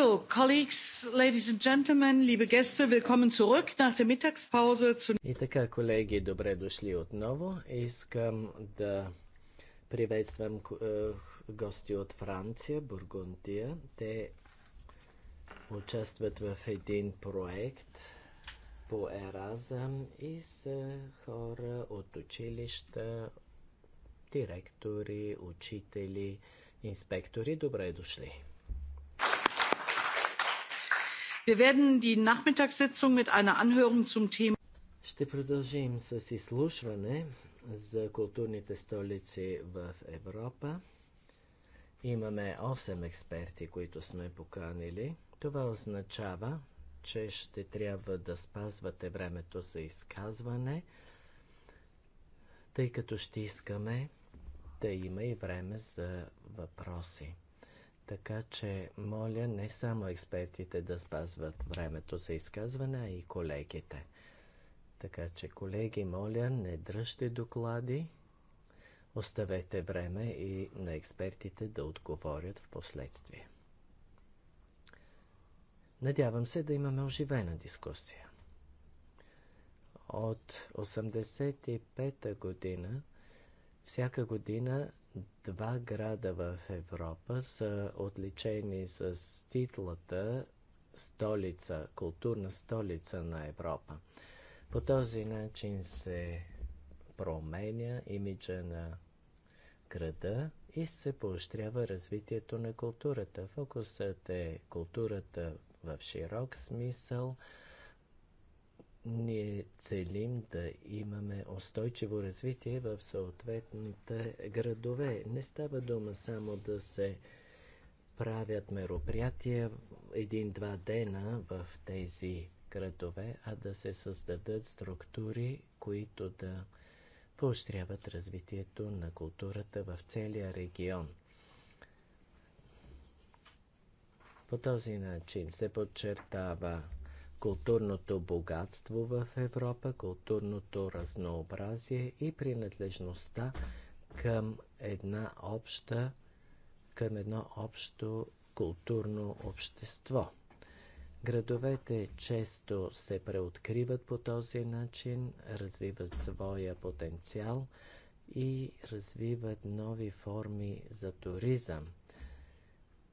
So, colleagues, ladies and gentlemen, liebe Gäste, willkommen zurück nach der Mittagspause. Zu... И така, колеги, добре дошли отново. Искам да приветствам е, гости от Франция, Бургундия. Те участват в един проект по Еразъм и са хора от училища, директори, учители, инспектори. Добре дошли! Wir werden die Nachmittagssitzung mit einer Anhörung zum Thema Ще продължим с изслушване за културните столици в Европа. Имаме 8 експерти, които сме поканили. Това означава, че ще трябва да спазвате времето за изказване, тъй като ще искаме да има и време за въпроси. Така че, моля не само експертите да спазват времето за изказване, а и колегите. Така че, колеги, моля, не дръжте доклади. Оставете време и на експертите да отговорят в последствие. Надявам се да имаме оживена дискусия. От 85-та година всяка година Два града в Европа са отличени с титлата столица, културна столица на Европа. По този начин се променя имиджа на града и се поощрява развитието на културата. Фокусът е културата в широк смисъл – ние целим да имаме устойчиво развитие в съответните градове. Не става дума само да се правят мероприятия един-два дена в тези градове, а да се създадат структури, които да поощряват развитието на културата в целия регион. По този начин се подчертава културното богатство в Европа, културното разнообразие и принадлежността към една обща към едно общо културно общество. Градовете често се преоткриват по този начин, развиват своя потенциал и развиват нови форми за туризъм.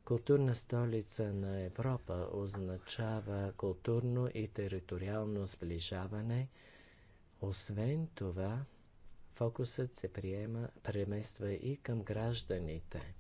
Културна столица на Европа означава културно и териториално сближаване. Освен това, фокусът се приема, премества и към гражданите.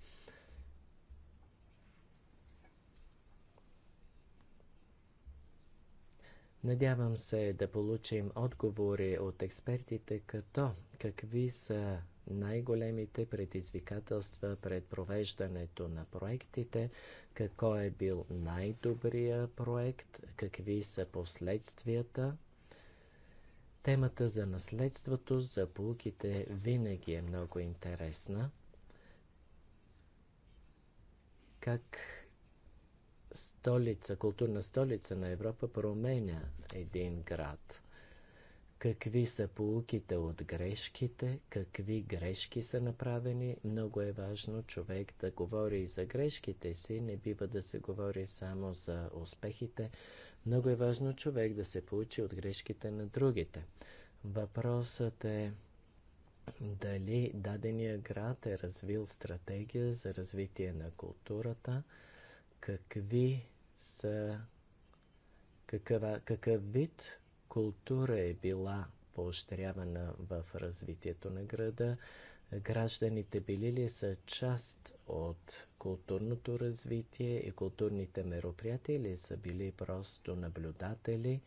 Надявам се да получим отговори от експертите като какви са най-големите предизвикателства пред провеждането на проектите, какво е бил най-добрия проект, какви са последствията. Темата за наследството, за полуките винаги е много интересна. Как столица, културна столица на Европа променя един град – какви са полуките от грешките, какви грешки са направени. Много е важно човек да говори и за грешките си, не бива да се говори само за успехите. Много е важно човек да се получи от грешките на другите. Въпросът е дали дадения град е развил стратегия за развитие на културата, какви са какъв вид култура е била поощрявана в развитието на града, гражданите били ли са част от културното развитие и културните мероприятия или са били просто наблюдатели?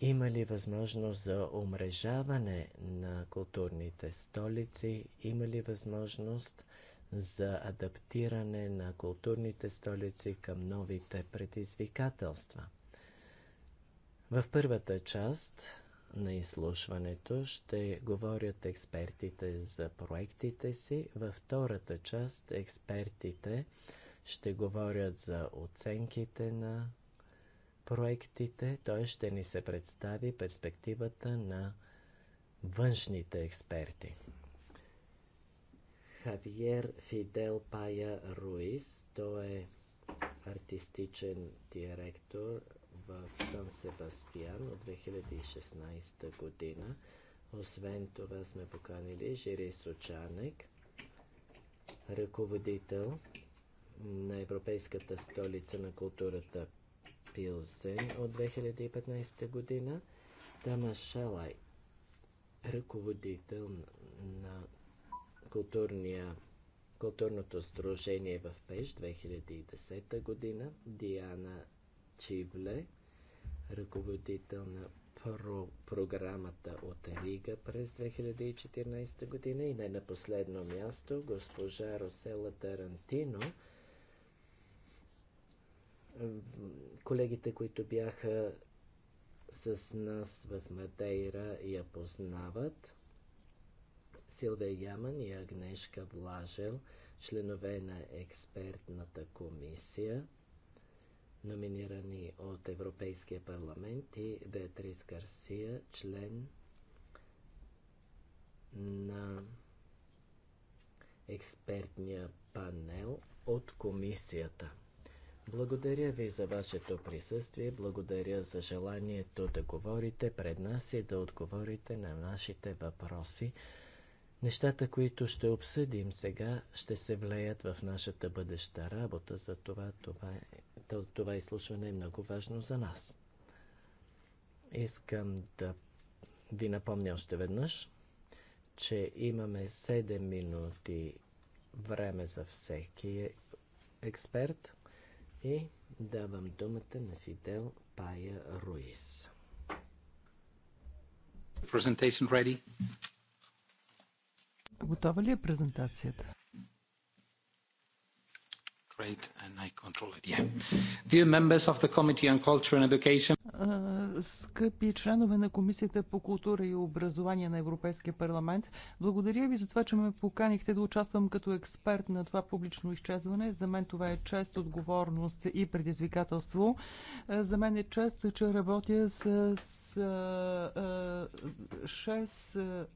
Има ли възможност за омрежаване на културните столици? Има ли възможност за адаптиране на културните столици към новите предизвикателства? В първата част на изслушването ще говорят експертите за проектите си. Във втората част експертите ще говорят за оценките на проектите. Той ще ни се представи перспективата на външните експерти. Хавиер Фидел Пая Руис, той е артистичен директор Сан Себастиан от 2016 година. Освен това сме поканили Жири Сочанек, ръководител на Европейската столица на културата Пилсен от 2015 година, Тама Шалай, ръководител на културния културното сдружение в Пеш 2010 година, Диана Чивле, ръководител на про програмата от Рига през 2014 година и не на последно място госпожа Росела Тарантино. Колегите, които бяха с нас в Мадейра я познават. Силвия Яман и Агнешка Влажел, членове на експертната комисия – номинирани от Европейския парламент и Беатрис Гарсия, член на експертния панел от комисията. Благодаря ви за вашето присъствие, благодаря за желанието да говорите пред нас и да отговорите на нашите въпроси. Нещата, които ще обсъдим сега, ще се влеят в нашата бъдеща работа, за това това е това изслушване е много важно за нас. Искам да ви напомня още веднъж, че имаме 7 минути време за всеки експерт и давам думата на Фидел Пая Руис. Presentation ready? Готова ли е презентацията? rate and I control it. Yeah. Dear members of the Committee on Culture and Education. Е, скъпи членове на Комисията по култура и образование на Европейския парламент, благодаря ви за това, че ме поканихте да участвам като експерт на това публично изчезване. За мен това е чест, отговорност и предизвикателство. Е, за мен е чест, че работя с, с 6 е,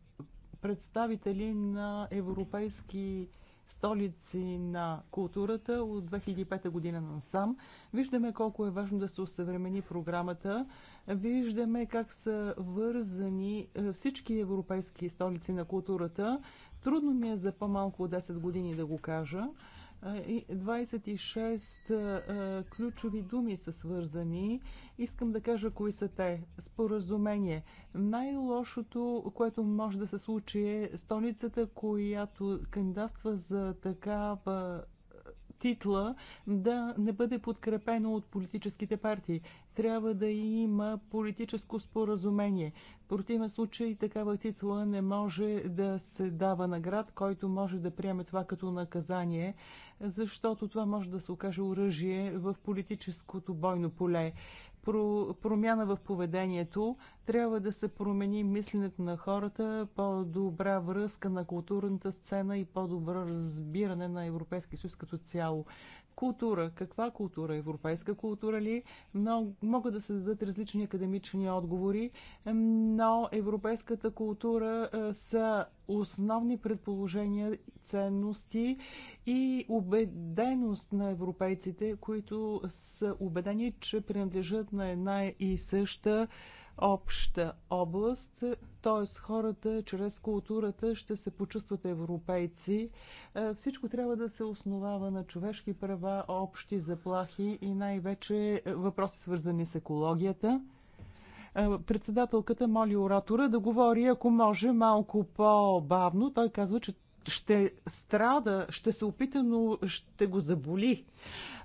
представители на европейски столици на културата от 2005 година насам. Виждаме колко е важно да се осъвремени програмата. Виждаме как са вързани е, всички европейски столици на културата. Трудно ми е за по-малко от 10 години да го кажа. 26 ключови думи са свързани. Искам да кажа кои са те. Споразумение. Най-лошото, което може да се случи е столицата, която кандидатства за такава титла да не бъде подкрепено от политическите партии. Трябва да има политическо споразумение. В противен случай такава титла не може да се дава на град, който може да приеме това като наказание, защото това може да се окаже оръжие в политическото бойно поле про, промяна в поведението, трябва да се промени мисленето на хората, по-добра връзка на културната сцена и по-добро разбиране на Европейския съюз като цяло. Култура. Каква култура? Европейска култура ли? Много, могат да се дадат различни академични отговори, но европейската култура е, са основни предположения, ценности и убеденост на европейците, които са убедени, че принадлежат на една и съща обща област, т.е. хората чрез културата ще се почувстват европейци. Е, всичко трябва да се основава на човешки права, общи заплахи и най-вече въпроси свързани с екологията. Е, председателката моли оратора да говори, ако може, малко по-бавно. Той казва, че ще страда, ще се опита, но ще го заболи.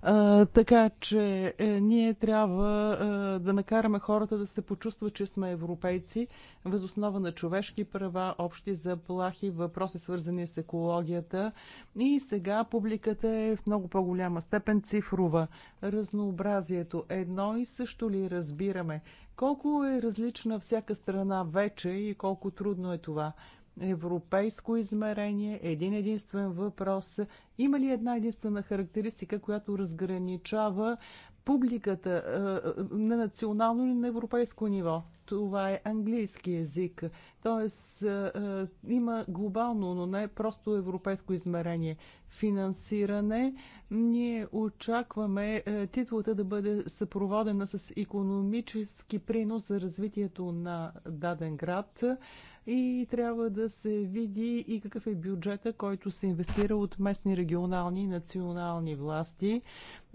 А, така че е, ние трябва е, да накараме хората да се почувстват, че сме европейци, възоснова на човешки права, общи заплахи, въпроси свързани с екологията. И сега публиката е в много по-голяма степен цифрова. Разнообразието едно и също ли разбираме? Колко е различна всяка страна вече и колко трудно е това? европейско измерение, един единствен въпрос. Има ли една единствена характеристика, която разграничава публиката на национално или на европейско ниво? това е английски язик. Тоест има глобално, но не просто европейско измерение. Финансиране. Ние очакваме титлата да бъде съпроводена с економически принос за развитието на даден град и трябва да се види и какъв е бюджета, който се инвестира от местни, регионални и национални власти.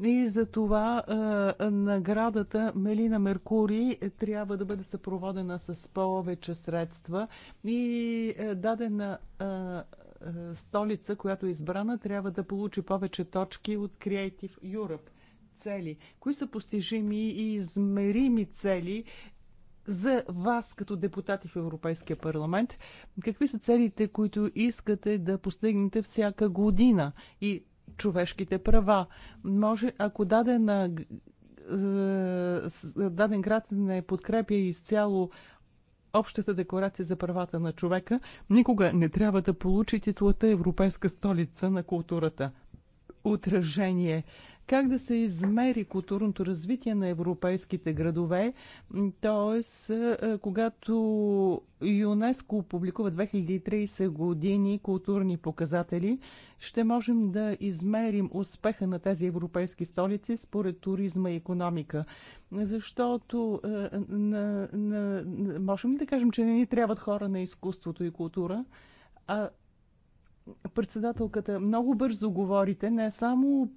И за това е, наградата Мелина Меркурий трябва да бъде съпроводена проводена с повече средства и е, дадена е, е, столица, която е избрана, трябва да получи повече точки от Creative Europe. Цели. Кои са постижими и измерими цели за вас като депутати в Европейския парламент? Какви са целите, които искате да постигнете всяка година? И човешките права. Може, ако дадена е, е, даден град не подкрепя изцяло Общата декларация за правата на човека, никога не трябва да получи титлата Европейска столица на културата. Отражение как да се измери културното развитие на европейските градове. Тоест, е, е, когато ЮНЕСКО публикува 2030 години културни показатели, ще можем да измерим успеха на тези европейски столици според туризма и економика. Защото е, на, на, можем ли да кажем, че не ни трябват хора на изкуството и култура, а председателката, много бързо говорите, не само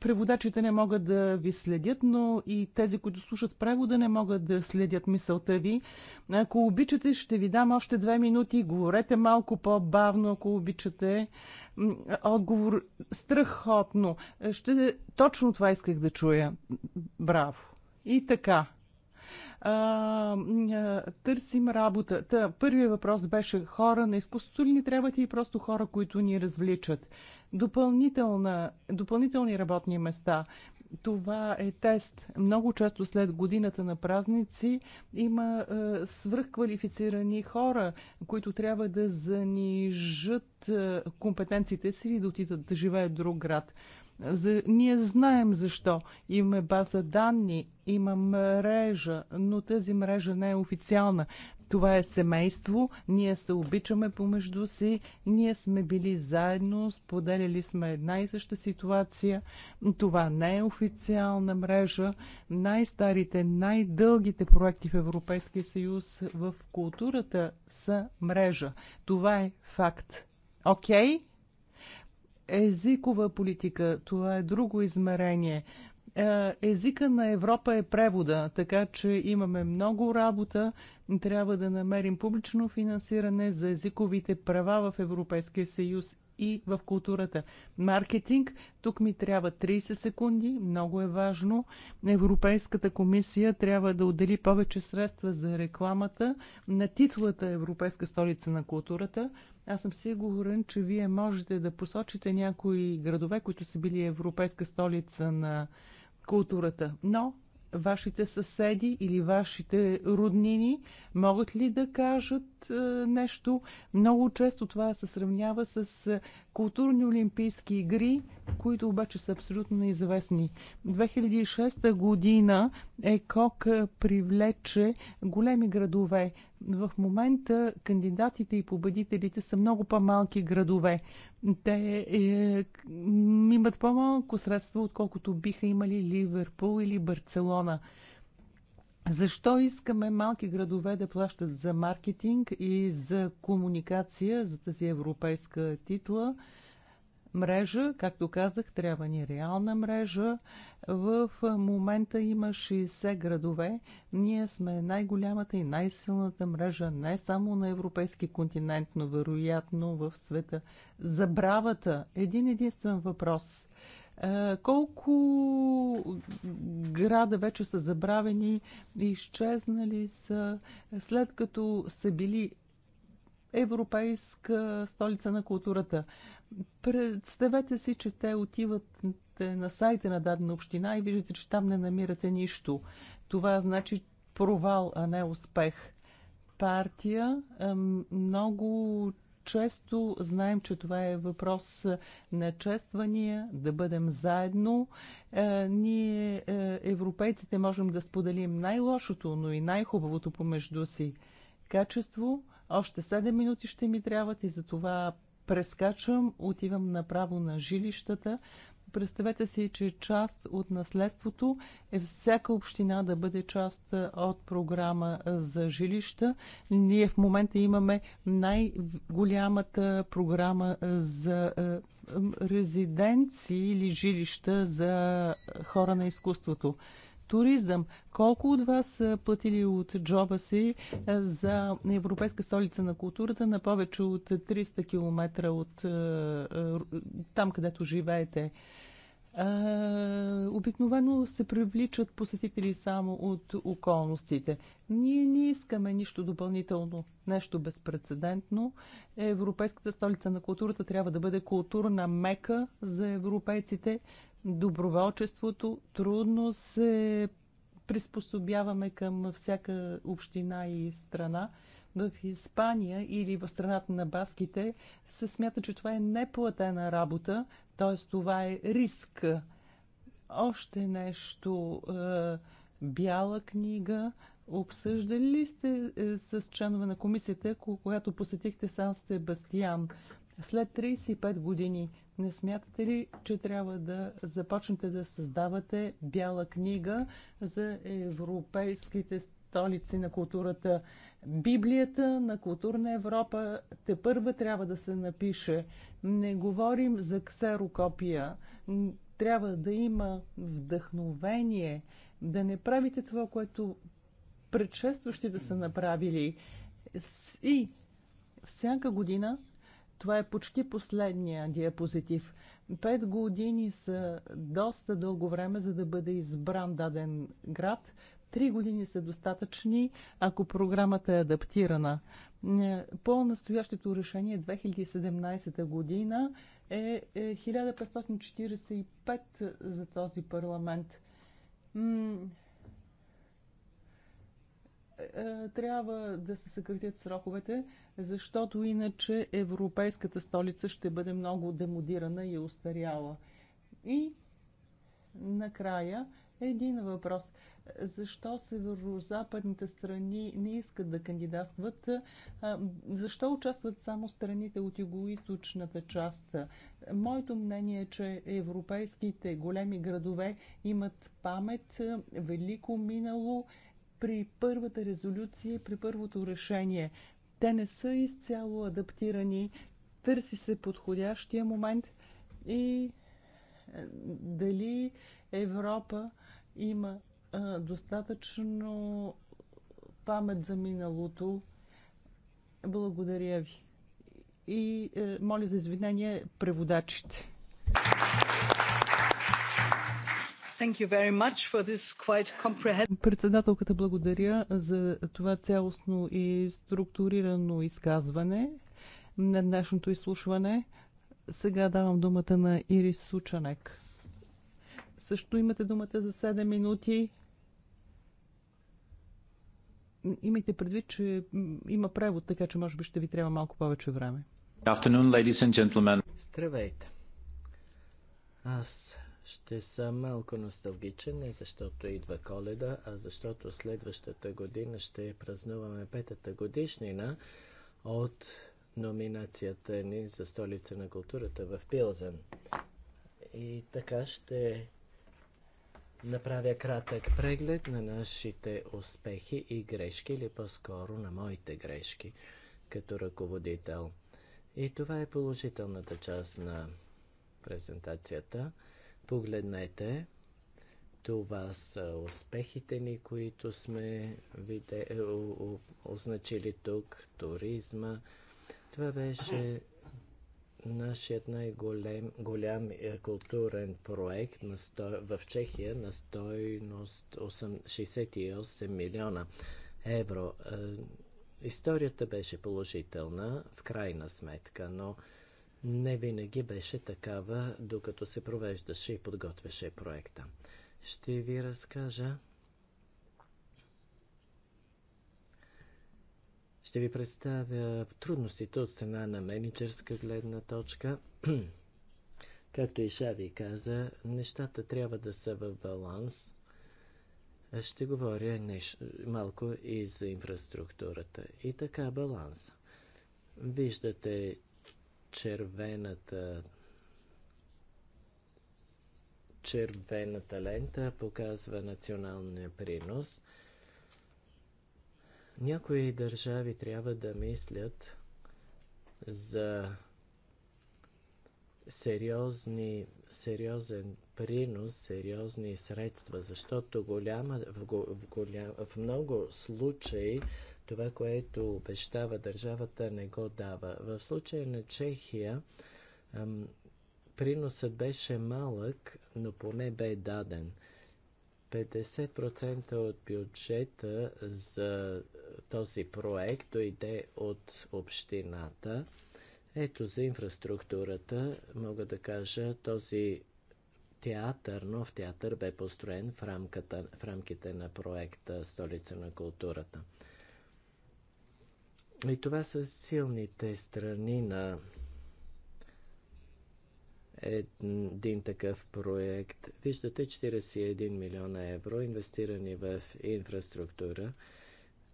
преводачите не могат да ви следят, но и тези, които слушат превода, не могат да следят мисълта ви. Ако обичате, ще ви дам още две минути. Говорете малко по-бавно, ако обичате. Отговор страхотно. Ще... Точно това исках да чуя. Браво. И така а, търсим работа. Та, първият въпрос беше хора на изкуството ли ни трябват и просто хора, които ни развличат. допълнителни работни места. Това е тест. Много често след годината на празници има е, свръхквалифицирани хора, които трябва да занижат е, компетенциите си и да отидат да живеят в друг град. За, ние знаем защо. Имаме база данни, има мрежа, но тази мрежа не е официална. Това е семейство, ние се обичаме помежду си, ние сме били заедно, споделяли сме една и съща ситуация. Това не е официална мрежа. Най-старите, най-дългите проекти в Европейския съюз в културата са мрежа. Това е факт. Окей? Okay? езикова политика. Това е друго измерение. Е, езика на Европа е превода, така че имаме много работа. Трябва да намерим публично финансиране за езиковите права в Европейския съюз и в културата. Маркетинг, тук ми трябва 30 секунди, много е важно. Европейската комисия трябва да отдели повече средства за рекламата на титлата Европейска столица на културата. Аз съм сигурен, че вие можете да посочите някои градове, които са били европейска столица на културата. Но вашите съседи или вашите роднини могат ли да кажат е, нещо. Много често това се сравнява с е, културни олимпийски игри, които обаче са абсолютно неизвестни. 2006 година ЕКОК е, привлече големи градове. В момента кандидатите и победителите са много по-малки градове. Те е, имат по-малко средства, отколкото биха имали Ливерпул или Барселона. Защо искаме малки градове да плащат за маркетинг и за комуникация, за тази европейска титла? мрежа, както казах, трябва ни реална мрежа. В момента има 60 градове. Ние сме най-голямата и най-силната мрежа не само на европейски континент, но вероятно в света. Забравата. Един единствен въпрос. Е, колко града вече са забравени, изчезнали са, след като са били европейска столица на културата. Представете си, че те отиват на сайта на дадена община и виждате, че там не намирате нищо. Това значи провал, а не успех. Партия много често знаем, че това е въпрос на чествания, да бъдем заедно. Е, ние, е, европейците, можем да споделим най-лошото, но и най-хубавото помежду си. Качество. Още 7 минути ще ми трябват и за това прескачам, отивам направо на жилищата. Представете си, че част от наследството е всяка община да бъде част от програма за жилища. Ние в момента имаме най-голямата програма за резиденции или жилища за хора на изкуството туризъм. Колко от вас са платили от джоба си за Европейска столица на културата на повече от 300 км от там, където живеете? обикновено се привличат посетители само от околностите. Ние не искаме нищо допълнително, нещо безпредседентно. Европейската столица на културата трябва да бъде културна мека за европейците. Доброволчеството трудно се приспособяваме към всяка община и страна в Испания или в страната на баските се смята, че това е неплатена работа, т.е. това е риск. Още нещо. Е, бяла книга. Обсъждали ли сте е, с членове на комисията, когато посетихте Сан Себастиан? След 35 години не смятате ли, че трябва да започнете да създавате бяла книга за европейските столици на културата. Библията на културна Европа те първа трябва да се напише. Не говорим за ксерокопия. Трябва да има вдъхновение. Да не правите това, което предшестващи да са направили. И всяка година, това е почти последния диапозитив, пет години са доста дълго време, за да бъде избран даден град – Три години са достатъчни, ако програмата е адаптирана. Е, По настоящето решение 2017 година е 1545 е за този парламент е, трябва да се съкратят сроковете, защото иначе европейската столица ще бъде много демодирана и устаряла. И накрая един въпрос защо северо-западните страни не искат да кандидатстват, защо участват само страните от юго-источната част. Моето мнение е, че европейските големи градове имат памет, велико минало при първата резолюция, при първото решение. Те не са изцяло адаптирани, търси се подходящия момент и е, дали Европа има достатъчно памет за миналото. Благодаря ви. И е, моля за извинение преводачите. Thank you very much for this quite Председателката благодаря за това цялостно и структурирано изказване на днешното изслушване. Сега давам думата на Ирис Сучанек. Също имате думата за 7 минути имайте предвид, че има превод, така че може би ще ви трябва малко повече време. Здравейте. Аз ще съм малко носталгичен, не защото идва коледа, а защото следващата година ще празнуваме петата годишнина от номинацията ни за столица на културата в Пилзен. И така ще направя кратък преглед на нашите успехи и грешки, или по-скоро на моите грешки като ръководител. И това е положителната част на презентацията. Погледнете, това са успехите ни, които сме виде... означили тук, туризма. Това беше нашият най-голям е, културен проект в Чехия на стойност 68 милиона евро. Е, историята беше положителна в крайна сметка, но не винаги беше такава, докато се провеждаше и подготвяше проекта. Ще ви разкажа Ще ви представя трудностите от страна на менеджерска гледна точка. Както и Шави каза, нещата трябва да са в баланс. Ще говоря неш... малко и за инфраструктурата. И така баланс. Виждате червената червената лента показва националния принос – някои държави трябва да мислят за сериозни, сериозен принос, сериозни средства, защото голяма, в, голям, в много случаи това, което обещава държавата, не го дава. В случая на Чехия ам, приносът беше малък, но поне бе даден. 50% от бюджета за този проект дойде от общината. Ето за инфраструктурата мога да кажа този театър, нов театър бе построен в, рамката, в рамките на проекта Столица на културата. И това са силните страни на един такъв проект. Виждате 41 милиона евро инвестирани в инфраструктура –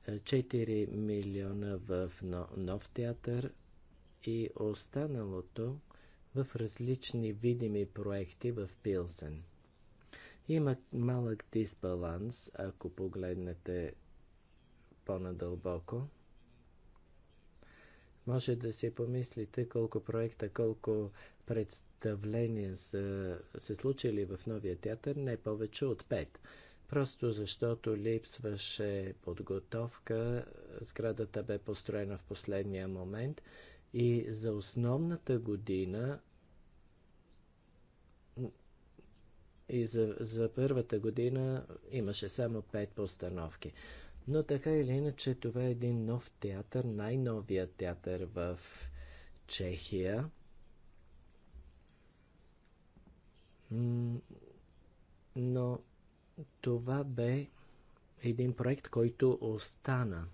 4 милиона в нов театър и останалото в различни видими проекти в Пилсен. Има малък дисбаланс, ако погледнете по-надълбоко. Може да си помислите колко проекта, колко представления са се случили в новия театър, не повече от 5. Просто защото липсваше подготовка, сградата бе построена в последния момент и за основната година и за, за първата година имаше само пет постановки. Но така или иначе, това е един нов театър, най-новият театър в Чехия. Но това бе един проект, който остана.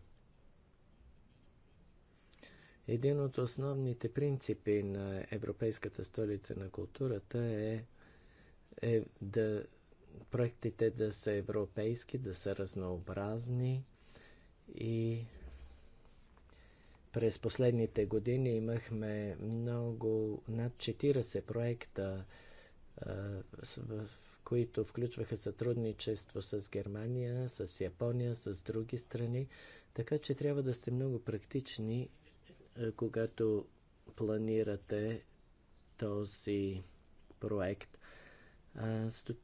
Един от основните принципи на Европейската столица на културата е, е да проектите да са европейски, да са разнообразни и през последните години имахме много, над 40 проекта а, в които включваха сътрудничество с Германия, с Япония, с други страни. Така че трябва да сте много практични, е, когато планирате този проект. 100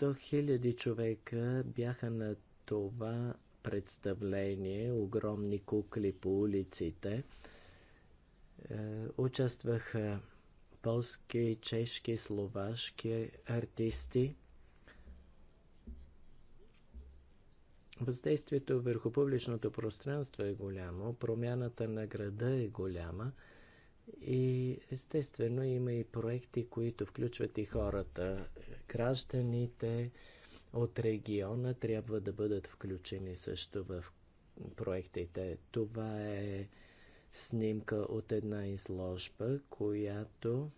000 човека бяха на това представление, огромни кукли по улиците. Е, участваха полски, чешки, словашки артисти. Въздействието върху публичното пространство е голямо, промяната на града е голяма и естествено има и проекти, които включват и хората. Гражданите от региона трябва да бъдат включени също в проектите. Това е снимка от една изложба, която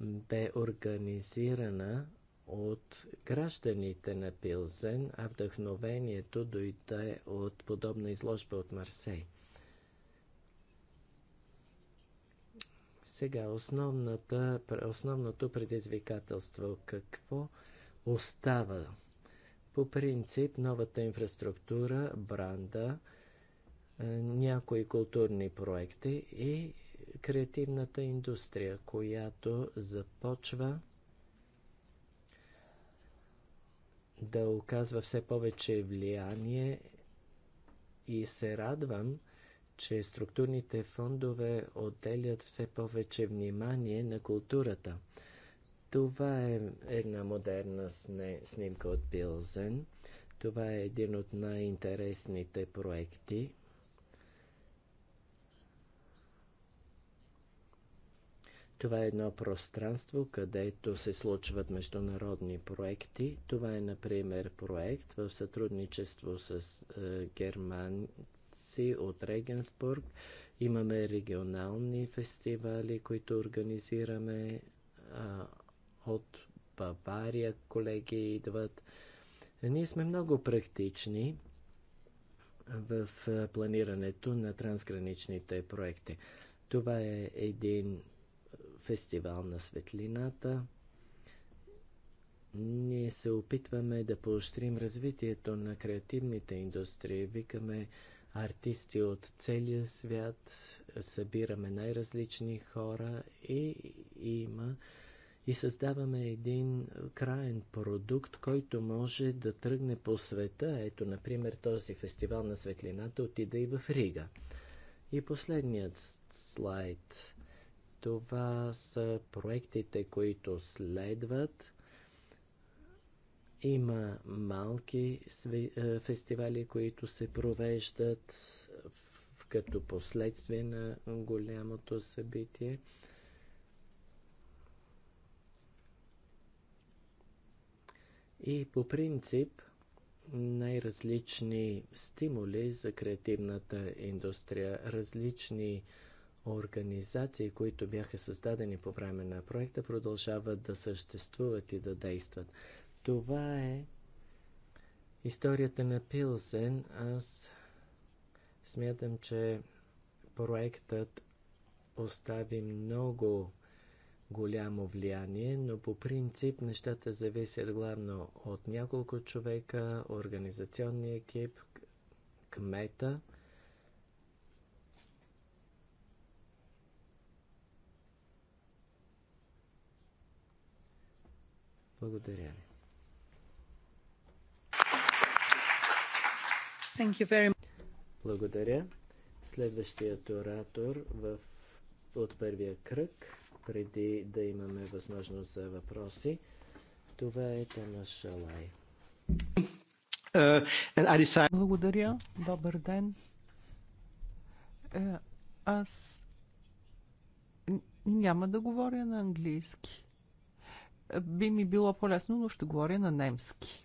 бе организирана от гражданите на Пилзен, а вдъхновението дойде от подобна изложба от Марсей. Сега основното предизвикателство какво остава? По принцип новата инфраструктура, бранда, е, някои културни проекти и креативната индустрия, която започва да оказва все повече влияние и се радвам, че структурните фондове отделят все повече внимание на културата. Това е една модерна снимка от Билзен. Това е един от най-интересните проекти Това е едно пространство, където се случват международни проекти. Това е, например, проект в сътрудничество с е, германци от Регенсбург. Имаме регионални фестивали, които организираме а, е, от Бавария. Колеги идват. Ние сме много практични в е, планирането на трансграничните проекти. Това е един фестивал на светлината. Ние се опитваме да поощрим развитието на креативните индустрии. Викаме артисти от целия свят, събираме най-различни хора и има и създаваме един краен продукт, който може да тръгне по света. Ето, например, този фестивал на светлината отида и в Рига. И последният слайд. Това са проектите, които следват. Има малки е, фестивали, които се провеждат като последствие на голямото събитие. И по принцип най-различни стимули за креативната индустрия, различни организации, които бяха създадени по време на проекта, продължават да съществуват и да действат. Това е историята на Пилсен. Аз смятам, че проектът остави много голямо влияние, но по принцип нещата зависят главно от няколко човека, организационния екип, кмета Благодаря ви. Thank you very much. Благодаря. Следващият оратор в, от първия кръг, преди да имаме възможност за въпроси, това е Тана Шалай. Uh, Благодаря. Добър ден. Е, аз няма да говоря на английски би ми било по-лесно, но ще говоря на немски.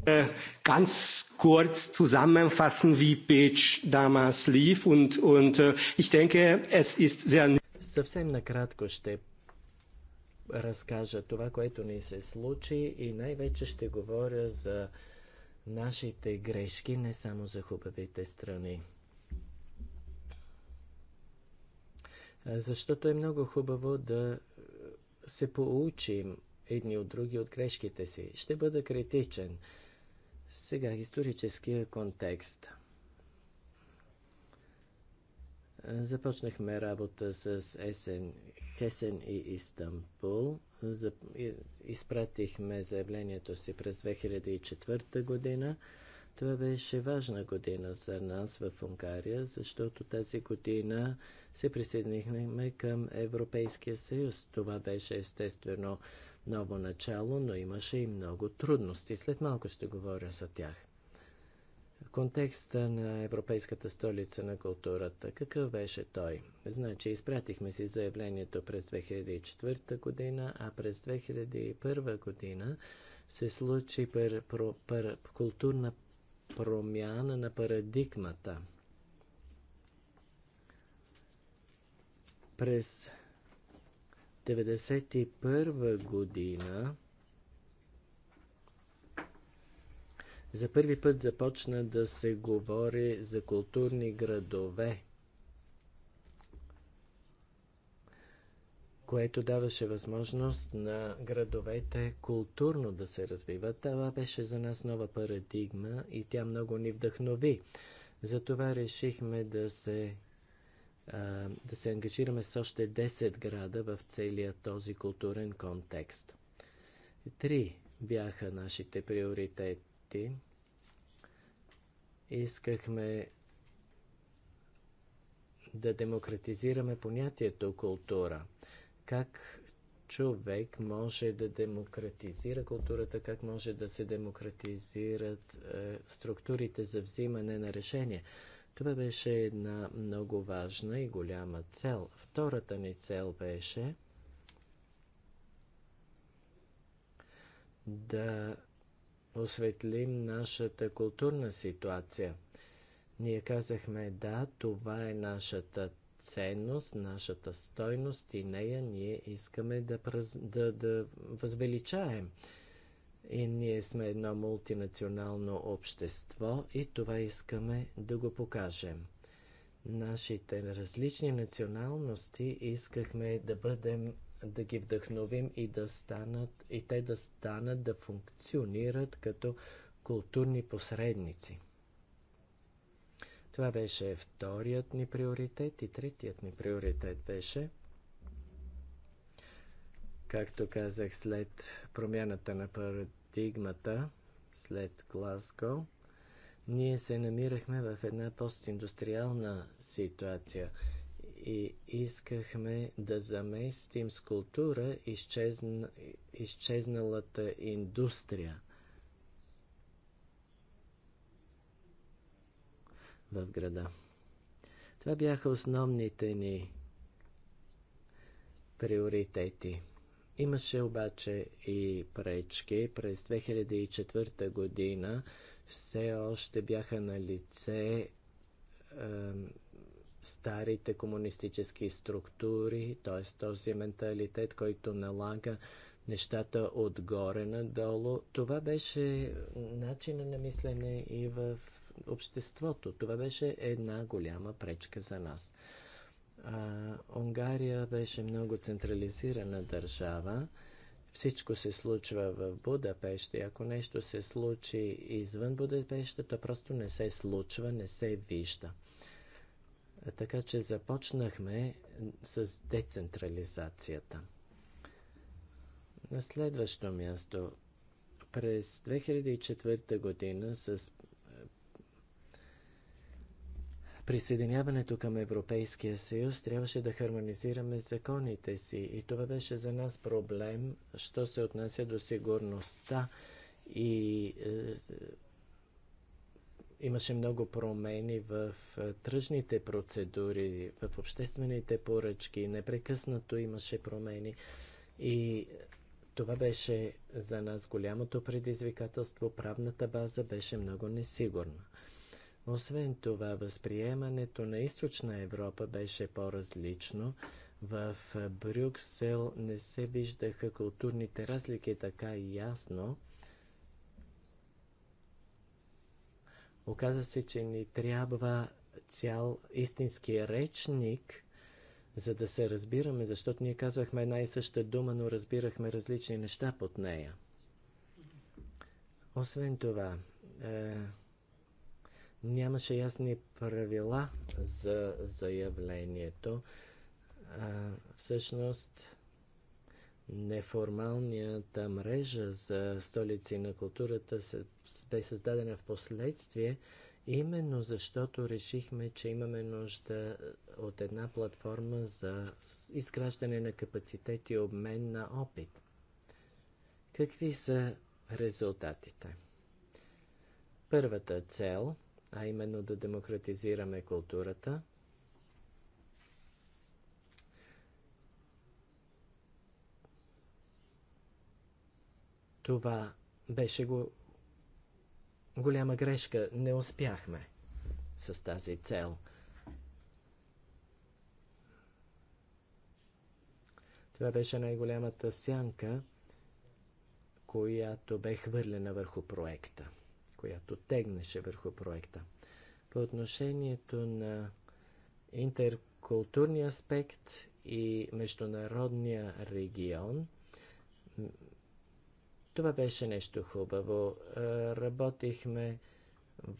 Äh, ganz kurz zusammenfassen, wie Page damals lief und, und äh, ich denke, es ist sehr... Съвсем накратко ще разкажа това, което ни се случи и най-вече ще говоря за нашите грешки, не само за хубавите страни. Защото е много хубаво да се поучим едни от други от грешките си. Ще бъда критичен. Сега историческия контекст. Започнахме работа с Есен, Хесен и Истанбул. Изпратихме заявлението си през 2004 година. Това беше важна година за нас в Унгария, защото тази година се присъединихме към Европейския съюз. Това беше естествено ново начало, но имаше и много трудности. След малко ще говоря за тях. Контекста на Европейската столица на културата. Какъв беше той? Значи, изпратихме си заявлението през 2004 година, а през 2001 година се случи пър, пър, пър, културна промяна на парадигмата. През 1991 година за първи път започна да се говори за културни градове – което даваше възможност на градовете културно да се развиват. Това беше за нас нова парадигма и тя много ни вдъхнови. Затова решихме да се, да се ангажираме с още 10 града в целия този културен контекст. Три бяха нашите приоритети. Искахме да демократизираме понятието култура как човек може да демократизира културата, как може да се демократизират е, структурите за взимане на решения. Това беше една много важна и голяма цел. Втората ни цел беше да осветлим нашата културна ситуация. Ние казахме, да, това е нашата ценност, нашата стойност и нея ние искаме да, праз... да, да възвеличаем. И ние сме едно мултинационално общество и това искаме да го покажем. Нашите различни националности искахме да бъдем, да ги вдъхновим и да станат, и те да станат, да функционират като културни посредници. Това беше вторият ни приоритет и третият ни приоритет беше, както казах, след промяната на парадигмата, след Глазго, ние се намирахме в една постиндустриална ситуация и искахме да заместим с култура изчезн... изчезналата индустрия. в града. Това бяха основните ни приоритети. Имаше обаче и пречки. През 2004 година все още бяха на лице е, старите комунистически структури, т.е. този менталитет, който налага нещата отгоре надолу. Това беше начина на мислене и в обществото. Това беше една голяма пречка за нас. А, Унгария беше много централизирана държава. Всичко се случва в Будапеща и ако нещо се случи извън Будапеща, то просто не се случва, не се вижда. Така че започнахме с децентрализацията. На следващо място, през 2004 година с присъединяването към Европейския съюз трябваше да хармонизираме законите си и това беше за нас проблем, що се отнася до сигурността и е, имаше много промени в е, тръжните процедури, в обществените поръчки, непрекъснато имаше промени и това беше за нас голямото предизвикателство, правната база беше много несигурна. Освен това, възприемането на източна Европа беше по-различно. В Брюксел не се виждаха културните разлики така ясно. Оказа се, че ни трябва цял истински речник, за да се разбираме, защото ние казвахме една и съща дума, но разбирахме различни неща под нея. Освен това, е, Нямаше ясни правила за заявлението. А, всъщност, неформалната мрежа за столици на културата бе създадена в последствие, именно защото решихме, че имаме нужда от една платформа за изграждане на капацитет и обмен на опит. Какви са резултатите? Първата цел – а именно да демократизираме културата. Това беше го голяма грешка. Не успяхме с тази цел. Това беше най-голямата сянка, която бе хвърлена върху проекта която тегнеше върху проекта. По отношението на интеркултурния аспект и международния регион, това беше нещо хубаво. Е, работихме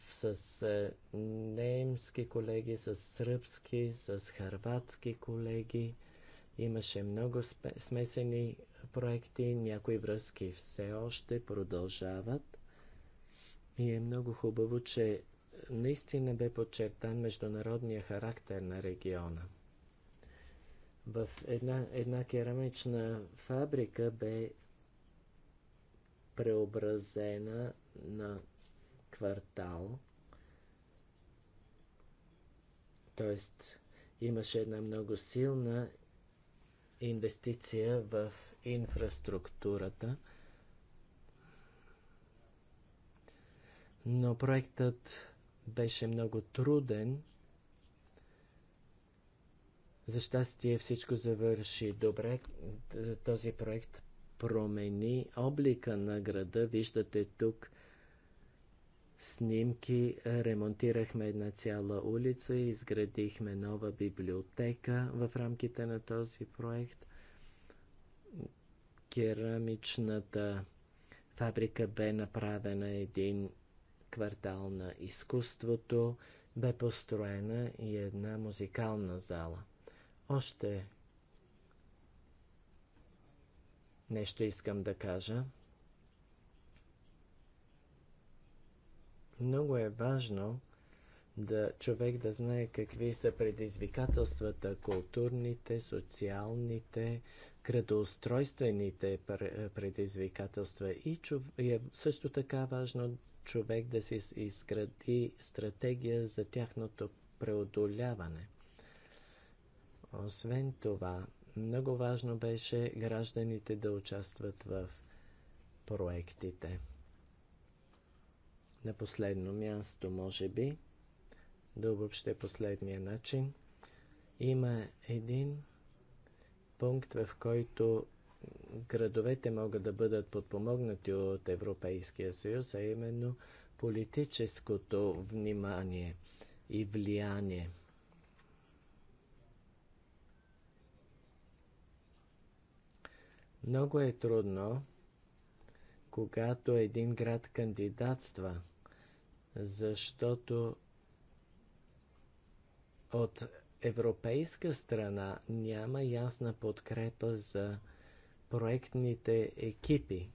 с е, немски колеги, с сръбски, с харватски колеги. Имаше много смесени проекти, някои връзки все още продължават. И е много хубаво, че наистина бе подчертан международния характер на региона. В една, една керамична фабрика бе преобразена на квартал. Тоест, имаше една много силна инвестиция в инфраструктурата – но проектът беше много труден. За щастие всичко завърши добре. Този проект промени облика на града. Виждате тук снимки. Ремонтирахме една цяла улица, и изградихме нова библиотека в рамките на този проект. Керамичната фабрика бе направена един квартал на изкуството бе построена и една музикална зала. Още нещо искам да кажа. Много е важно да човек да знае какви са предизвикателствата, културните, социалните, градоустройствените предизвикателства и, чов... и е също така важно човек да си изгради стратегия за тяхното преодоляване. Освен това, много важно беше гражданите да участват в проектите. На последно място, може би, да обобща последния начин, има един пункт, в който градовете могат да бъдат подпомогнати от Европейския съюз, а именно политическото внимание и влияние. Много е трудно, когато един град кандидатства, защото от европейска страна няма ясна подкрепа за проектните екипи.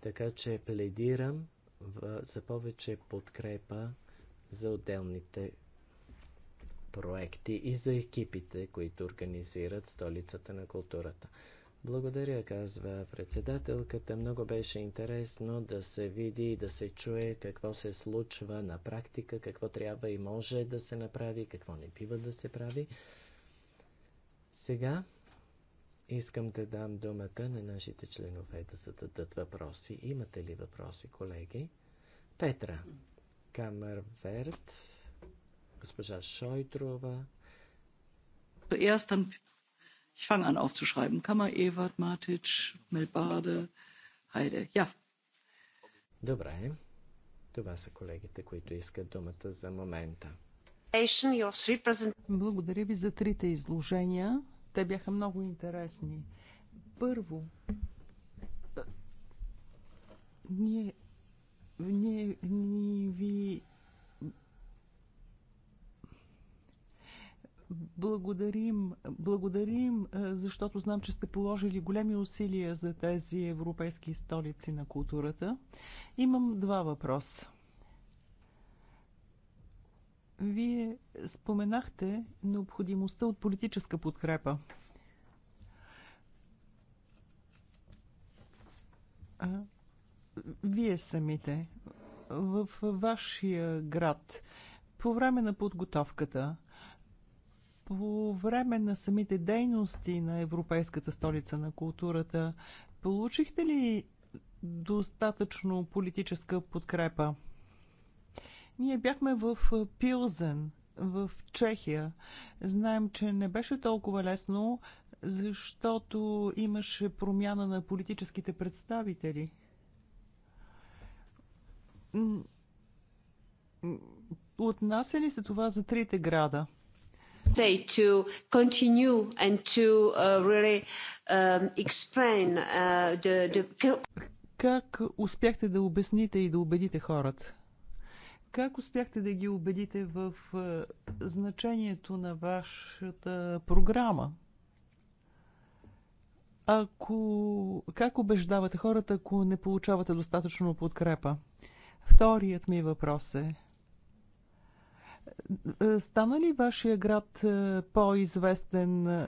Така че пледирам в, за повече подкрепа за отделните проекти и за екипите, които организират столицата на културата. Благодаря, казва председателката. Много беше интересно да се види и да се чуе какво се случва на практика, какво трябва и може да се направи, какво не бива да се прави. Сега искам да дам думата на нашите членове да зададат въпроси. Имате ли въпроси, колеги? Петра Камерверт, госпожа Шойтрова. Zuerst dann, ich fange an aufzuschreiben. Kammer, Ewart, Matic, Melbade, Heide. Ja. Добре. Това са колегите, които искат думата за момента. Благодаря ви за трите изложения. Те бяха много интересни. Първо, ние, ние, ние ви Благодарим, благодарим, защото знам, че сте положили големи усилия за тези европейски столици на културата. Имам два въпроса. Вие споменахте необходимостта от политическа подкрепа. вие самите, в вашия град, по време на подготовката, по време на самите дейности на Европейската столица на културата, получихте ли достатъчно политическа подкрепа? Ние бяхме в Пилзен, в Чехия. Знаем, че не беше толкова лесно, защото имаше промяна на политическите представители. Отнася ли се това за трите града? say to continue and to uh, really um, explain uh, the, the... Как успяхте да обясните и да убедите хората? Как успяхте да ги убедите в е, значението на вашата програма? Ако... Как убеждавате хората, ако не получавате достатъчно подкрепа? Вторият ми въпрос е. е стана ли вашия град е, по-известен,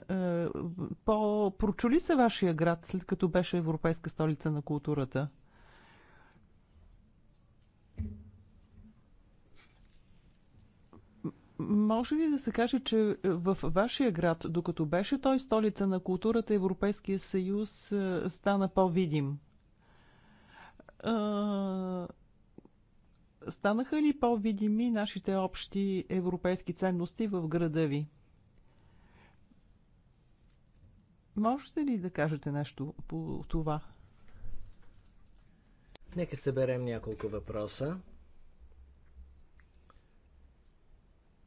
по-прочули се вашия град, след като беше Европейска столица на културата? Може ли да се каже, че е, в вашия град, докато беше той столица на културата, Европейския съюз е, стана по-видим? Станаха ли по-видими нашите общи европейски ценности в града ви? Можете ли да кажете нещо по това? Нека съберем няколко въпроса.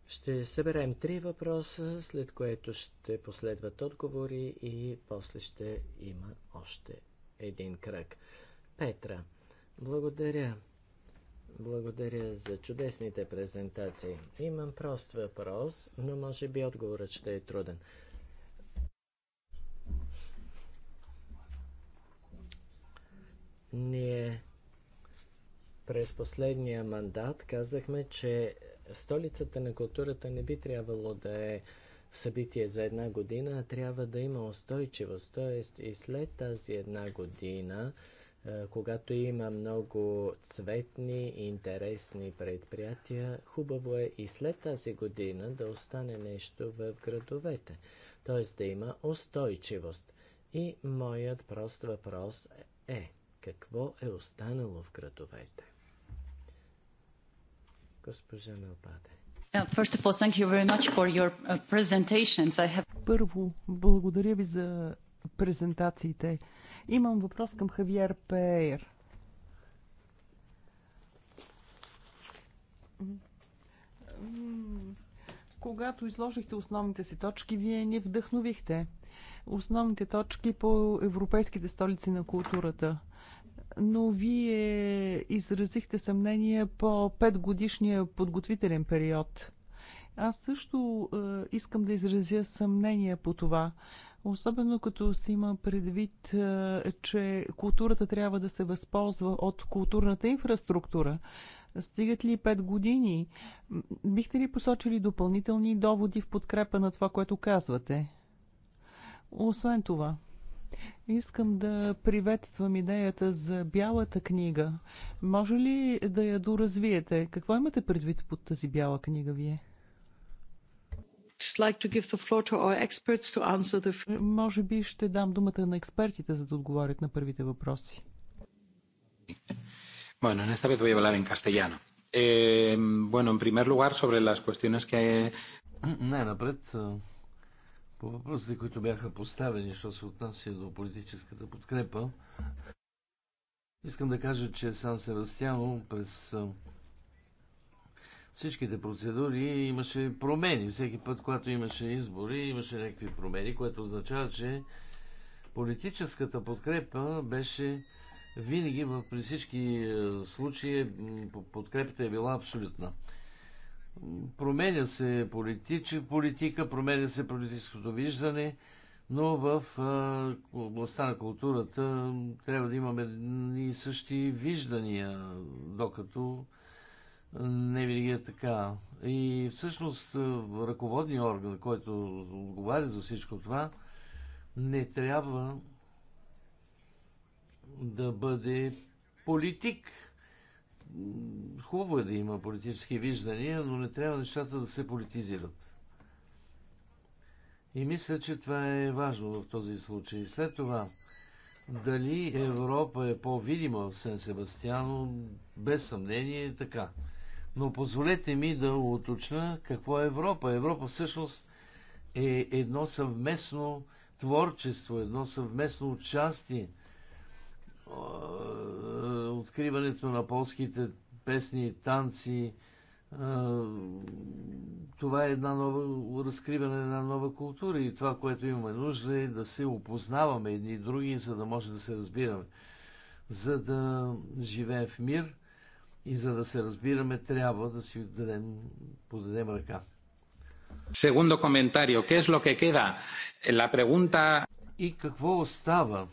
Ще съберем три въпроса, след което ще последват отговори и после ще има още един кръг. Петра, благодаря. Благодаря за чудесните презентации. Имам прост въпрос, но може би отговорът ще е труден. Ние през последния мандат казахме, че Столицата на културата не би трябвало да е събитие за една година, а трябва да има устойчивост. Тоест и след тази една година, е, когато има много цветни и интересни предприятия, хубаво е и след тази година да остане нещо в градовете. Тоест да има устойчивост. И моят прост въпрос е, какво е останало в градовете? Госпожа uh, Първо, благодаря ви за презентациите. Имам въпрос към Хавиер Пейер. Когато изложихте основните си точки, вие ни вдъхновихте. Основните точки по европейските столици на културата – но вие изразихте съмнение по 5 годишния подготвителен период. Аз също е, искам да изразя съмнение по това. Особено като си има предвид, е, че културата трябва да се възползва от културната инфраструктура. Стигат ли 5 години? Бихте ли посочили допълнителни доводи в подкрепа на това, което казвате? Освен това, Искам да приветствам идеята за бялата книга. Може ли да я доразвиете? Какво имате предвид под тази бяла книга вие? Може би ще дам думата на експертите, за да отговорят на първите въпроси. Bueno, en esta vez voy a hablar en castellano. Eh, bueno, en primer lugar, sobre las cuestiones que... Не, напред по въпросите, които бяха поставени, що се отнася до политическата подкрепа, искам да кажа, че Сан Севастиано през всичките процедури имаше промени. Всеки път, когато имаше избори, имаше някакви промени, което означава, че политическата подкрепа беше винаги при всички случаи подкрепата е била абсолютна. Променя се политич, политика, променя се политическото виждане, но в областта на културата трябва да имаме и същи виждания, докато не винаги е така. И всъщност ръководният орган, който отговаря за всичко това, не трябва да бъде политик, Хубаво е да има политически виждания, но не трябва нещата да се политизират. И мисля, че това е важно в този случай. След това, дали Европа е по-видима в Сен Себастьяно, без съмнение е така. Но позволете ми да уточна какво е Европа. Европа всъщност е едно съвместно творчество, едно съвместно участие откриването на полските песни и танци. Това е една нова, разкриване на една нова култура и това, което имаме нужда е да се опознаваме едни и други, за да може да се разбираме. За да живеем в мир и за да се разбираме, трябва да си дадем, подадем ръка. Segundo comentario, ¿qué es lo que queda? La pregunta... И какво остава,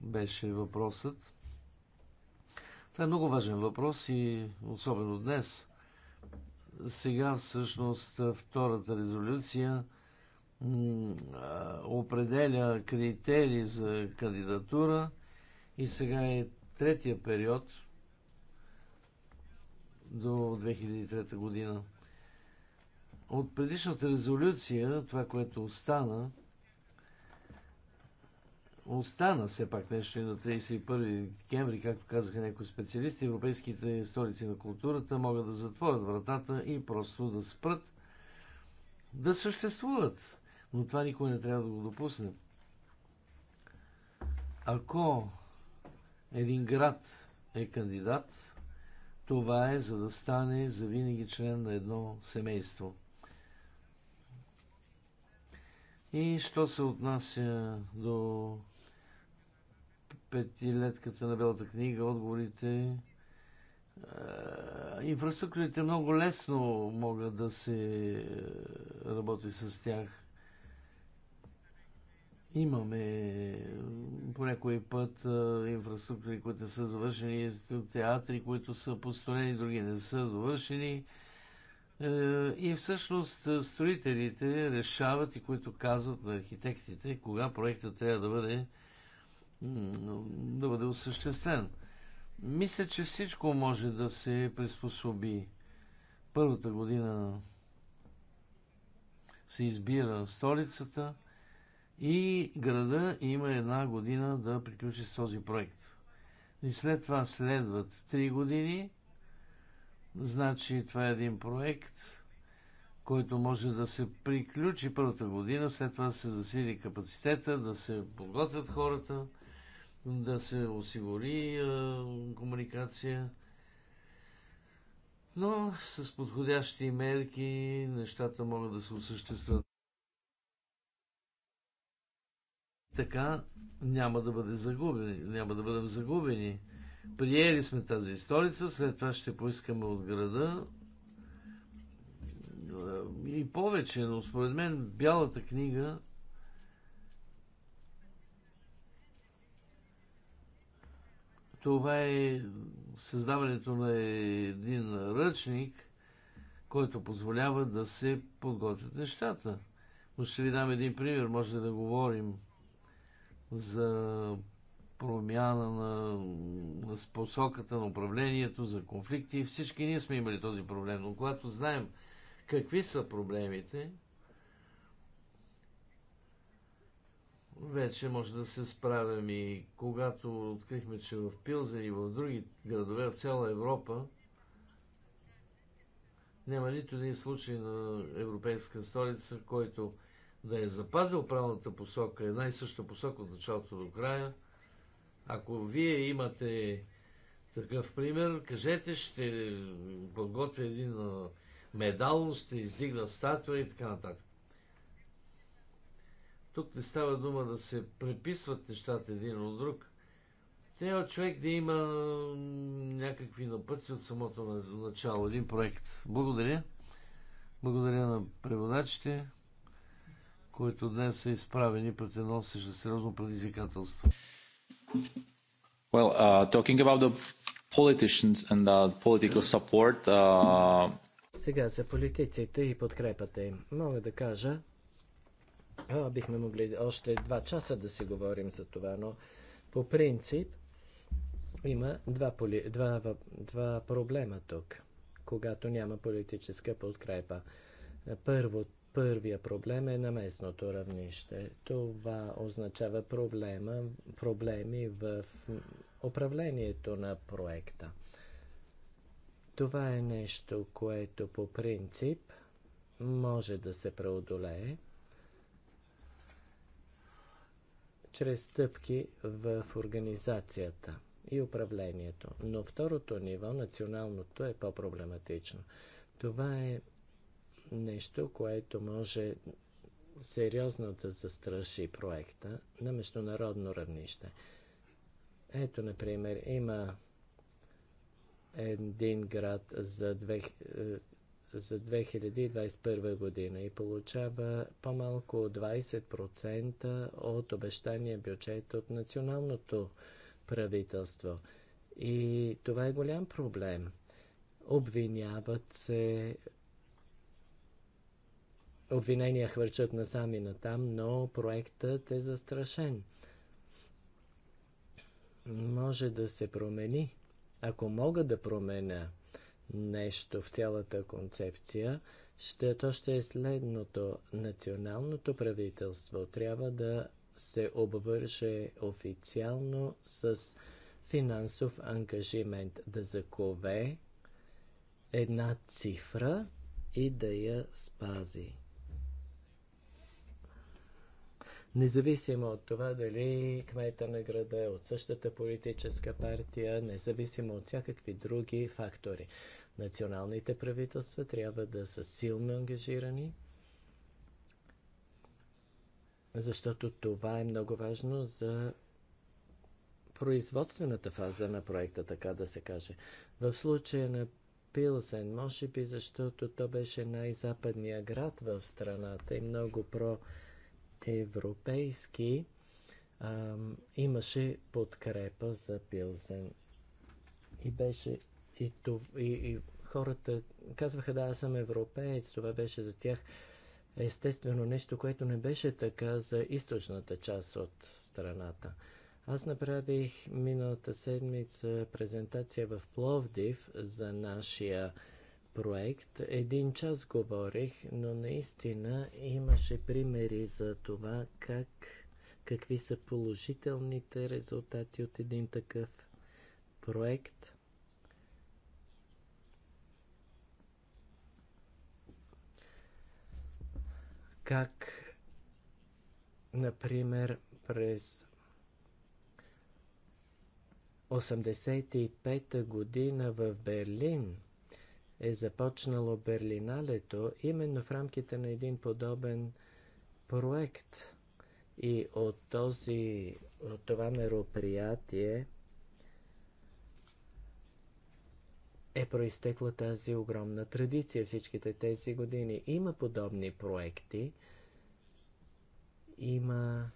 беше въпросът. Това е много важен въпрос и особено днес. Сега всъщност втората резолюция определя критерии за кандидатура и сега е третия период до 2003 година. От предишната резолюция, това, което остана, остана все пак нещо и на 31 декември, както казаха някои специалисти, европейските столици на културата могат да затворят вратата и просто да спрат да съществуват. Но това никой не трябва да го допусне. Ако един град е кандидат, това е за да стане завинаги член на едно семейство. И що се отнася до петилетката на Белата книга, отговорите. Инфраструктурите много лесно могат да се работи с тях. Имаме по някой път инфраструктури, които са завършени, театри, които са построени, други не са завършени. Е, и всъщност строителите решават и които казват на архитектите кога проектът трябва да бъде да бъде осъществен. Мисля, че всичко може да се приспособи. Първата година се избира столицата и града има една година да приключи с този проект. И след това следват три години. Значи това е един проект, който може да се приключи първата година, след това да се засили капацитета, да се подготвят хората – да се осигури комуникация. Но с подходящи мерки нещата могат да се осъществят. Така няма да бъде загубени, няма да бъдем загубени. Приели сме тази столица, след това ще поискаме от града и повече, но според мен Бялата книга Това е създаването на един ръчник, който позволява да се подготвят нещата. Но ще ви дам един пример. Може да говорим за промяна на, на посоката на управлението, за конфликти. Всички ние сме имали този проблем, но когато знаем какви са проблемите, вече може да се справим и когато открихме, че в Пилзен и в други градове в цяла Европа няма нито един случай на европейска столица, който да е запазил правилната посока, една и съща посока от началото до края. Ако вие имате такъв пример, кажете, ще подготвя един медал, ще издигна статуя и така нататък. Тук не става дума да се преписват нещата един от друг. Трябва човек да има някакви напъци от самото начало, един проект. Благодаря. Благодаря на преводачите, които днес са изправени пред едно сериозно предизвикателство. Well, uh, talking about the politicians and the uh, political support, uh... Сега за политиците и подкрепата им. Мога да кажа, а, бихме могли още два часа да си говорим за това, но по принцип има два, поли, два, два проблема тук, когато няма политическа подкрепа. Първо, първия проблем е на местното равнище. Това означава проблема, проблеми в управлението на проекта. Това е нещо, което по принцип може да се преодолее чрез стъпки в организацията и управлението. Но второто ниво, националното, е по-проблематично. Това е нещо, което може сериозно да застраши проекта на международно равнище. Ето, например, има един град за две, за 2021 година и получава по-малко от 20% от обещания бюджет от националното правителство. И това е голям проблем. Обвиняват се Обвинения хвърчат насам и натам, но проектът е застрашен. Може да се промени. Ако мога да променя нещо в цялата концепция, ще, то ще е следното. Националното правителство трябва да се обвърже официално с финансов ангажимент, да закове една цифра и да я спази. Независимо от това дали кмета на града е от същата политическа партия, независимо от всякакви други фактори. Националните правителства трябва да са силно ангажирани, защото това е много важно за производствената фаза на проекта, така да се каже. В случая на Пилсен, може би защото то беше най-западния град в страната и много про- европейски а, имаше подкрепа за Пилзен. И беше и, това, и, и хората казваха, да, аз съм европеец, това беше за тях естествено нещо, което не беше така за източната част от страната. Аз направих миналата седмица презентация в Пловдив за нашия проект. Един час говорих, но наистина имаше примери за това как, какви са положителните резултати от един такъв проект. Как, например, през 85-та година в Берлин – е започнало Берлиналето именно в рамките на един подобен проект. И от, този, от това мероприятие е проистекла тази огромна традиция всичките тези години. Има подобни проекти, има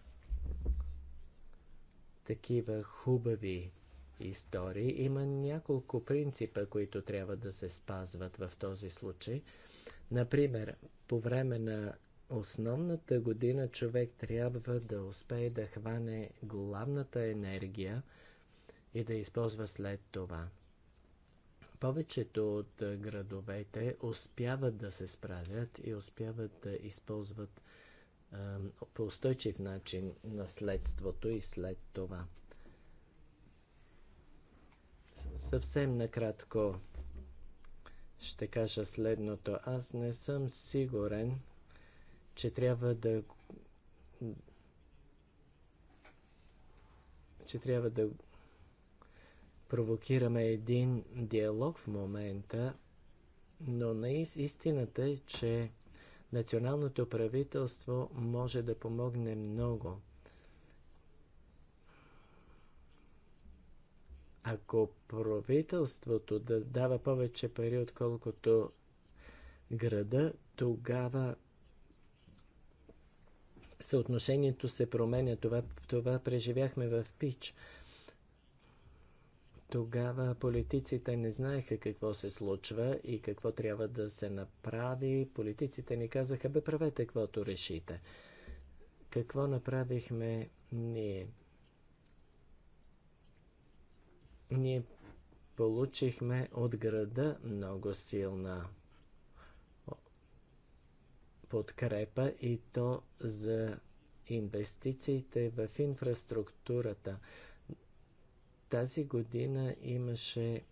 такива хубави истории. Има няколко принципа, които трябва да се спазват в този случай. Например, по време на основната година човек трябва да успее да хване главната енергия и да използва след това. Повечето от градовете успяват да се справят и успяват да използват по устойчив начин наследството и след това. Съвсем накратко ще кажа следното. Аз не съм сигурен, че трябва да че трябва да провокираме един диалог в момента, но наистината е, че националното правителство може да помогне много – Ако правителството да дава повече пари, отколкото града, тогава съотношението се променя. Това, това преживяхме в Пич. Тогава политиците не знаеха какво се случва и какво трябва да се направи. Политиците ни казаха, бе правете каквото решите. Какво направихме ние? Ние получихме от града много силна подкрепа и то за инвестициите в инфраструктурата. Тази година имаше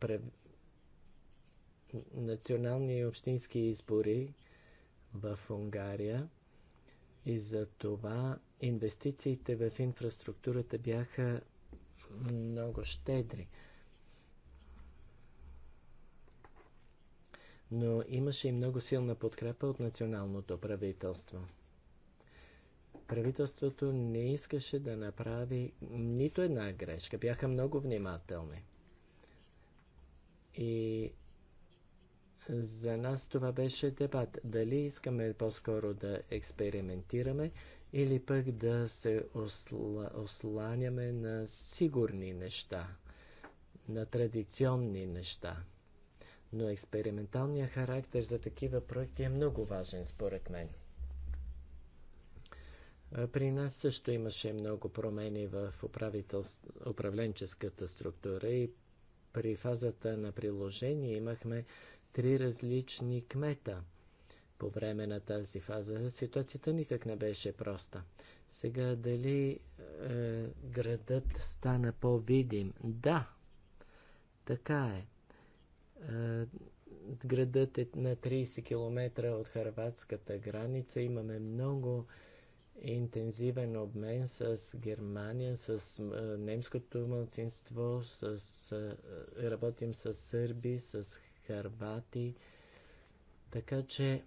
прев... национални и общински избори в Унгария и за това инвестициите в инфраструктурата бяха много щедри. Но имаше и много силна подкрепа от националното правителство. Правителството не искаше да направи нито една грешка. Бяха много внимателни. И за нас това беше дебат. Дали искаме по-скоро да експериментираме или пък да се осла, осланяме на сигурни неща, на традиционни неща. Но експерименталният характер за такива проекти е много важен, според мен. При нас също имаше много промени в управленческата структура и при фазата на приложение имахме три различни кмета – по време на тази фаза. Ситуацията никак не беше проста. Сега дали е, градът стана по-видим? Да, така е. е градът е на 30 км от харватската граница. Имаме много интензивен обмен с Германия, с е, немското мълцинство, с, е, работим с сърби, с харвати. Така че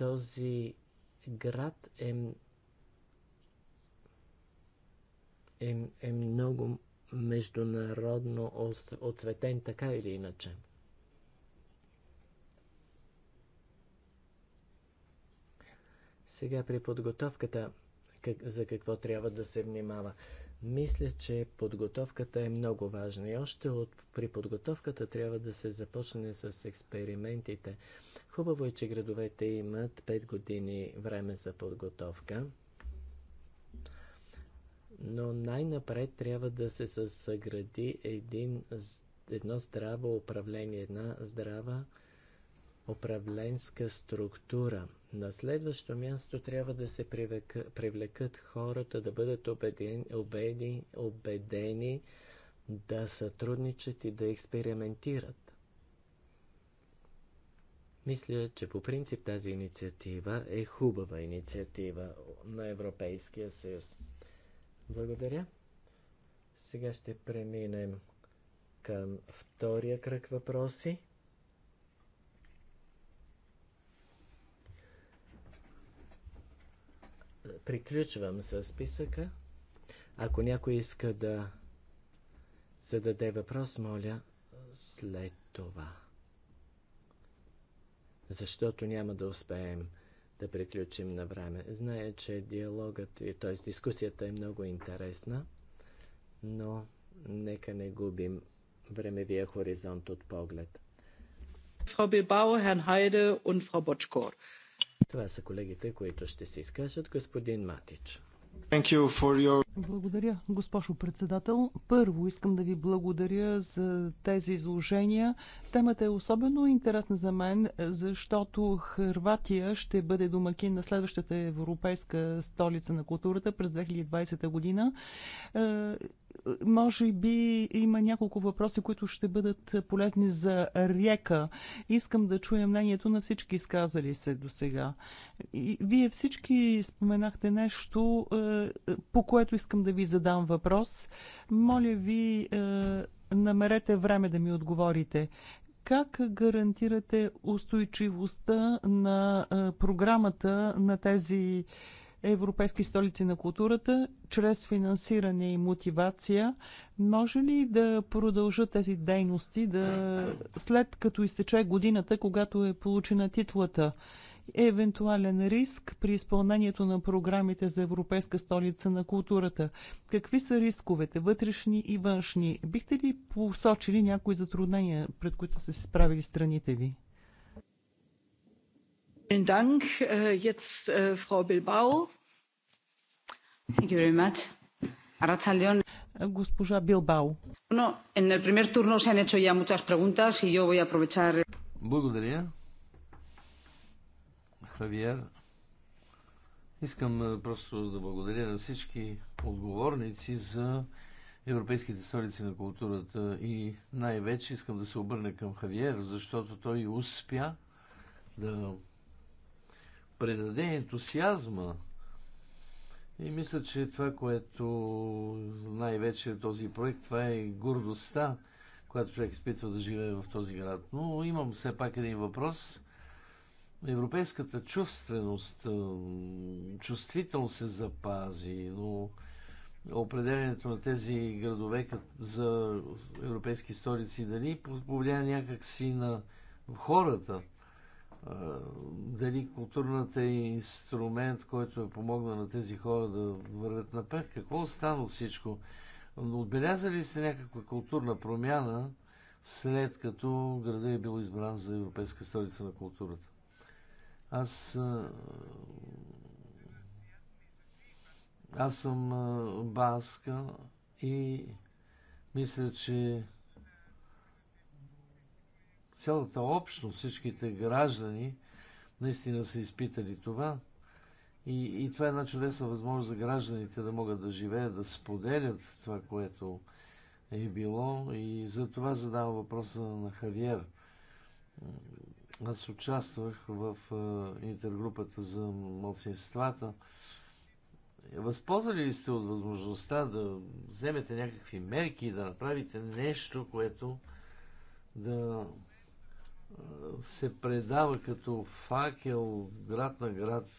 този град е, е, е много международно оцветен, така или иначе. Сега при подготовката как, за какво трябва да се внимава. Мисля, че подготовката е много важна и още от, при подготовката трябва да се започне с експериментите. Хубаво е, че градовете имат 5 години време за подготовка, но най-напред трябва да се съгради един, едно здраво управление, една здрава управленска структура. На следващо място трябва да се привека, привлекат хората да бъдат убеден, убедени, убедени да сътрудничат и да експериментират. Мисля, че по принцип тази инициатива е хубава инициатива на Европейския съюз. Благодаря. Сега ще преминем към втория кръг въпроси. Приключвам с списъка. Ако някой иска да зададе въпрос, моля след това защото няма да успеем да приключим на време. Зная, че диалогът, т.е. дискусията е много интересна, но нека не губим времевия хоризонт от поглед. Frau Билбао, Herrn Хайде и Frau Бочкор. Това са колегите, които ще се изкажат. Господин Матич. Thank you for your... Благодаря, госпожо председател. Първо искам да ви благодаря за тези изложения. Темата е особено интересна за мен, защото Хрватия ще бъде домакин на следващата европейска столица на културата през 2020 година. Е, може би има няколко въпроси, които ще бъдат полезни за Река. Искам да чуя мнението на всички изказали се до сега. Вие всички споменахте нещо, е, по което искам да ви задам въпрос. Моля ви, е, намерете време да ми отговорите. Как гарантирате устойчивостта на е, програмата на тези европейски столици на културата чрез финансиране и мотивация? Може ли да продължат тези дейности да, след като изтече годината, когато е получена титлата? Е евентуален риск при изпълнението на програмите за Европейска столица на културата? Какви са рисковете, вътрешни и външни? Бихте ли посочили някои затруднения, пред които са се справили страните ви? Dank. Äh, jetzt äh, Frau Bilbao. Thank you very much. Госпожа Билбао. Bueno, en el primer turno se han hecho ya muchas preguntas y yo voy a aprovechar. Благодаря. Хавиер. Искам просто да благодаря на всички отговорници за европейските столици на културата и най-вече искам да се обърна към Хавиер, защото той успя да предаде ентусиазма и мисля, че това, което най-вече е този проект, това е гордостта, която човек изпитва да живее в този град. Но имам все пак един въпрос – Европейската чувственост, чувствителност се запази, но определенето на тези градове за европейски столици дали повлия някакси на хората, дали културната е инструмент, който е помогнал на тези хора да вървят напред, какво стана всичко? Отбелязали сте някаква културна промяна, след като града е бил избран за Европейска столица на културата? Аз аз съм баска и мисля, че цялата общност, всичките граждани наистина са изпитали това. И, и това е една чудесна възможност за гражданите да могат да живеят, да споделят това, което е било. И за това задавам въпроса на Хавиер. Аз участвах в интергрупата за младсинствата. Възползвали ли сте от възможността да вземете някакви мерки и да направите нещо, което да се предава като факел град на град?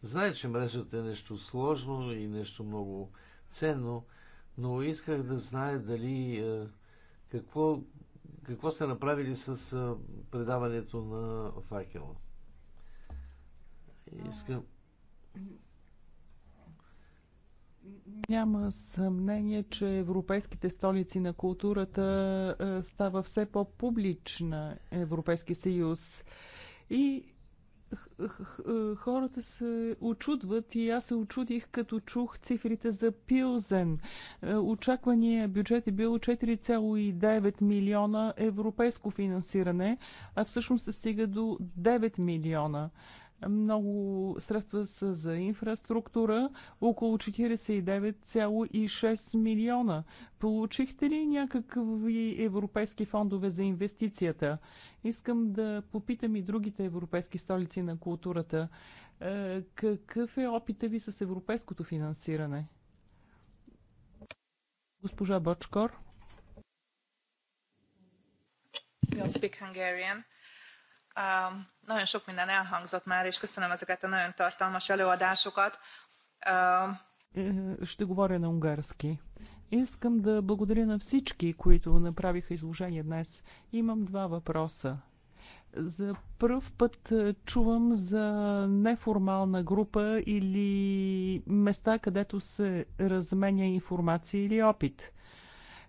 Знае, че мрежата е нещо сложно и нещо много ценно, но исках да знае дали какво какво сте направили с предаването на факела? Искам. Няма съмнение, че европейските столици на културата става все по-публична Европейски съюз. И хората се очудват и аз се очудих, като чух цифрите за Пилзен. Е, очаквания бюджет е бил 4,9 милиона европейско финансиране, а всъщност се стига до 9 милиона. Много средства са за инфраструктура, около 49,6 милиона. Получихте ли някакви европейски фондове за инвестицията? Искам да попитам и другите европейски столици на културата. Е, какъв е опита ви с европейското финансиране? Госпожа Бочкор. I'll speak Hungarian. Nagyon sok minden elhangzott már, és köszönöm ezeket a nagyon tartalmas előadásokat. Е, ще говоря на унгарски. Искам да благодаря на всички, които направиха изложение днес. Имам два въпроса. За първ път е, чувам за неформална група или места, където се разменя информация или опит.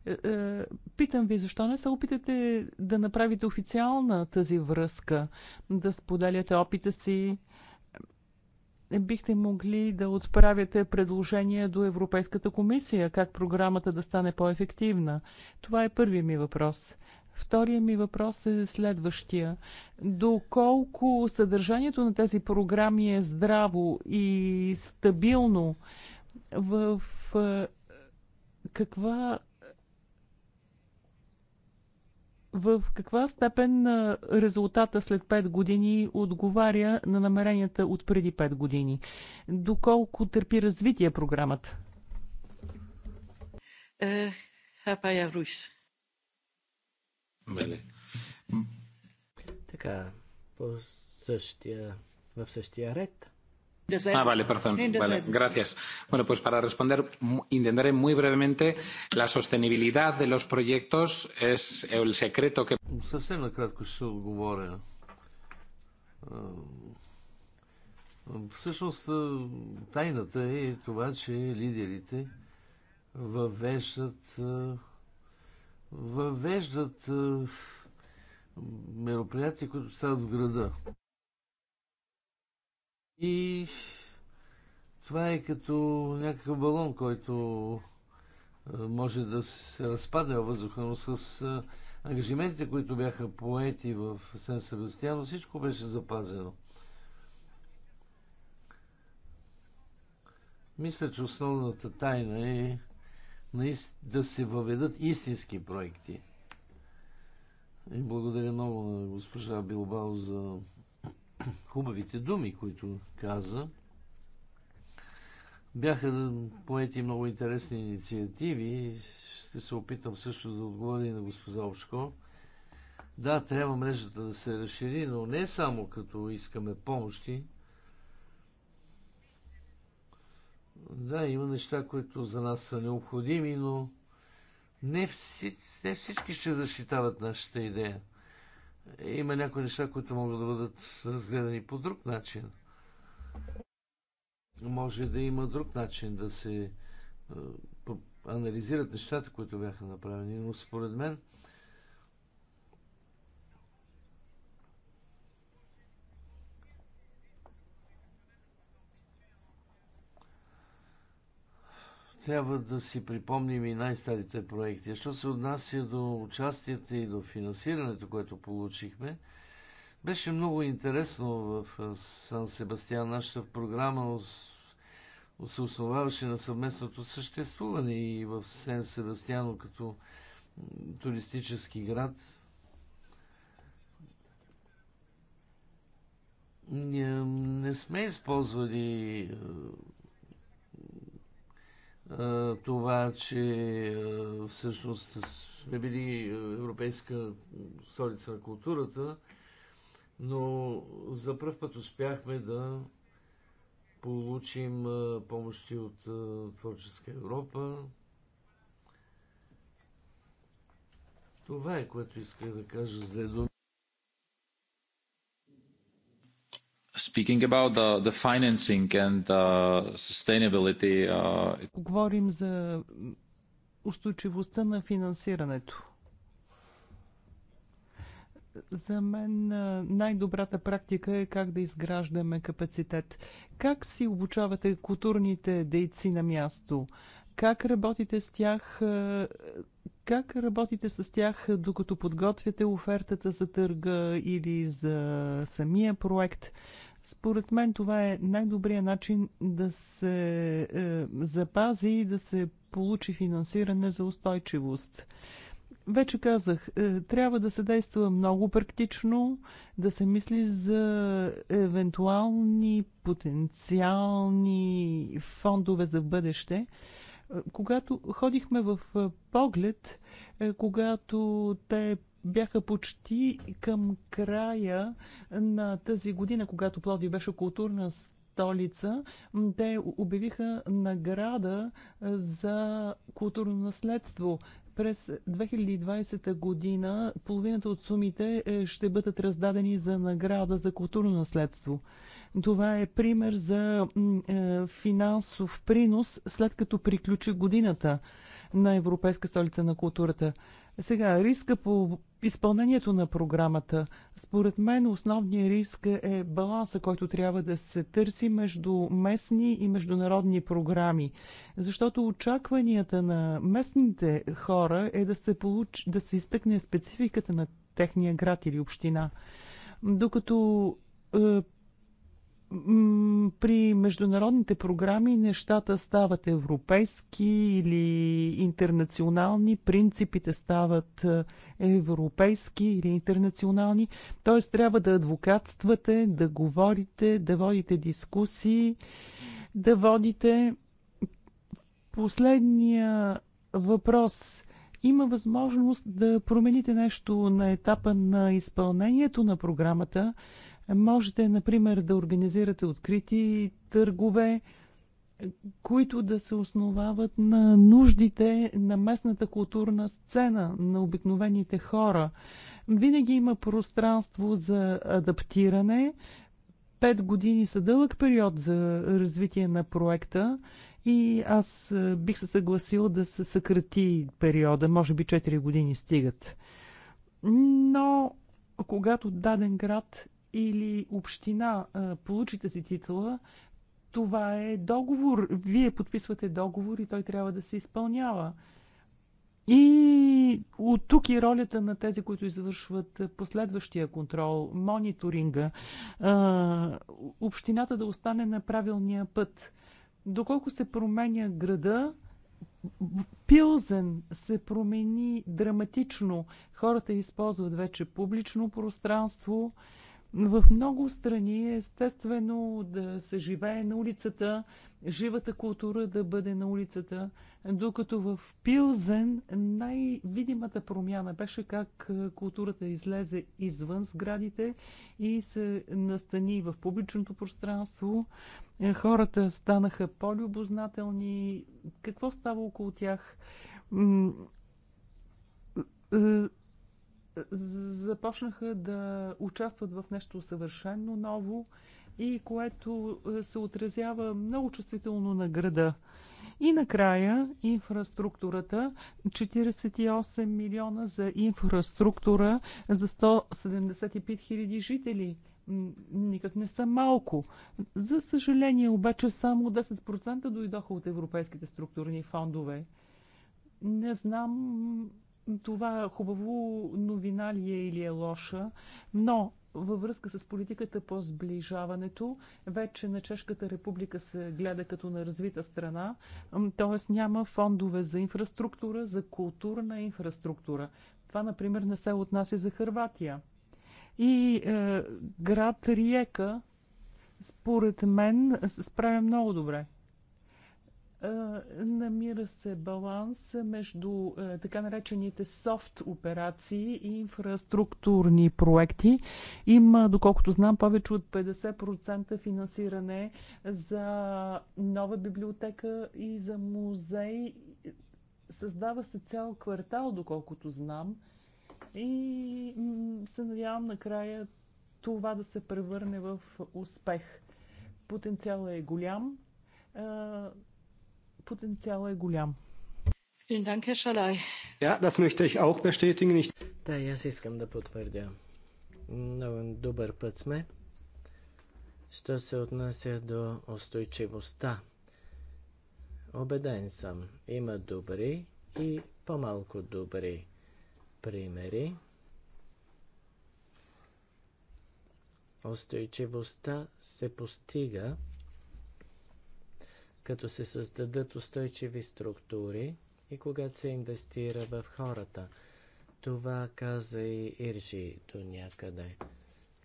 Е, е, питам ви, защо не се опитате да направите официална тази връзка, да споделяте опита си? Бихте могли да отправяте предложение до Европейската комисия, как програмата да стане по-ефективна? Това е първият ми въпрос. Втория ми въпрос е следващия. Доколко съдържанието на тези програми е здраво и стабилно в е, каква в каква степен резултата след 5 години отговаря на намеренията от преди 5 години? Доколко търпи развитие програмата? Е, Хапая Руис. Мене. Така, по същия, в същия ред. Ah, vale, perdón. Vale, gracias. Bueno, pues para responder, intentaré muy brevemente. La sostenibilidad de los proyectos es el secreto que. Съвсем накратко ще отговоря. Всъщност, тайната е това, че лидерите въвеждат въвеждат мероприятия, които стават в града. И това е като някакъв балон, който е, може да се разпадне във въздуха, но с е, ангажиментите, които бяха поети в Сен Себастьяно, всичко беше запазено. Мисля, че основната тайна е да се въведат истински проекти. И благодаря много на госпожа Билбао за хубавите думи, които каза. Бяха поети много интересни инициативи. Ще се опитам също да отговоря и на госпожа Обшко. Да, трябва мрежата да се разшири, но не само като искаме помощи. Да, има неща, които за нас са необходими, но не, не всички ще защитават нашата идея. Има някои неща, които могат да бъдат разгледани по друг начин. Може да има друг начин да се анализират нещата, които бяха направени, но според мен трябва да си припомним и най-старите проекти. Що се отнася до участията и до финансирането, което получихме, беше много интересно в Сан Себастьян. Нашата програма се основаваше на съвместното съществуване и в Сен Себастьяно като туристически град. не сме използвали това, че всъщност сме били европейска столица на културата, но за първ път успяхме да получим помощи от Творческа Европа. Това е което исках да кажа с две думи. Speaking about the, the financing and the sustainability, uh... Говорим за устойчивостта на финансирането. За мен най-добрата практика е как да изграждаме капацитет. Как си обучавате културните дейци на място? Как работите с тях? Как работите с тях, докато подготвяте офертата за търга или за самия проект? Според мен това е най-добрият начин да се е, запази и да се получи финансиране за устойчивост. Вече казах, е, трябва да се действа много практично, да се мисли за евентуални потенциални фондове за бъдеще е, когато ходихме в е, поглед, е, когато те бяха почти към края на тази година, когато Плоди беше културна столица, те обявиха награда за културно наследство. През 2020 година половината от сумите е, ще бъдат раздадени за награда за културно наследство. Това е пример за е, финансов принос след като приключи годината на Европейска столица на културата. Сега, риска по изпълнението на програмата. Според мен основният риск е баланса, който трябва да се търси между местни и международни програми. Защото очакванията на местните хора е да се, получ... да се изтъкне спецификата на техния град или община. Докато е, при международните програми нещата стават европейски или интернационални, принципите стават е, европейски или интернационални, т.е. трябва да адвокатствате, да говорите, да водите дискусии, да водите последния въпрос – има възможност да промените нещо на етапа на изпълнението на програмата, Можете, например, да организирате открити търгове, които да се основават на нуждите на местната културна сцена, на обикновените хора. Винаги има пространство за адаптиране. Пет години са дълъг период за развитие на проекта и аз бих се съгласила да се съкрати периода. Може би 4 години стигат. Но когато даден град или община получите си титла, това е договор. Вие подписвате договор и той трябва да се изпълнява. И от тук и ролята на тези, които извършват последващия контрол, мониторинга, общината да остане на правилния път. Доколко се променя града, Пилзен се промени драматично. Хората използват вече публично пространство, в много страни е естествено да се живее на улицата, живата култура да бъде на улицата, докато в Пилзен най-видимата промяна беше как културата излезе извън сградите и се настани в публичното пространство. Е, хората станаха по-любознателни. Какво става около тях? Е, започнаха да участват в нещо съвършенно ново и което е, се отразява много чувствително на града. И накрая инфраструктурата 48 милиона за инфраструктура за 175 хиляди жители. Никак не са малко. За съжаление, обаче само 10% дойдоха от европейските структурни фондове. Не знам това хубаво новина ли е или е лоша, но във връзка с политиката по сближаването, вече на Чешката република се гледа като на развита страна, т.е. няма фондове за инфраструктура, за културна инфраструктура. Това, например, не се отнася за Харватия. И е, град Риека, според мен, се справя много добре. Е, намира се баланс между е, така наречените софт операции и инфраструктурни проекти. Има, доколкото знам, повече от 50% финансиране за нова библиотека и за музей. Създава се цял квартал, доколкото знам. И се надявам накрая това да се превърне в успех. Потенциалът е голям е, потенциалът е голям. Ja, das möchte ich auch bestätigen. Ich... Да, и аз искам да потвърдя. Много добър път сме. Що се отнася до устойчивостта? Обеден съм. Има добри и по-малко добри примери. Устойчивостта се постига като се създадат устойчиви структури и когато се инвестира в хората. Това каза и Иржи до някъде.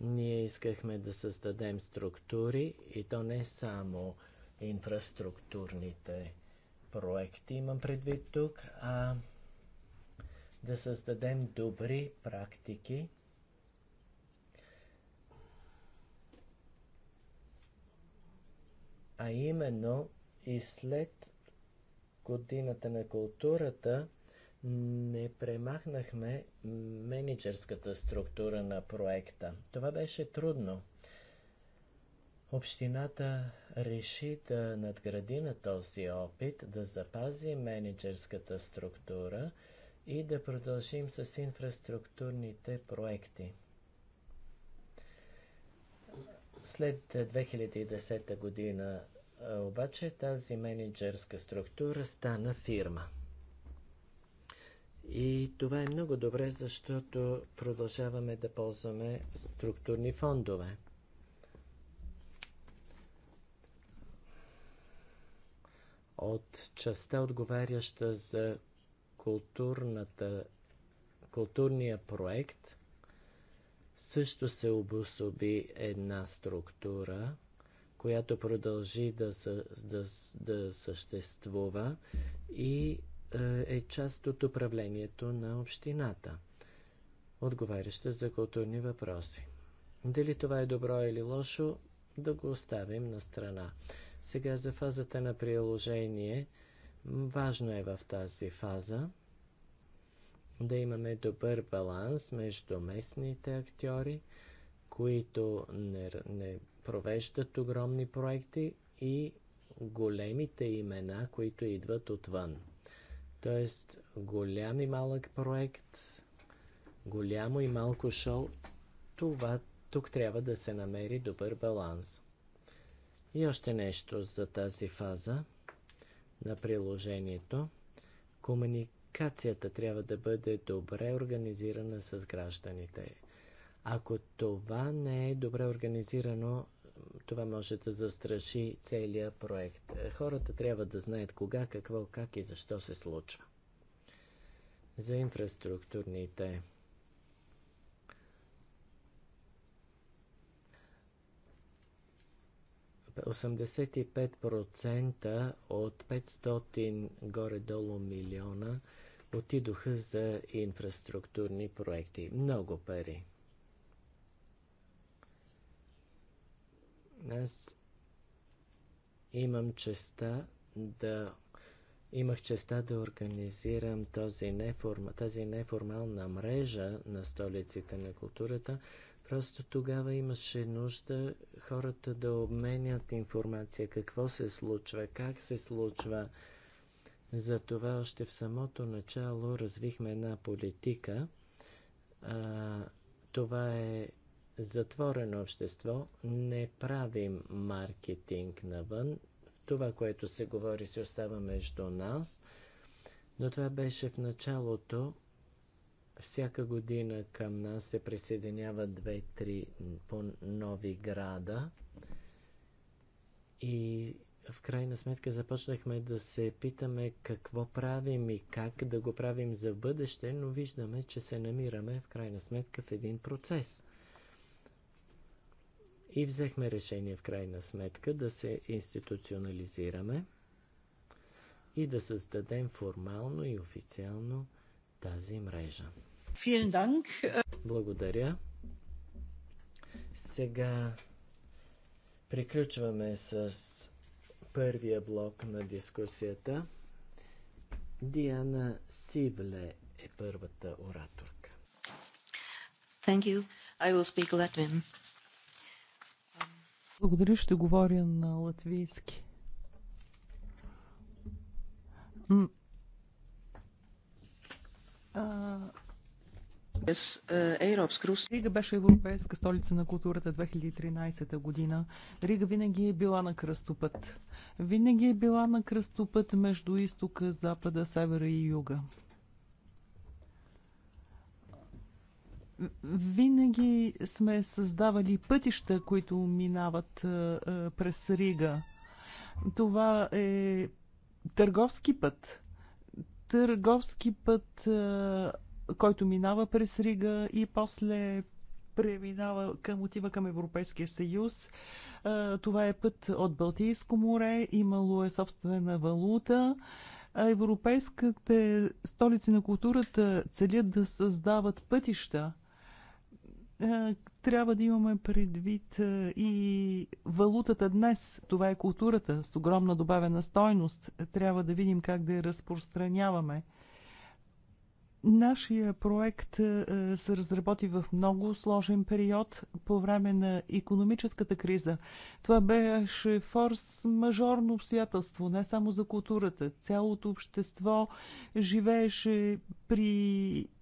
Ние искахме да създадем структури и то не само инфраструктурните проекти, имам предвид тук, а да създадем добри практики, а именно и след годината на културата не премахнахме менеджерската структура на проекта. Това беше трудно. Общината реши да надгради на този опит, да запази менеджерската структура и да продължим с инфраструктурните проекти. След 2010 година обаче тази менеджерска структура стана фирма. И това е много добре, защото продължаваме да ползваме структурни фондове. От частта отговаряща за културната, културния проект също се обособи една структура – която продължи да, да, да съществува и е, е част от управлението на общината, отговаряща за културни въпроси. Дали това е добро или лошо, да го оставим на страна. Сега за фазата на приложение. Важно е в тази фаза да имаме добър баланс между местните актьори, които не, не провеждат огромни проекти и големите имена, които идват отвън. Тоест, голям и малък проект, голямо и малко шоу, това тук трябва да се намери добър баланс. И още нещо за тази фаза на приложението. Комуникацията трябва да бъде добре организирана с гражданите. Ако това не е добре организирано, това може да застраши целия проект. Хората трябва да знаят кога, какво, как и защо се случва. За инфраструктурните Осемдесет процента от 500 горе-долу милиона отидоха за инфраструктурни проекти. Много пари. Аз имам честа да Имах честа да организирам този неформ... тази неформална мрежа на столиците на културата. Просто тогава имаше нужда хората да обменят информация какво се случва, как се случва. Затова още в самото начало развихме една политика. А, това е затворено общество не правим маркетинг навън. Това, което се говори, се остава между нас. Но това беше в началото. Всяка година към нас се присъединяват две-три по-нови града. И в крайна сметка започнахме да се питаме какво правим и как да го правим за бъдеще, но виждаме, че се намираме в крайна сметка в един процес – и взехме решение в крайна сметка да се институционализираме и да създадем формално и официално тази мрежа. Благодаря. Сега приключваме с първия блок на дискусията. Диана Сивле е първата ораторка. Thank you. I will speak Latvian. Благодаря, ще говоря на латвийски. Uh, Рига беше Европейска столица на културата 2013 година. Рига винаги е била на кръстопът. Винаги е била на кръстопът между изтока, запада, севера и юга. Винаги сме създавали пътища, които минават през Рига. Това е търговски път. Търговски път, който минава през Рига и после преминава към, отива към Европейския съюз. Това е път от Балтийско море, имало е собствена валута. Европейските столици на културата целят да създават пътища – е, трябва да имаме предвид е, и валутата днес. Това е културата с огромна добавена стойност. Трябва да видим как да я разпространяваме. Нашия проект е, е, се разработи в много сложен период по време на економическата криза. Това беше форс-мажорно обстоятелство, не само за културата. Цялото общество живееше при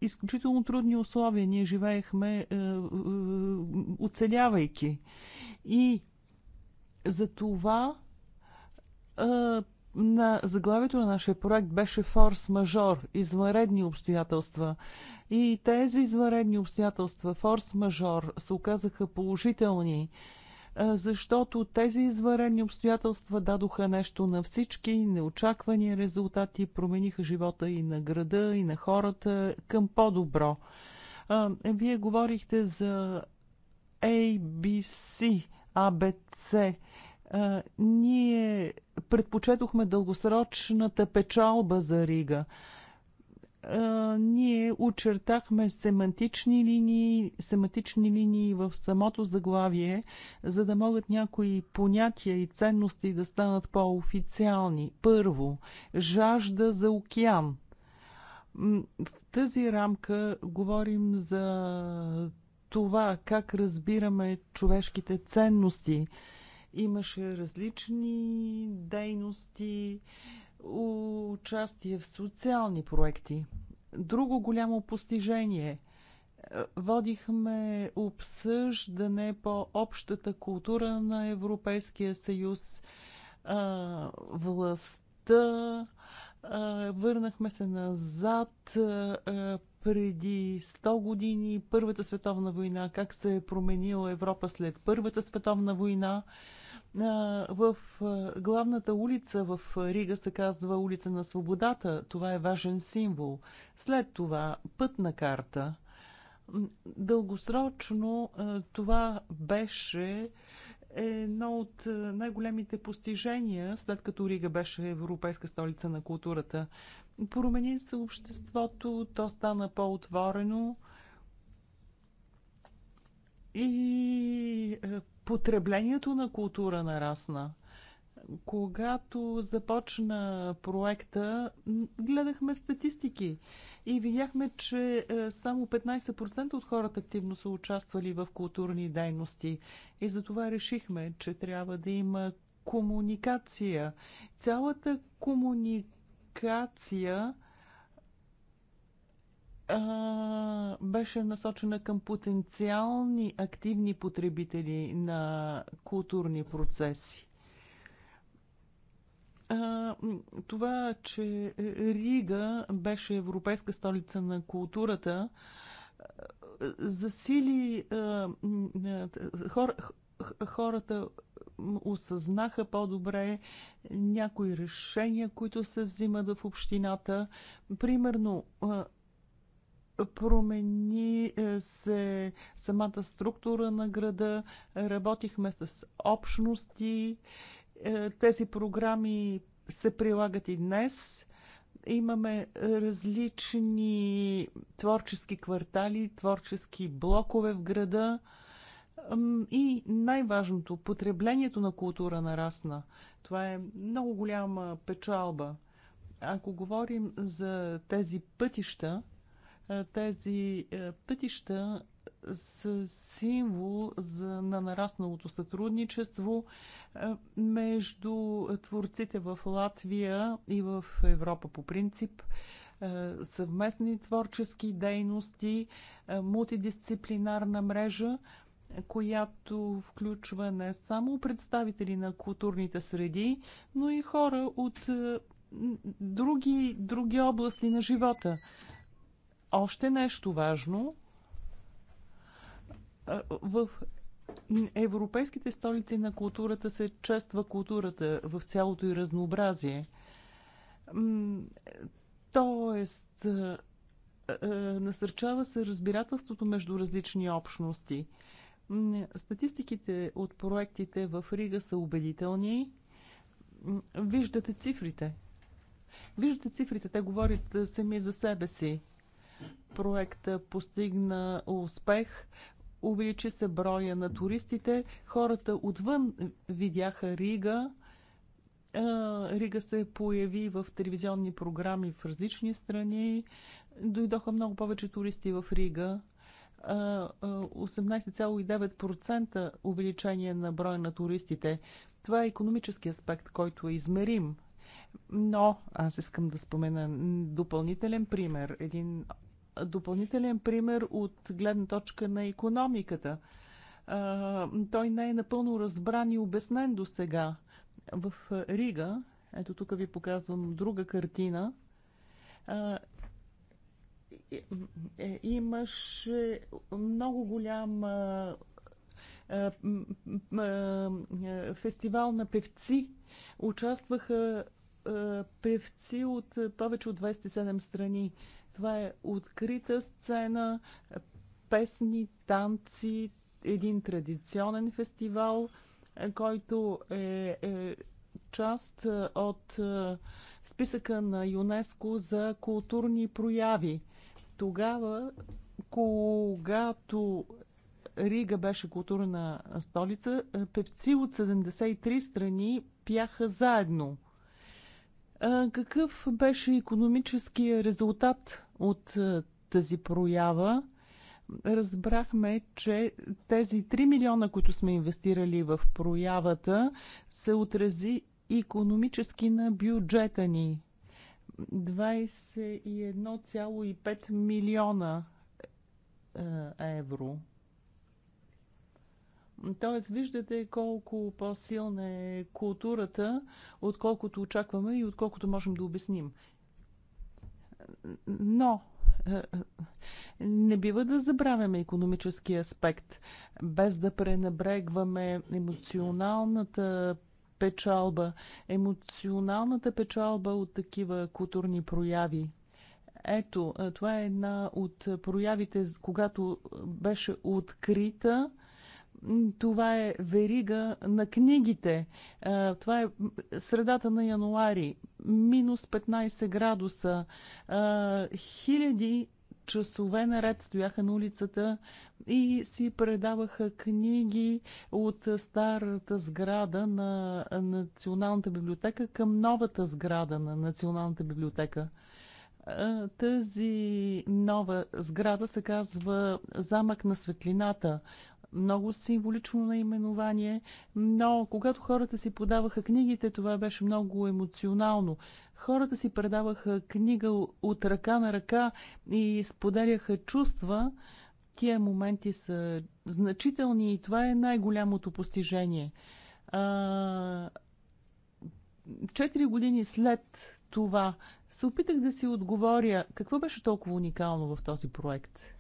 изключително трудни условия. Ние живеехме е, оцелявайки. И за това на заглавието на нашия проект беше форс-мажор, извънредни обстоятелства. И тези извънредни обстоятелства, форс-мажор, се оказаха положителни, е, защото тези извънредни обстоятелства дадоха нещо на всички, неочаквани резултати, промениха живота и на града, и на хората към по-добро. Вие говорихте за ABC, ABC ние предпочетохме дългосрочната печалба за Рига. Ние очертахме семантични линии, семантични линии в самото заглавие, за да могат някои понятия и ценности да станат по-официални. Първо, жажда за океан. В тази рамка говорим за това как разбираме човешките ценности – Имаше различни дейности, участие в социални проекти. Друго голямо постижение водихме обсъждане по общата култура на Европейския съюз, властта, върнахме се назад преди 100 години, Първата световна война, как се е променила Европа след Първата световна война. В главната улица в Рига се казва улица на свободата. Това е важен символ. След това пътна карта. Дългосрочно това беше е едно от е, най-големите постижения, след като Рига беше Европейска столица на културата. Промени се обществото, то стана по-отворено и е, потреблението на култура нарасна – когато започна проекта, гледахме статистики и видяхме, че е, само 15% от хората активно са участвали в културни дейности. И затова решихме, че трябва да има комуникация. Цялата комуникация а, беше насочена към потенциални активни потребители на културни процеси това, че е, Рига беше европейска столица на културата, засили хор, хората осъзнаха по-добре някои решения, които се взимат в общината. Примерно, промени е, се самата структура на града, работихме с общности, е, тези програми се прилагат и днес. Имаме различни творчески квартали, творчески блокове в града. И най-важното, потреблението на култура нарасна. Това е много голяма печалба. Ако говорим за тези пътища, е, тези е, пътища са символ за, на нарасналото сътрудничество е, между творците в Латвия и в Европа по принцип. Е, съвместни творчески дейности, е, мултидисциплинарна мрежа, която включва не само представители на културните среди, но и хора от други, други области на живота. Още нещо важно в европейските столици на културата се чества културата в цялото и разнообразие. Тоест, насърчава се разбирателството между различни общности. Статистиките от проектите в Рига са убедителни. Виждате цифрите. Виждате цифрите, те говорят сами за себе си. Проекта постигна успех увеличи се броя на туристите. Хората отвън видяха Рига. Рига се появи в телевизионни програми в различни страни. Дойдоха много повече туристи в Рига. 18,9% увеличение на броя на туристите. Това е економически аспект, който е измерим. Но аз искам да спомена допълнителен пример. Един допълнителен пример от гледна точка на економиката. Той не е напълно разбран и обяснен до сега. В Рига, ето тук ви показвам друга картина, е, имаше много голям фестивал на певци. Участваха певци от е, повече от 27 страни. Това е открита сцена, песни, танци, един традиционен фестивал, е, който е, е част е, от списъка на ЮНЕСКО за културни прояви. Тогава, когато Рига беше културна столица, певци от 73 страни пяха заедно. Какъв беше економическия резултат от тази проява? разбрахме, че тези 3 милиона, които сме инвестирали в проявата, се отрази економически на бюджета ни. 21,5 милиона евро. Тоест, виждате колко по-силна е културата, отколкото очакваме и отколкото можем да обясним. Но, е, е, не бива да забравяме економически аспект, без да пренебрегваме емоционалната печалба, емоционалната печалба от такива културни прояви. Ето, е, това е една от проявите, когато беше открита това е верига на книгите. Това е средата на януари. Минус 15 градуса. Хиляди часове наред стояха на улицата и си предаваха книги от старата сграда на Националната библиотека към новата сграда на Националната библиотека. Тази нова сграда се казва Замък на светлината много символично наименование, но когато хората си продаваха книгите, това беше много емоционално. Хората си предаваха книга от ръка на ръка и споделяха чувства. Тия моменти са значителни и това е най-голямото постижение. Четири години след това се опитах да си отговоря какво беше толкова уникално в този проект –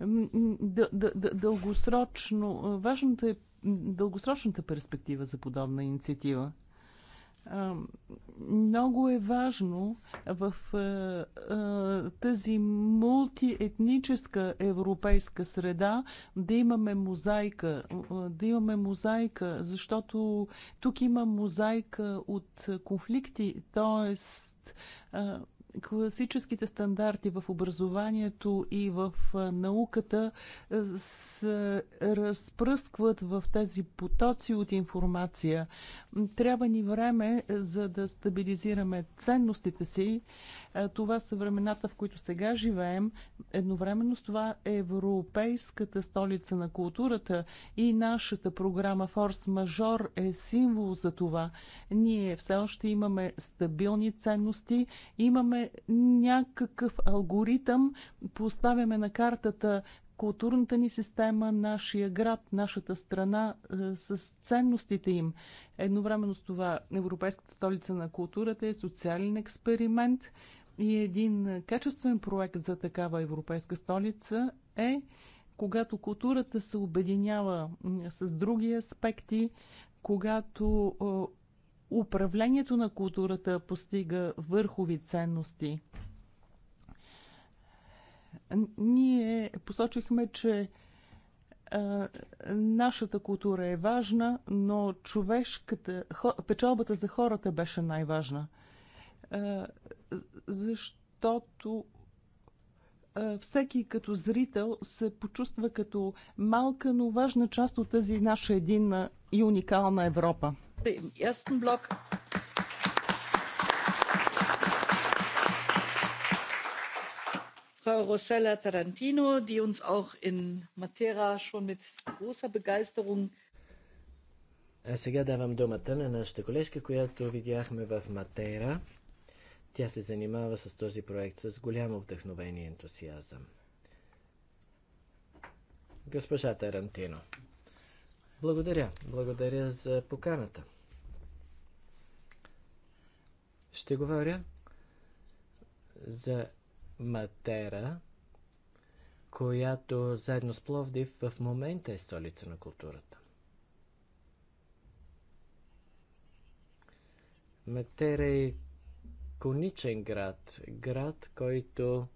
дългосрочно, важното е дългосрочната перспектива за подобна инициатива. Много е важно в тази мултиетническа европейска среда да имаме мозайка, да имаме мозайка, защото тук има мозайка от конфликти, т.е класическите стандарти в образованието и в науката се разпръскват в тези потоци от информация. Трябва ни време, за да стабилизираме ценностите си. Това са времената, в които сега живеем. Едновременно с това е Европейската столица на културата и нашата програма Форс Мажор е символ за това. Ние все още имаме стабилни ценности, имаме някакъв алгоритъм, поставяме на картата културната ни система, нашия град, нашата страна е, с ценностите им. Едновременно с това Европейската столица на културата е социален експеримент и един качествен проект за такава Европейска столица е когато културата се обединява с други аспекти, когато управлението на културата постига върхови ценности. Ние посочихме, че нашата култура е важна, но човешката, печалбата за хората беше най-важна. Защото всеки като зрител се почувства като малка, но важна част от тази наша единна и уникална Европа. Im ersten Block. Frau Rossella Tarantino, die uns auch in Matera schon mit großer Begeisterung а сега давам думата на нашата колежка, която видяхме в Матера. Тя се занимава с този проект с голямо вдъхновение и ентусиазъм. Госпожа Тарантино. Благодаря. Благодаря за поканата. Ще говоря за Матера, която заедно с Пловдив в момента е столица на културата. Матера е коничен град, град, който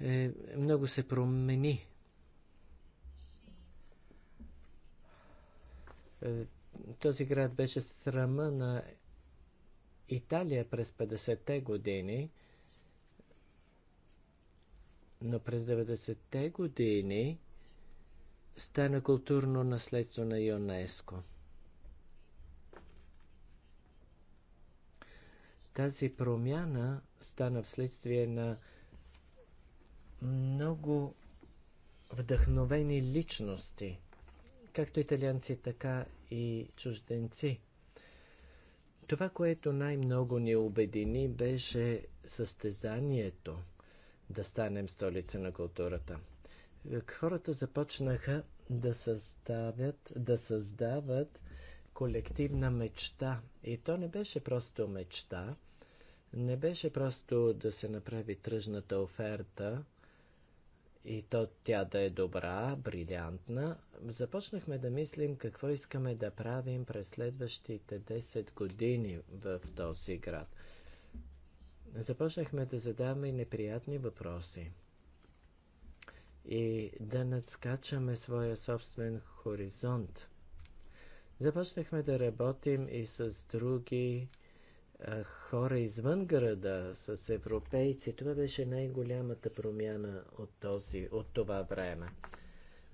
е, много се промени Е, този град беше срама на Италия през 50-те години, но през 90-те години стана културно наследство на ЮНЕСКО. Тази промяна стана вследствие на много вдъхновени личности – както италианци, така и чужденци. Това, което най-много ни обедини, беше състезанието да станем столица на културата. Хората започнаха да съставят, да създават колективна мечта. И то не беше просто мечта, не беше просто да се направи тръжната оферта – и то тя да е добра, брилянтна, започнахме да мислим какво искаме да правим през следващите 10 години в този град. Започнахме да задаваме неприятни въпроси и да надскачаме своя собствен хоризонт. Започнахме да работим и с други хора извън града с европейци. Това беше най-голямата промяна от, този, от това време.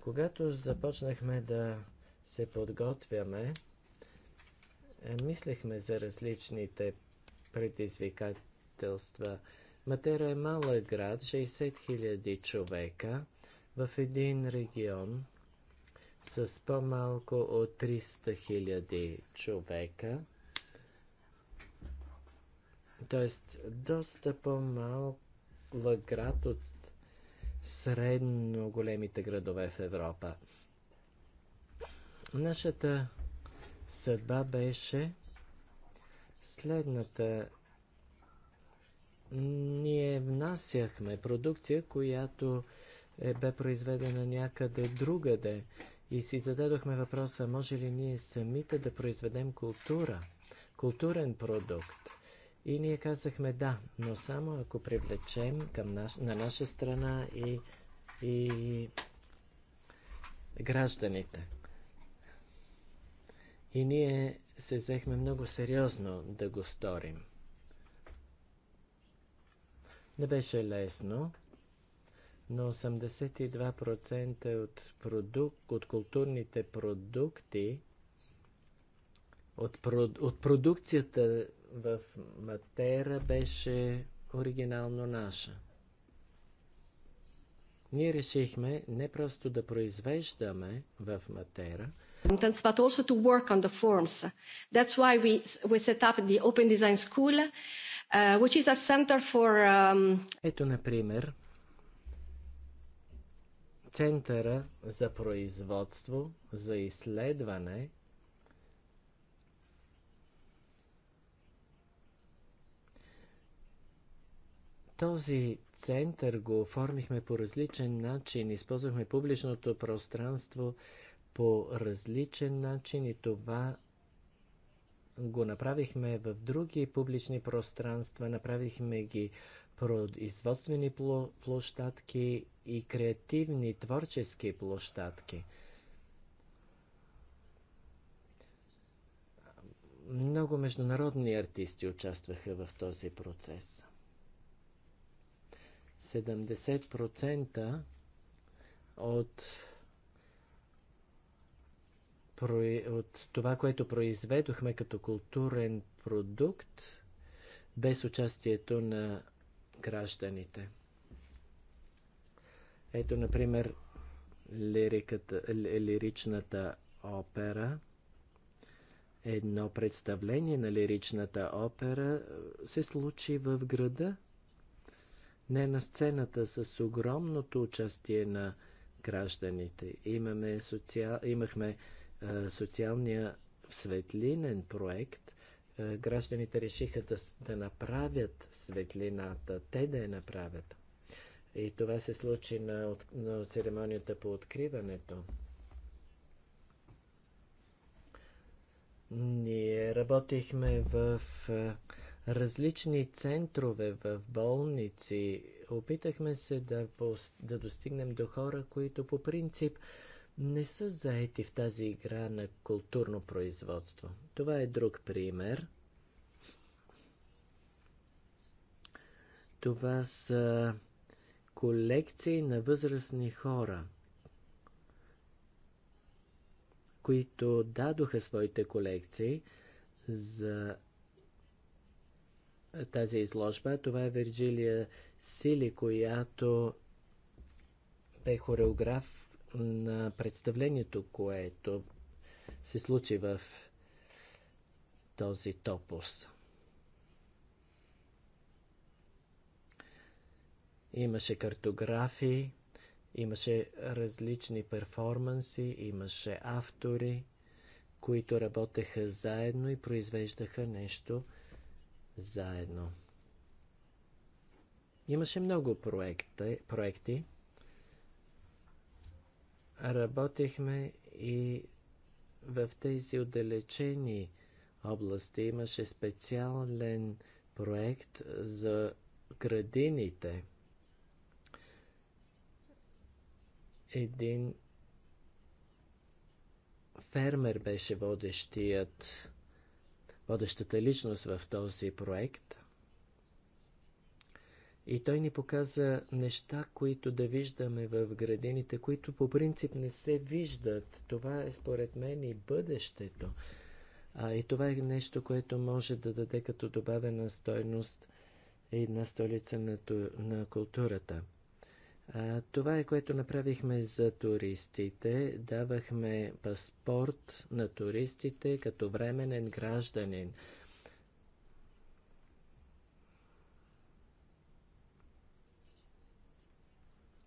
Когато започнахме да се подготвяме, е, мислехме за различните предизвикателства. Матера е малък град, 60 000 човека, в един регион с по-малко от 300 000 човека – т.е. доста по-малък град от средно големите градове в Европа. Нашата съдба беше следната. Ние внасяхме продукция, която е, бе произведена някъде другаде и си зададохме въпроса, може ли ние самите да произведем култура, културен продукт. И ние казахме да, но само ако привлечем към наш, на наша страна и, и гражданите. И ние се взехме много сериозно да го сторим. Не беше лесно, но 82% от, продук, от културните продукти, от, от продукцията в Матера беше оригинално наша. Ние решихме не просто да произвеждаме в Матера, accountants, but also to work on the forms. That's why we, we set up the Open Design School, uh, which is a center for... Um... Ето, например, Центъра за производство, за изследване Този център го оформихме по различен начин, използвахме публичното пространство по различен начин и това го направихме в други публични пространства, направихме ги производствени площадки и креативни творчески площадки. Много международни артисти участваха в този процес. 70% от, от това, което произведохме като културен продукт, без участието на гражданите. Ето, например, лириката, лиричната опера. Едно представление на лиричната опера се случи в града не на сцената с огромното участие на гражданите. Имаме социал... Имахме а, социалния светлинен проект. А, гражданите решиха да, да направят светлината, те да я направят. И това се случи на, на церемонията по откриването. Ние работихме в а, различни центрове в болници. Опитахме се да, да достигнем до хора, които по принцип не са заети в тази игра на културно производство. Това е друг пример. Това са колекции на възрастни хора, които дадоха своите колекции за тази изложба. Това е Вирджилия Сили, която бе хореограф на представлението, което се случи в този топос. Имаше картографии, имаше различни перформанси, имаше автори, които работеха заедно и произвеждаха нещо – заедно. Имаше много проекти, проекти. Работихме и в тези отдалечени области имаше специален проект за градините. Един фермер беше водещият водещата личност в този проект. И той ни показа неща, които да виждаме в градините, които по принцип не се виждат. Това е според мен и бъдещето. А, и това е нещо, което може да даде като добавена стойност на столица на, на културата – това е което направихме за туристите. Давахме паспорт на туристите като временен гражданин.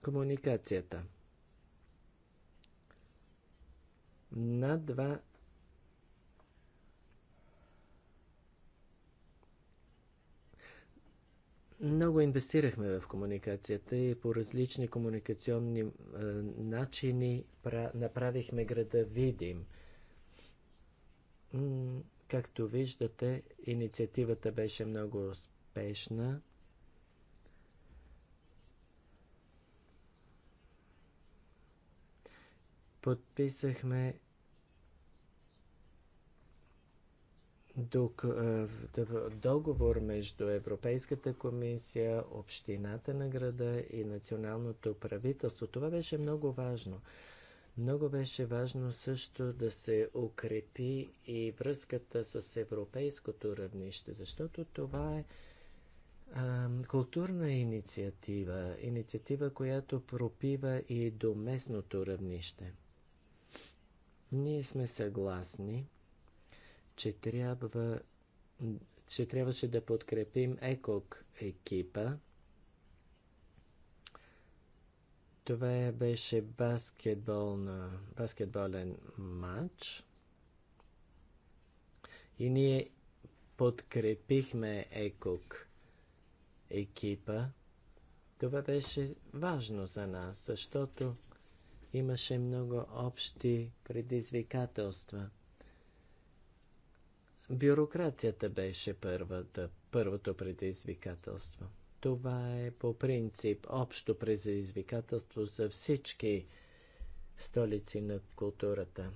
Комуникацията. На два. Много инвестирахме в комуникацията и по различни комуникационни е, начини пра, направихме града видим. М както виждате, инициативата беше много успешна. Подписахме Е, договор между Европейската комисия, Общината на града и Националното правителство. Това беше много важно. Много беше важно също да се укрепи и връзката с европейското равнище, защото това е а, културна инициатива, инициатива, която пропива и до местното равнище. Ние сме съгласни че, трябва, че трябваше да подкрепим ЕКОК екипа. Това беше баскетболна, баскетболен матч. И ние подкрепихме ЕКОК екипа. Това беше важно за нас, защото имаше много общи предизвикателства. Бюрокрацията беше първата, първото предизвикателство. Това е по принцип общо предизвикателство за всички столици на културата.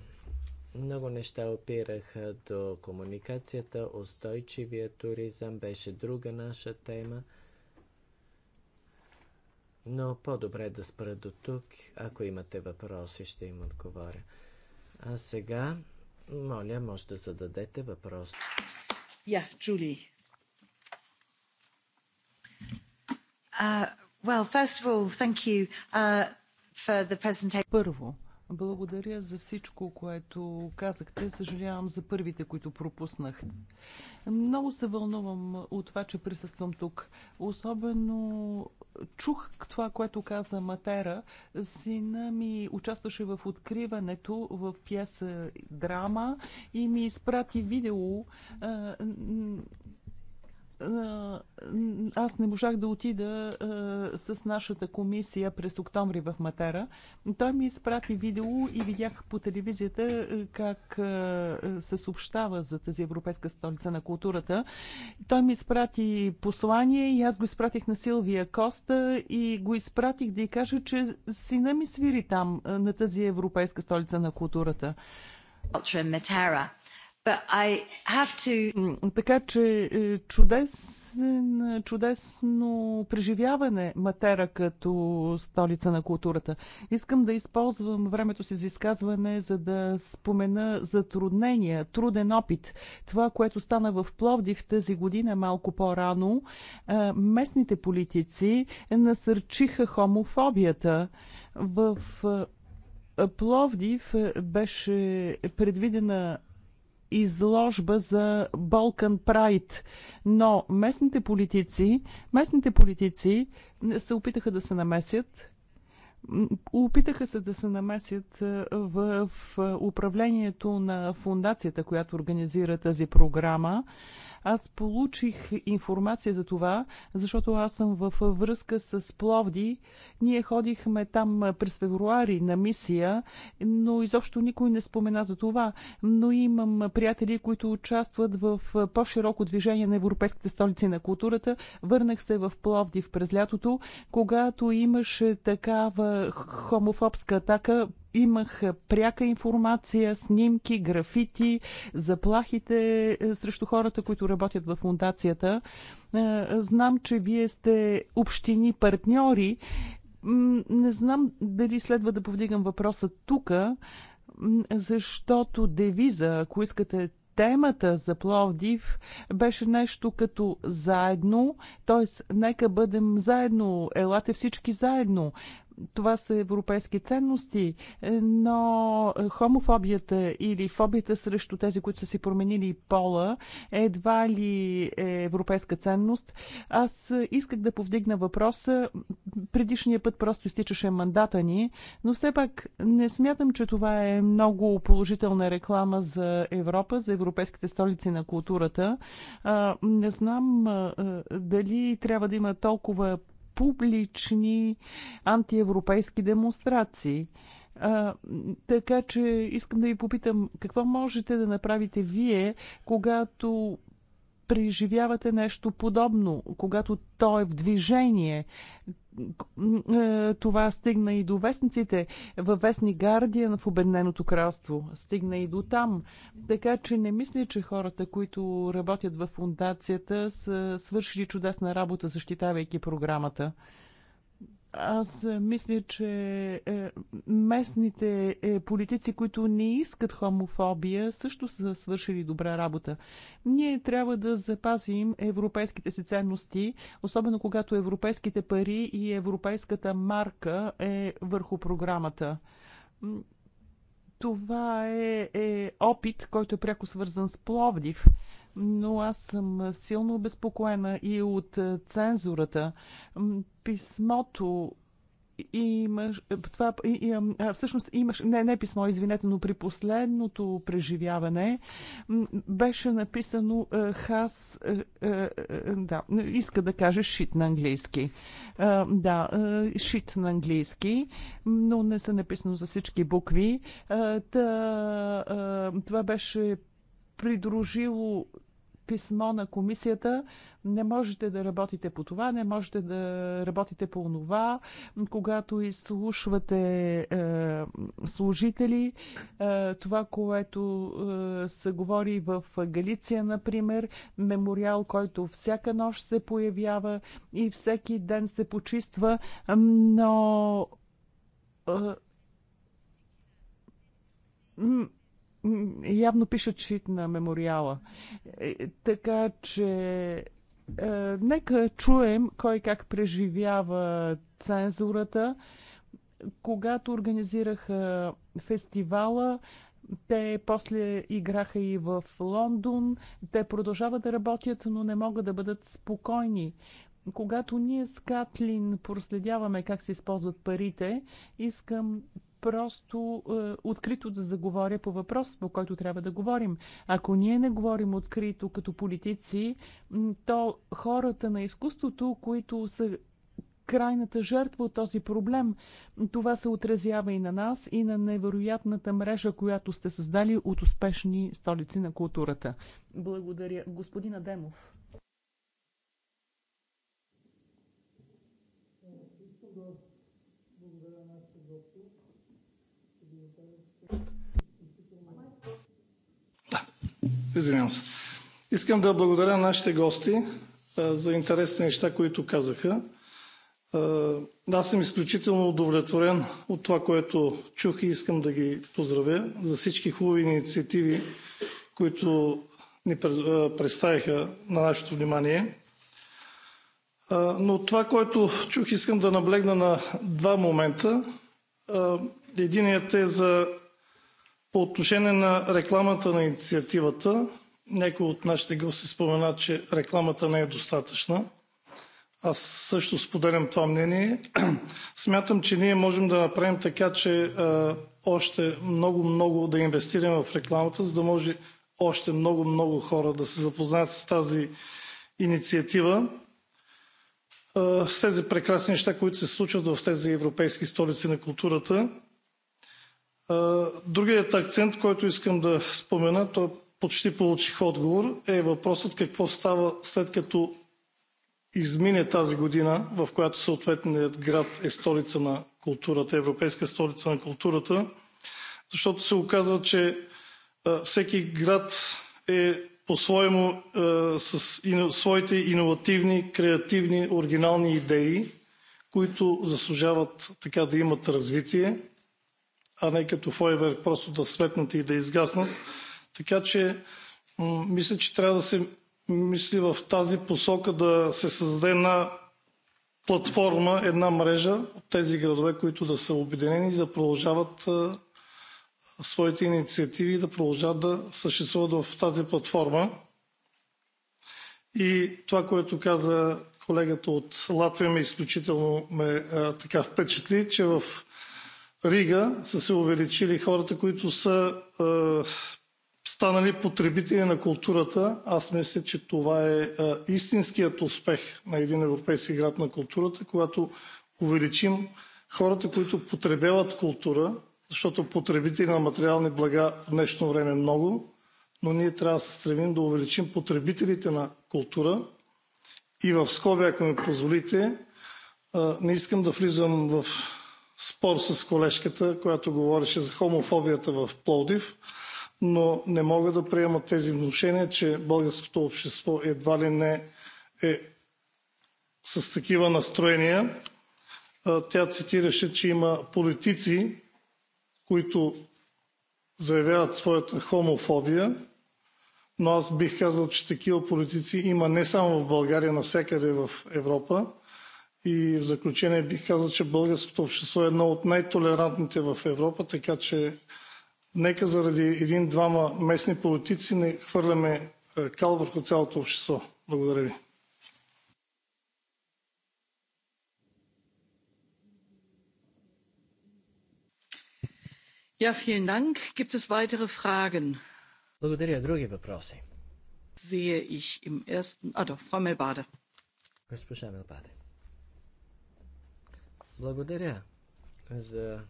Много неща опираха до комуникацията, устойчивия туризъм беше друга наша тема. Но по-добре да спра до тук. Ако имате въпроси, ще им отговоря. А сега моля, може да зададете въпрос. Я, yeah, Джули. Uh, well, first of all, thank you uh, for the presentation. Първо, благодаря за всичко, което казахте. Съжалявам за първите, които пропуснах. Много се вълнувам от това, че присъствам тук. Особено чух това, което каза Матера. Сина ми участваше в откриването в пиеса Драма и ми изпрати видео е, аз не можах да отида е, с нашата комисия през октомври в Матера. Той ми изпрати видео и видях по телевизията е, как се съобщава за тази Европейска столица на културата. Той ми изпрати послание и аз го изпратих на Силвия Коста и го изпратих да й кажа, че сина ми свири там, на тази Европейска столица на културата. Матера. Така че е, чудесен, чудесно преживяване Матера като столица на културата. Искам да използвам времето си за изказване, за да спомена затруднения, труден опит. Това, което стана в Пловдив тази година малко по-рано, е, местните политици насърчиха хомофобията в е, Пловдив беше предвидена изложба за Балкан Прайд, но местните политици, местните политици се опитаха да се намесят. Опитаха се да се намесят е, в управлението на фундацията, която организира тази програма. Аз получих информация за това, защото аз съм в връзка с Пловди. Ние ходихме там през февруари на мисия, но изобщо никой не спомена за това. Но имам приятели, които участват в по-широко движение на европейските столици на културата. Върнах се в Пловдив през лятото, когато имаше такава хомофобска атака имах пряка информация, снимки, графити, заплахите е, срещу хората, които работят в фундацията. Е, знам, че вие сте общини партньори. Не знам дали следва да повдигам въпроса тук, защото девиза, ако искате темата за Пловдив беше нещо като заедно, т.е. нека бъдем заедно, елате всички заедно това са европейски ценности, но хомофобията или фобията срещу тези, които са си променили пола, е едва ли е европейска ценност. Аз исках да повдигна въпроса. Предишния път просто изтичаше мандата ни, но все пак не смятам, че това е много положителна реклама за Европа, за европейските столици на културата. Не знам дали трябва да има толкова публични антиевропейски демонстрации. А, така че искам да ви попитам какво можете да направите вие, когато преживявате нещо подобно, когато то е в движение. Е, това стигна и до вестниците. Във вестни Гардиан в Обедненото кралство стигна и до там. Така че не мисля, че хората, които работят в фундацията, са свършили чудесна работа, защитавайки програмата. Аз е, мисля, че е, местните е, политици, които не искат хомофобия, също са свършили добра работа. Ние трябва да запазим европейските си ценности, особено когато европейските пари и европейската марка е върху програмата. Това е, е опит, който е пряко свързан с Пловдив но аз съм силно обезпокоена и от е, цензурата. Писмото имаш, е, това, имам, всъщност имаш, не, не писмо, извинете, но при последното преживяване беше написано е, хас, да, иска да каже шит на английски. Да, шит на английски, но не са написано за всички букви. Та, това беше придружило писмо на комисията, не можете да работите по това, не можете да работите по това, когато изслушвате е, служители, е, това, което е, се говори в Галиция, например, мемориал, който всяка нощ се появява и всеки ден се почиства, но. Е, явно пишат шит на мемориала. Е, така че е, нека чуем кой как преживява цензурата. Когато организираха фестивала, те после играха и в Лондон. Те продължават да работят, но не могат да бъдат спокойни. Когато ние с Катлин проследяваме как се използват парите, искам просто е, открито да заговоря по въпрос, по който трябва да говорим. Ако ние не говорим открито като политици, то хората на изкуството, които са крайната жертва от този проблем. Това се отразява и на нас, и на невероятната мрежа, която сте създали от успешни столици на културата. Благодаря. Господин Адемов. Извинявам се. Искам да благодаря нашите гости за интересни неща, които казаха. Аз съм изключително удовлетворен от това, което чух и искам да ги поздравя за всички хубави инициативи, които ни представиха на нашето внимание. Но това, което чух, искам да наблегна на два момента. Единият е за по отношение на рекламата на инициативата, някои от нашите гости спомена, че рекламата не е достатъчна. Аз също споделям това мнение. Смятам, че ние можем да направим така, че а, още много, много да инвестираме в рекламата, за да може още много, много хора да се запознаят с тази инициатива. А, с тези прекрасни неща, които се случват в тези европейски столици на културата. Другият акцент, който искам да спомена, то почти получих отговор, е въпросът какво става след като измине тази година, в която съответният град е столица на културата, европейска столица на културата, защото се оказва, че всеки град е по-своему с своите иновативни, креативни, оригинални идеи, които заслужават така да имат развитие а не като фойерверк просто да светнат и да изгаснат. Така че мисля, че трябва да се мисли в тази посока да се създаде една платформа, една мрежа от тези градове, които да са обединени и да продължават своите инициативи и да продължават да съществуват в тази платформа. И това, което каза колегата от Латвия, ме изключително ме а, така впечатли, че в Рига са се увеличили хората, които са станали потребители на културата. Аз мисля, че това е истинският успех на един европейски град на културата, когато увеличим хората, които потребяват култура, защото потребители на материални блага в днешно време много, но ние трябва да се стремим да увеличим потребителите на култура. И в скоби, ако ми позволите, не искам да влизам в спор с колежката, която говореше за хомофобията в Пловдив, но не мога да приема тези внушения, че българското общество едва ли не е с такива настроения. Тя цитираше, че има политици, които заявяват своята хомофобия, но аз бих казал, че такива политици има не само в България, навсякъде в Европа. И в заключение бих казал, че българското общество е едно от най-толерантните в Европа, така че нека заради един-двама местни политици не хвърляме е, кал върху цялото общество. Благодаря ви. Ja, vielen Dank. Gibt es weitere Fragen? Благодаря. Други въпроси? Sehe ich im ersten... А, ah, да, Frau Melbade. Госпожа Мелбаде. Благодаря за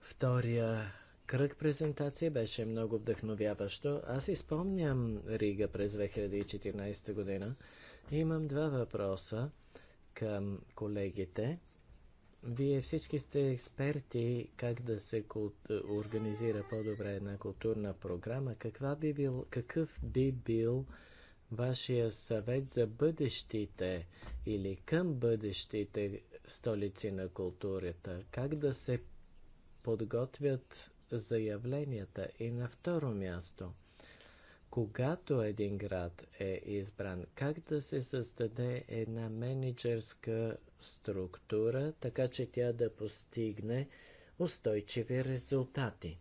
втория кръг презентация. Беше много вдъхновяващо. Аз изпомням Рига през 2014 година. Имам два въпроса към колегите. Вие всички сте експерти как да се организира по-добре една културна програма. Каква би бил, какъв би бил вашия съвет за бъдещите или към бъдещите столици на културата, как да се подготвят заявленията и на второ място – когато един град е избран, как да се създаде една менеджерска структура, така че тя да постигне устойчиви резултати?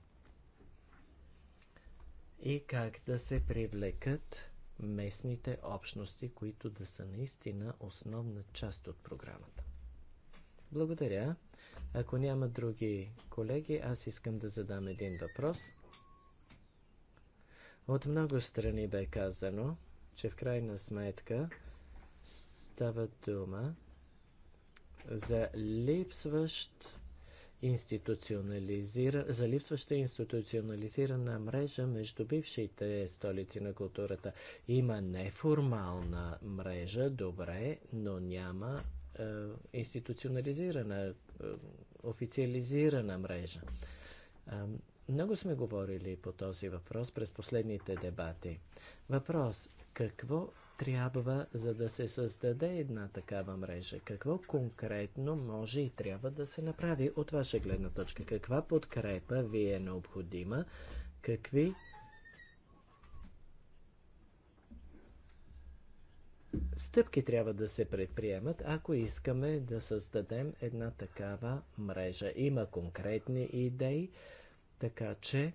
И как да се привлекат местните общности, които да са наистина основна част от програмата? Благодаря. Ако няма други колеги, аз искам да задам един въпрос. От много страни бе казано, че в крайна сметка става дума за липсващ институционализира... за липсваща институционализирана мрежа между бившите столици на културата. Има неформална мрежа, добре, но няма е, институционализирана, е, официализирана мрежа. Е, много сме говорили по този въпрос през последните дебати. Въпрос какво трябва, за да се създаде една такава мрежа? Какво конкретно може и трябва да се направи от ваша гледна точка? Каква подкрепа ви е необходима? Какви стъпки трябва да се предприемат, ако искаме да създадем една такава мрежа. Има конкретни идеи, така че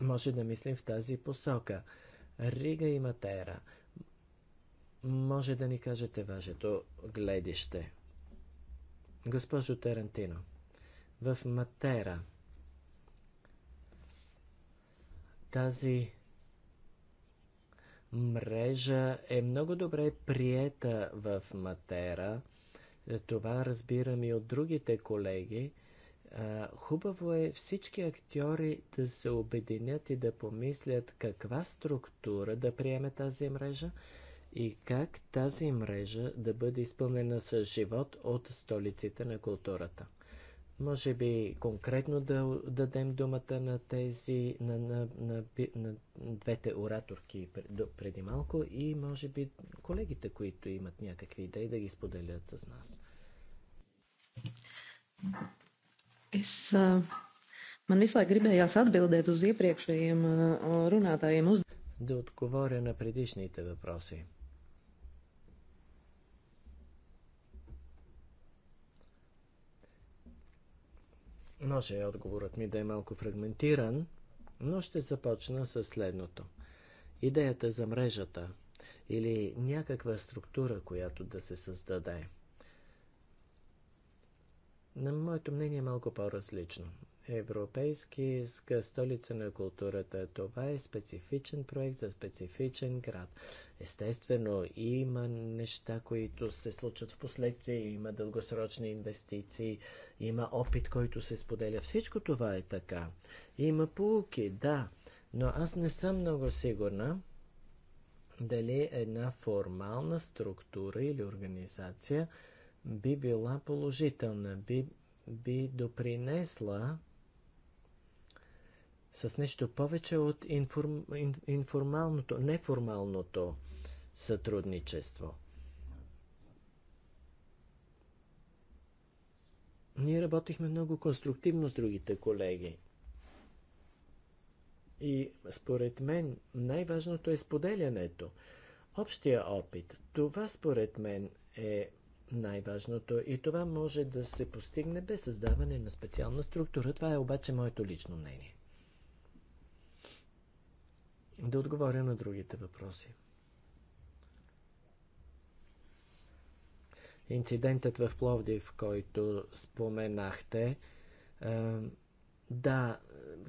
може да мислим в тази посока. Рига и Матера. Може да ни кажете вашето гледище. Госпожо Тарантино, в Матера тази мрежа е много добре приета в Матера. Това разбирам и от другите колеги. Хубаво е всички актьори да се обединят и да помислят каква структура да приеме тази мрежа и как тази мрежа да бъде изпълнена с живот от столиците на културата. Може би конкретно да дадем думата на тези, на, на, на, на двете ораторки преди малко и може би колегите, които имат някакви идеи, да ги споделят с нас. Es uh, man visu laiku gribējās atbildēt uz iepriekšējiem uh, runātājiem. Uz... Да отговоря на предишните въпроси. Може отговорът ми да е малко фрагментиран, но ще започна с следното. Идеята за мрежата или някаква структура, която да се създаде. На моето мнение е малко по-различно. Европейска столица на културата. Това е специфичен проект за специфичен град. Естествено, има неща, които се случват в последствие, има дългосрочни инвестиции, има опит, който се споделя. Всичко това е така. Има полуки, да, но аз не съм много сигурна дали една формална структура или организация би била положителна, би, би допринесла с нещо повече от информ, информалното, неформалното сътрудничество. Ние работихме много конструктивно с другите колеги. И според мен най-важното е споделянето. Общия опит. Това според мен е най-важното и това може да се постигне без създаване на специална структура. Това е обаче моето лично мнение да отговоря на другите въпроси. Инцидентът в Пловдив, в който споменахте, е, да,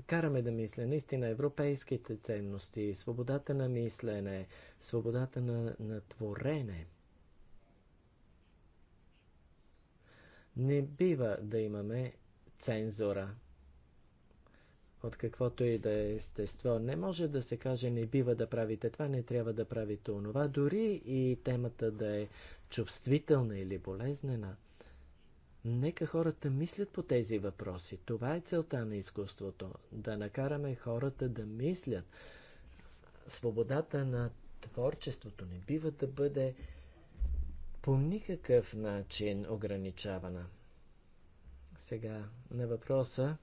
караме да мисля. Наистина, европейските ценности, свободата на мислене, свободата на, на творене. Не бива да имаме цензура от каквото и да е естество. Не може да се каже не бива да правите това, не трябва да правите онова, дори и темата да е чувствителна или болезнена. Нека хората мислят по тези въпроси. Това е целта на изкуството. Да накараме хората да мислят. Свободата на творчеството не бива да бъде по никакъв начин ограничавана. Сега на въпроса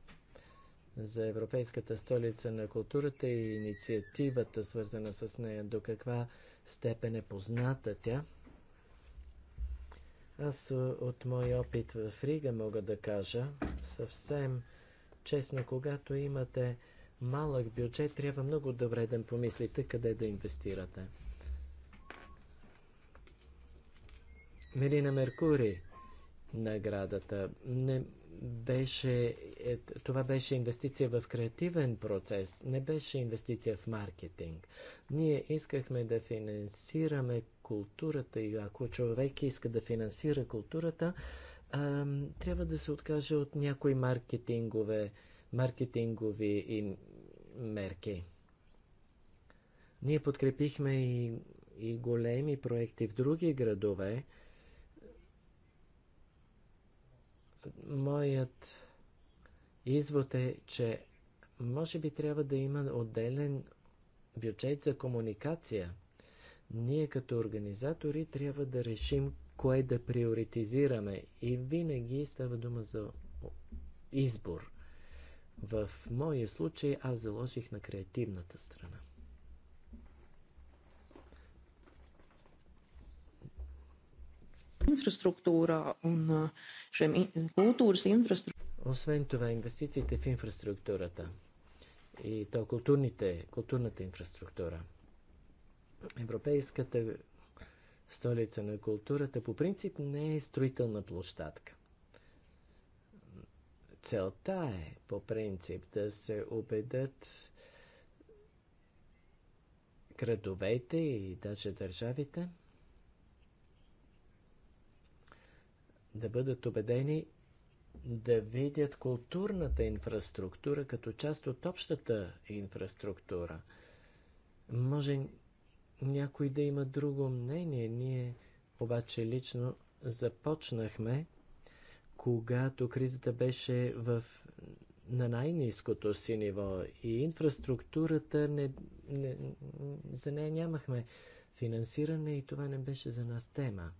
за Европейската столица на културата и инициативата, свързана с нея, до каква степен е позната тя. Аз от мой опит в Рига мога да кажа съвсем честно, когато имате малък бюджет, трябва много добре да помислите къде да инвестирате. Мелина Меркури наградата. Не, беше, е, това беше инвестиция в креативен процес, не беше инвестиция в маркетинг. Ние искахме да финансираме културата и ако човек иска да финансира културата, трябва да се откаже от някои маркетингове, маркетингови и мерки. Ние подкрепихме и, и големи проекти в други градове, моят извод е, че може би трябва да има отделен бюджет за комуникация. Ние като организатори трябва да решим кое да приоритизираме и винаги става дума за избор. В моя случай аз заложих на креативната страна. Инфраструктура он šiem in kultūras Освен това, инвестициите в инфраструктурата и то културните, културната инфраструктура. Европейската столица на културата по принцип не е строителна площадка. Целта е по принцип да се убедят градовете и даже държавите – да бъдат убедени да видят културната инфраструктура като част от общата инфраструктура. Може някой да има друго мнение. Ние обаче лично започнахме, когато кризата беше в, на най-низкото си ниво и инфраструктурата не, не, за нея нямахме финансиране и това не беше за нас тема.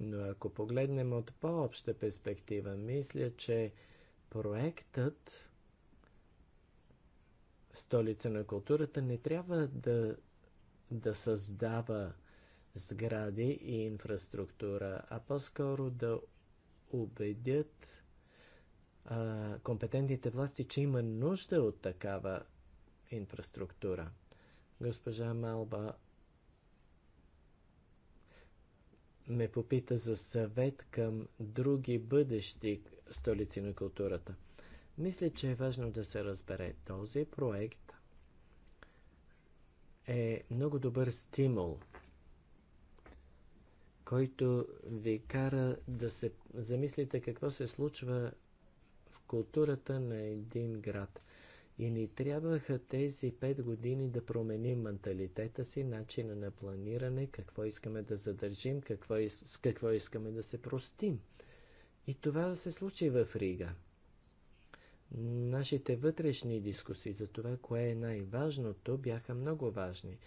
Но ако погледнем от по-обща перспектива, мисля, че проектът Столица на културата не трябва да, да създава сгради и инфраструктура, а по-скоро да убедят а, компетентните власти, че има нужда от такава инфраструктура. Госпожа Малба ме попита за съвет към други бъдещи столици на културата. Мисля, че е важно да се разбере. Този проект е много добър стимул, който ви кара да се замислите какво се случва в културата на един град – и ни трябваха тези пет години да променим менталитета си, начина на планиране, какво искаме да задържим, какво, из... с какво искаме да се простим. И това се случи в Рига. Нашите вътрешни дискусии за това, кое е най-важното, бяха много важни.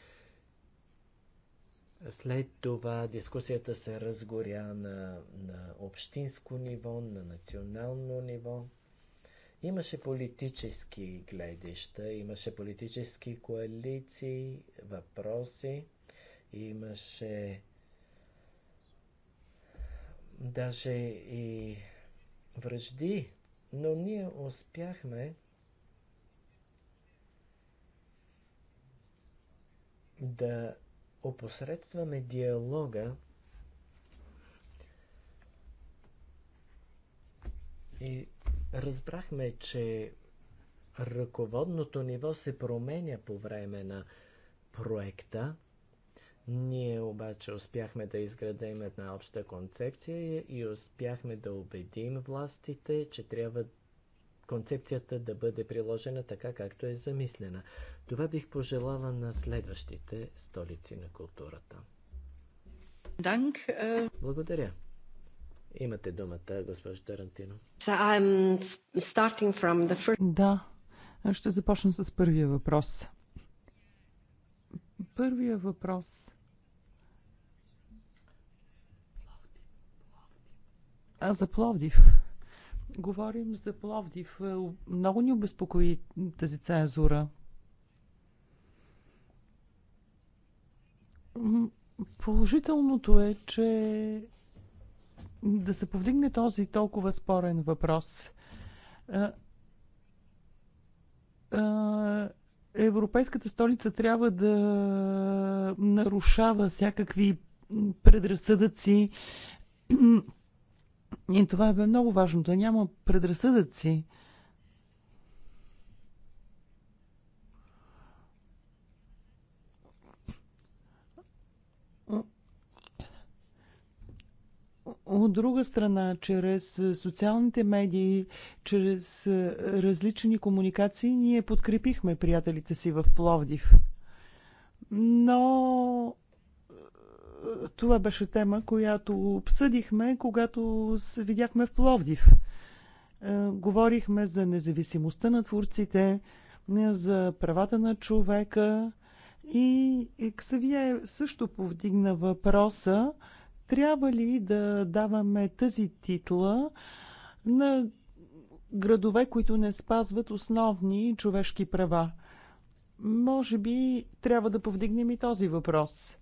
След това дискусията се разгоря на, на общинско ниво, на национално ниво. Имаше политически гледища, имаше политически коалиции, въпроси, имаше даже и връжди, но ние успяхме да опосредстваме диалога и Разбрахме, че ръководното ниво се променя по време на проекта. Ние обаче успяхме да изградим една обща концепция и успяхме да убедим властите, че трябва концепцията да бъде приложена така, както е замислена. Това бих пожелала на следващите столици на културата. Е. Благодаря. Имате думата, госпожо Тарантино. So да, ще започна с първия въпрос. Първия въпрос. А за Пловдив. Говорим за Пловдив. Е, много ни обезпокои тази цензура. Положителното е, че да се повдигне този толкова спорен въпрос. Европейската столица трябва да нарушава всякакви предразсъдъци. И това е много важно, да няма предразсъдъци. От друга страна, чрез социалните медии, чрез различни комуникации, ние подкрепихме приятелите си в Пловдив. Но е, това беше тема, която обсъдихме, когато се видяхме в Пловдив. Е, говорихме за независимостта на творците, е, за правата на човека и Ксавие също повдигна въпроса, трябва ли да даваме тази титла на градове, които не спазват основни човешки права? Може би трябва да повдигнем и този въпрос.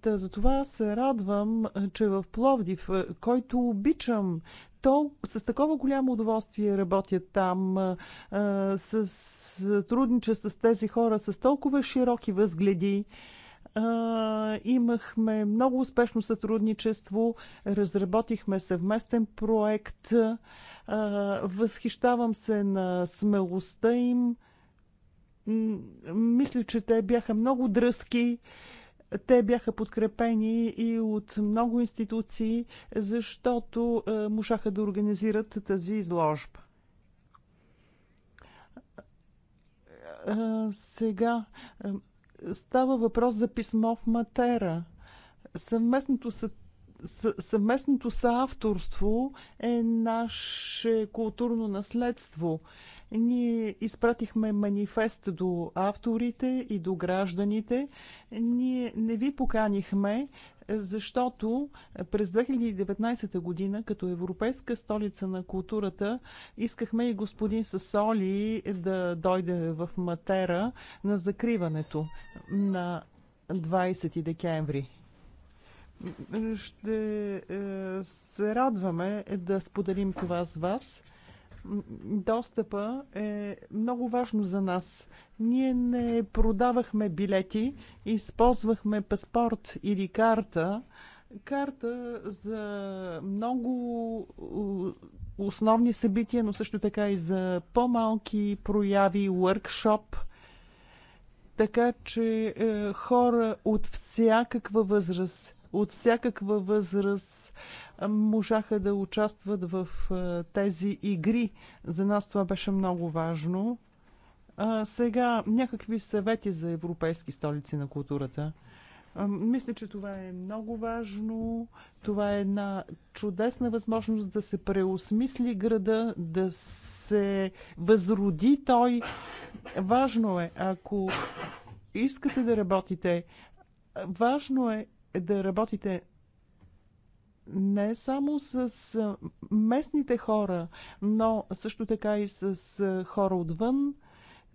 Та затова се радвам, че в Пловдив, който обичам, то с такова голямо удоволствие работя там, с, с труднича с тези хора, с толкова широки възгледи. Имахме много успешно сътрудничество, разработихме съвместен проект. Възхищавам се на смелостта им. Мисля, че те бяха много дръзки. Те бяха подкрепени и от много институции, защото можаха да организират тази изложба. сега Става въпрос за писмо в Матера. Съвместното са Съвместното съавторство е наше културно наследство. Ние изпратихме манифест до авторите и до гражданите. Ние не ви поканихме, защото през 2019 година, като Европейска столица на културата, искахме и господин Сасоли да дойде в Матера на закриването на 20 декември. Ще е, се радваме да споделим това с вас. Достъпа е много важно за нас. Ние не продавахме билети, използвахме паспорт или карта. Карта за много основни събития, но също така и за по-малки прояви, workshop – така че е, хора от всякаква възраст, от всякаква възраст, можаха да участват в тези игри. За нас това беше много важно. А, сега някакви съвети за европейски столици на културата. Мисля, че това е много важно. Това е една чудесна възможност да се преосмисли града, да се възроди той. Важно е, ако искате да работите, важно е да работите не само с местните хора, но също така и с хора отвън,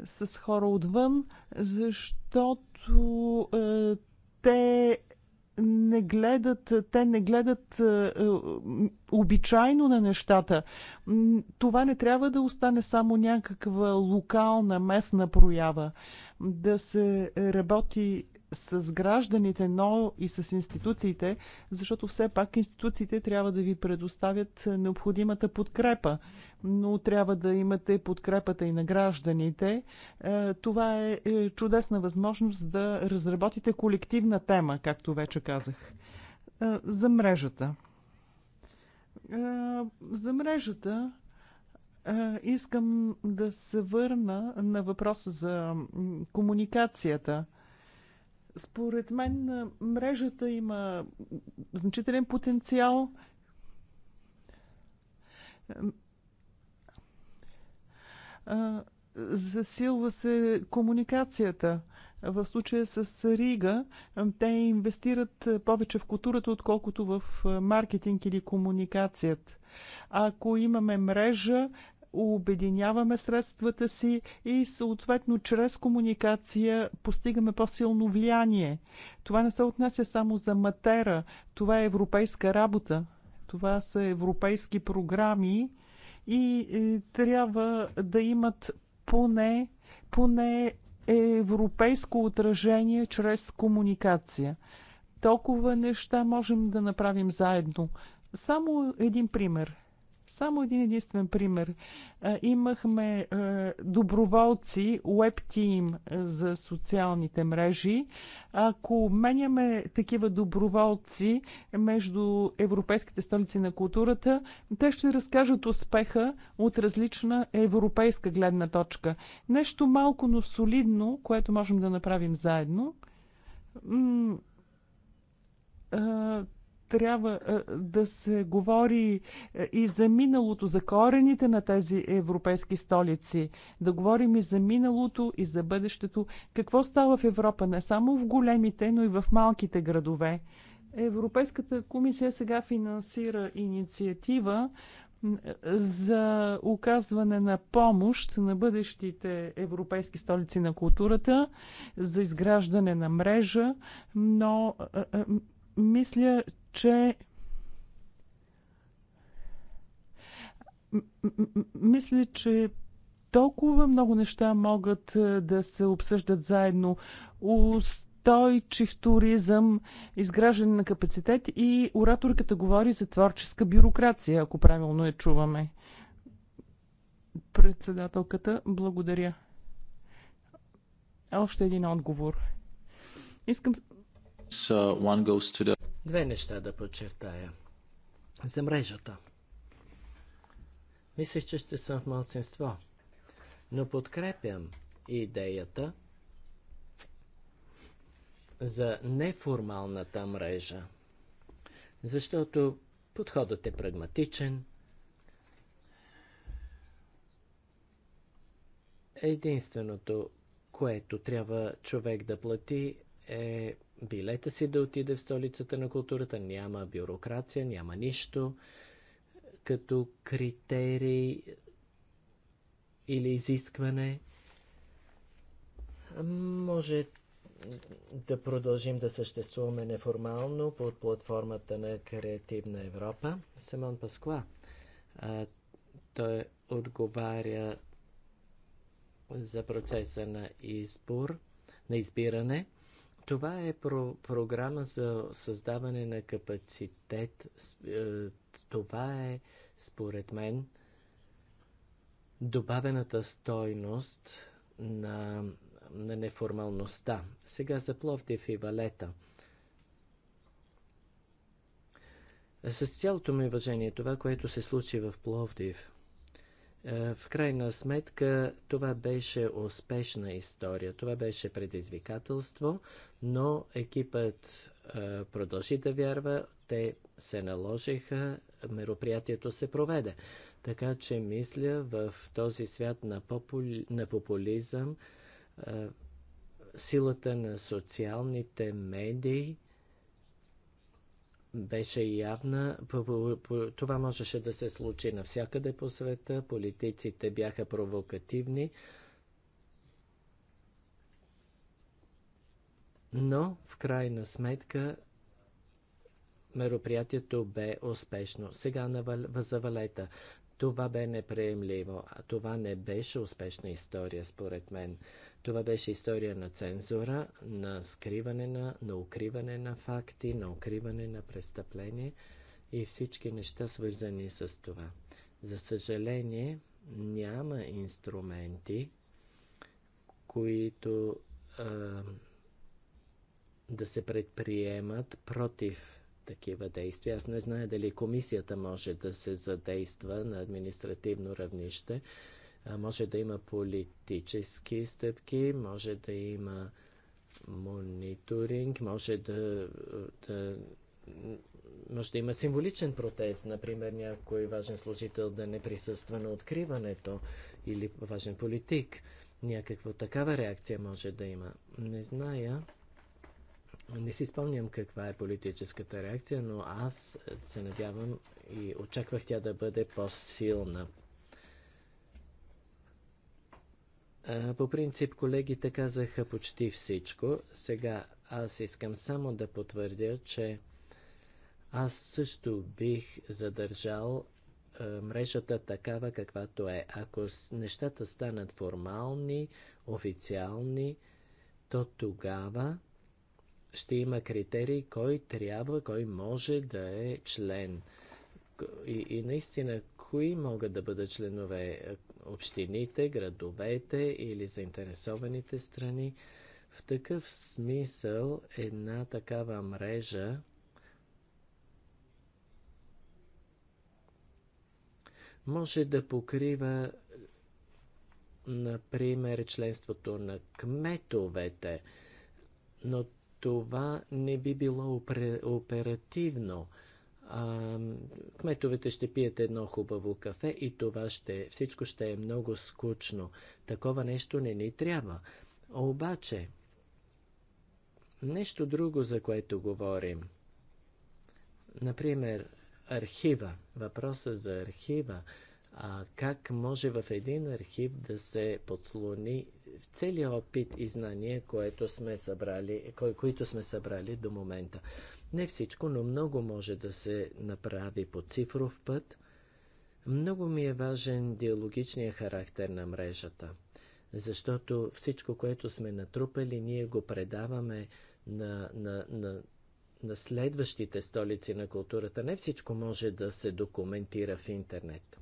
с хора отвън, защото е, те не гледат, те не гледат е, обичайно на нещата. Това не трябва да остане само някаква локална местна проява. Да се работи с гражданите, но и с институциите, защото все пак институциите трябва да ви предоставят необходимата подкрепа, но трябва да имате подкрепата и на гражданите. Е, това е, е чудесна възможност да разработите колективна тема, както вече казах. Е, за мрежата. За мрежата искам да се върна на въпроса за комуникацията. Според мен мрежата има значителен потенциал. Засилва се комуникацията. В случая с Рига, те инвестират повече в културата, отколкото в маркетинг или комуникацията. Ако имаме мрежа, обединяваме средствата си и съответно чрез комуникация постигаме по-силно влияние. Това не се отнася само за матера, това е европейска работа, това са европейски програми и е, трябва да имат поне, поне европейско отражение чрез комуникация. Толкова неща можем да направим заедно. Само един пример – само един единствен пример. Имахме доброволци, веб тим за социалните мрежи. Ако меняме такива доброволци между европейските столици на културата, те ще разкажат успеха от различна европейска гледна точка. Нещо малко, но солидно, което можем да направим заедно трябва е, да се говори е, и за миналото, за корените на тези европейски столици. Да говорим и за миналото, и за бъдещето. Какво става в Европа, не само в големите, но и в малките градове. Европейската комисия сега финансира инициатива за оказване на помощ на бъдещите европейски столици на културата, за изграждане на мрежа, но е, мисля, че мисля, че толкова много неща могат е, да се обсъждат заедно. Устойчив туризъм, изграждане на капацитет и ораторката говори за творческа бюрокрация, ако правилно я чуваме. Председателката, благодаря. Още един отговор. Искам Uh, Две неща да подчертая. За мрежата. Мислих, че ще съм в малцинство, но подкрепям идеята за неформалната мрежа, защото подходът е прагматичен. Единственото, което трябва човек да плати е билета си да отиде в столицата на културата. Няма бюрокрация, няма нищо като критерий или изискване. Може да продължим да съществуваме неформално под платформата на Креативна Европа. Семон Паскуа. а, той отговаря за процеса на избор, на избиране. Това е про- програма за създаване на капацитет. Е, това е, според мен, добавената стойност на, на неформалността. Сега за Пловдив и Валета. С цялото ми уважение, това, което се случи в Пловдив – е, в крайна сметка това беше успешна история, това беше предизвикателство, но екипът е, продължи да вярва, те се наложиха, мероприятието се проведе. Така че мисля в този свят на, попули, на популизъм, е, силата на социалните медии беше явна. Това можеше да се случи навсякъде по света. Политиците бяха провокативни. Но в крайна сметка мероприятието бе успешно. Сега на Завалета. Това бе неприемливо. А това не беше успешна история, според мен. Това беше история на цензура, на скриване на, на укриване на факти, на укриване на престъпление и всички неща свързани с това. За съжаление, няма инструменти, които а, да се предприемат против такива действия. Аз не зная дали комисията може да се задейства на административно равнище, може да има политически стъпки, може да има мониторинг, може да, да, може да има символичен протест, например някой важен служител да не присъства на откриването или важен политик. Някаква такава реакция може да има. Не зная, не си спомням каква е политическата реакция, но аз се надявам и очаквах тя да бъде по-силна, По принцип колегите казаха почти всичко. Сега аз искам само да потвърдя, че аз също бих задържал мрежата такава каквато е. Ако нещата станат формални, официални, то тогава ще има критерии кой трябва, кой може да е член и, и наистина, кои могат да бъдат членове? Е, общините, градовете или заинтересованите страни? В такъв смисъл една такава мрежа може да покрива, например, членството на кметовете, но това не би било оперативно а, кметовете ще пият едно хубаво кафе и това ще, всичко ще е много скучно. Такова нещо не ни трябва. Обаче, нещо друго, за което говорим. Например, архива. Въпроса за архива. А как може в един архив да се подслони целият опит и знание, което сме събрали, кои, които сме събрали до момента. Не всичко, но много може да се направи по цифров път. Много ми е важен диалогичният характер на мрежата, защото всичко, което сме натрупали, ние го предаваме на, на, на, на следващите столици на културата. Не всичко може да се документира в интернет.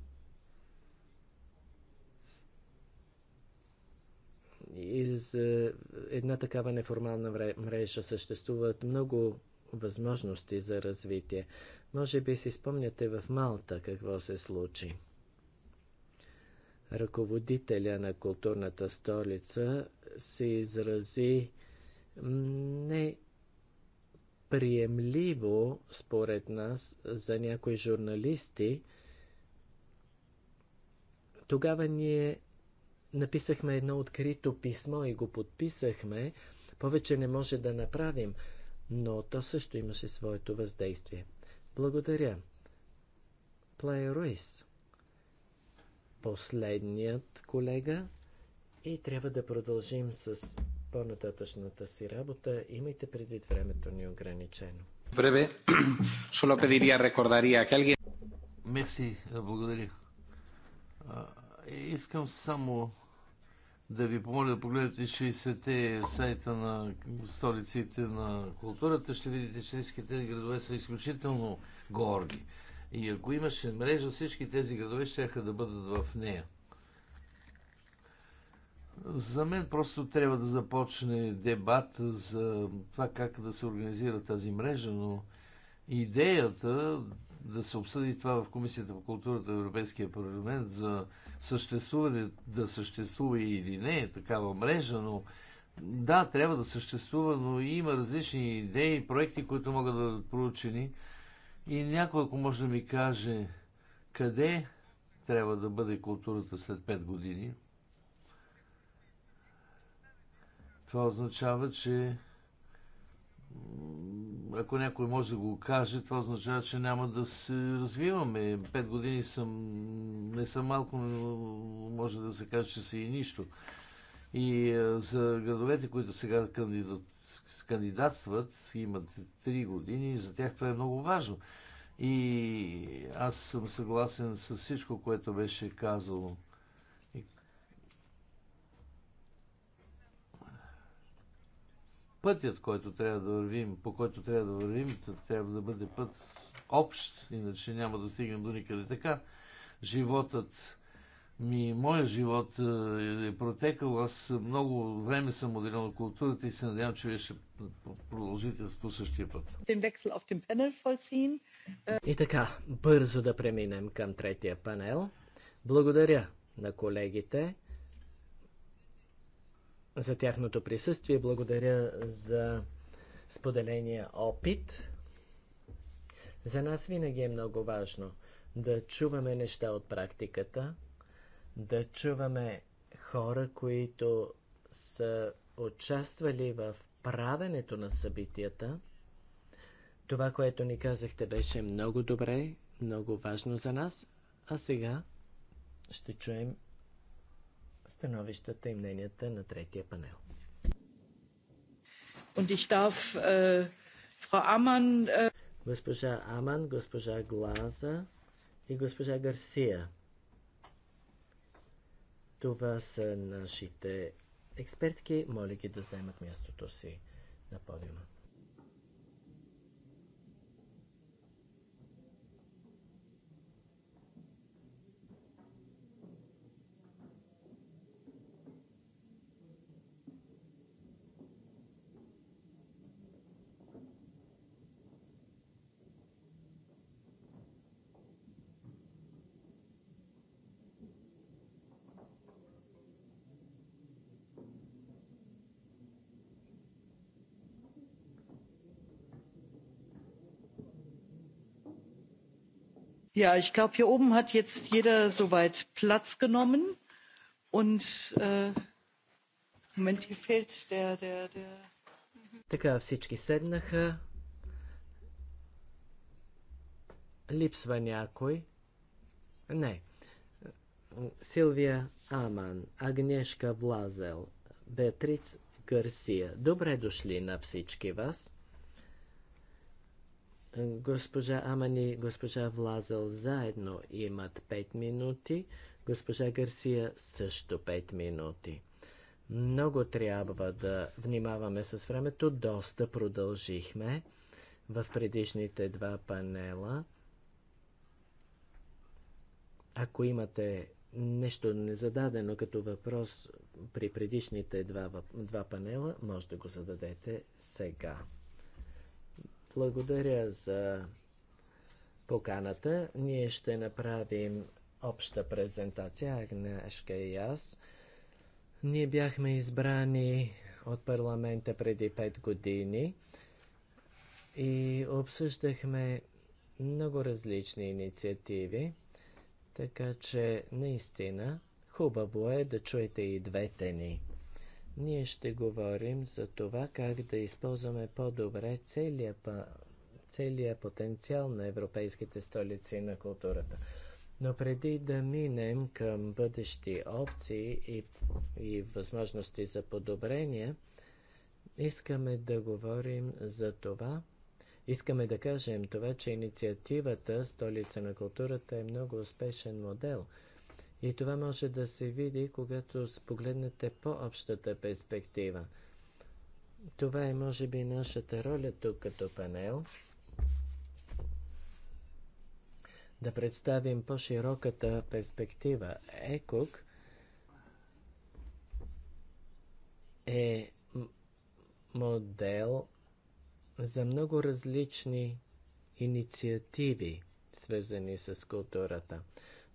И за една такава неформална мрежа съществуват много възможности за развитие. Може би си спомняте в Малта какво се случи. Ръководителя на културната столица се изрази не приемливо, според нас, за някои журналисти. Тогава ние написахме едно открито писмо и го подписахме. Повече не може да направим, но то също имаше своето въздействие. Благодаря. Плея Руис. Последният колега. И трябва да продължим с по-нататъчната си работа. Имайте предвид времето ни е ограничено. Бреве, соло педирия, рекордария, que alguien... благодаря. Искам само да ви помоля да погледнете 60-те сайта на столиците на културата, ще видите, че всички тези градове са изключително горди. И ако имаше мрежа, всички тези градове ще да бъдат в нея. За мен просто трябва да започне дебат за това как да се организира тази мрежа, но идеята да се обсъди това в Комисията по културата в Европейския парламент за съществуване, да съществува или не е такава мрежа, но да, трябва да съществува, но и има различни идеи проекти, които могат да бъдат проучени. И някой, ако може да ми каже къде трябва да бъде културата след 5 години, това означава, че ако някой може да го каже, това означава, че няма да се развиваме. Пет години съм, не съм малко, но може да се каже, че са и нищо. И е, за градовете, които сега кандидат, кандидатстват, имат 3 години, за тях това е много важно. И аз съм съгласен с всичко, което беше казало. пътят, който трябва да вървим, по който трябва да вървим, трябва да бъде път общ, иначе няма да стигнем до никъде така. Животът ми, моя живот е, е протекал. Аз много време съм отделен на културата и се надявам, че вие ще продължите по същия път. И така, бързо да преминем към третия панел. Благодаря на колегите за тяхното присъствие. Благодаря за споделения опит. За нас винаги е много важно да чуваме неща от практиката, да чуваме хора, които са участвали в правенето на събитията. Това, което ни казахте, беше много добре, много важно за нас. А сега ще чуем становищата и мненията на третия панел. Und ich darf, äh, Frau Amann, äh... Госпожа Аман, госпожа Глаза и госпожа Гарсия. Това са нашите експертки. Моля ги да вземат мястото си на подиума. Ja, ich glaube, hier oben hat jetzt jeder soweit Platz genommen. Und äh, Moment, hier fehlt der, der, der. Така, всички седнаха. Липсва някой. Не. Силвия Аман, Агнешка Влазел, Беатриц Гарсия. Добре дошли на всички вас. Госпожа Амани и госпожа Влазъл заедно имат 5 минути. Госпожа Гарсия също 5 минути. Много трябва да внимаваме с времето. Доста продължихме в предишните два панела. Ако имате нещо незададено като въпрос при предишните два, два панела, може да го зададете сега. Благодаря за поканата. Ние ще направим обща презентация, Агнешка и аз. Ние бяхме избрани от парламента преди 5 години и обсъждахме много различни инициативи, така че наистина хубаво е да чуете и двете ни. Ние ще говорим за това как да използваме по-добре целия, целия потенциал на европейските столици на културата. Но преди да минем към бъдещи опции и, и възможности за подобрение, искаме да говорим за това, искаме да кажем това, че инициативата Столица на културата е много успешен модел – и това може да се види, когато спогледнете по-общата перспектива. Това е, може би, нашата роля тук като панел. Да представим по-широката перспектива. ЕКОК е модел за много различни инициативи, свързани с културата.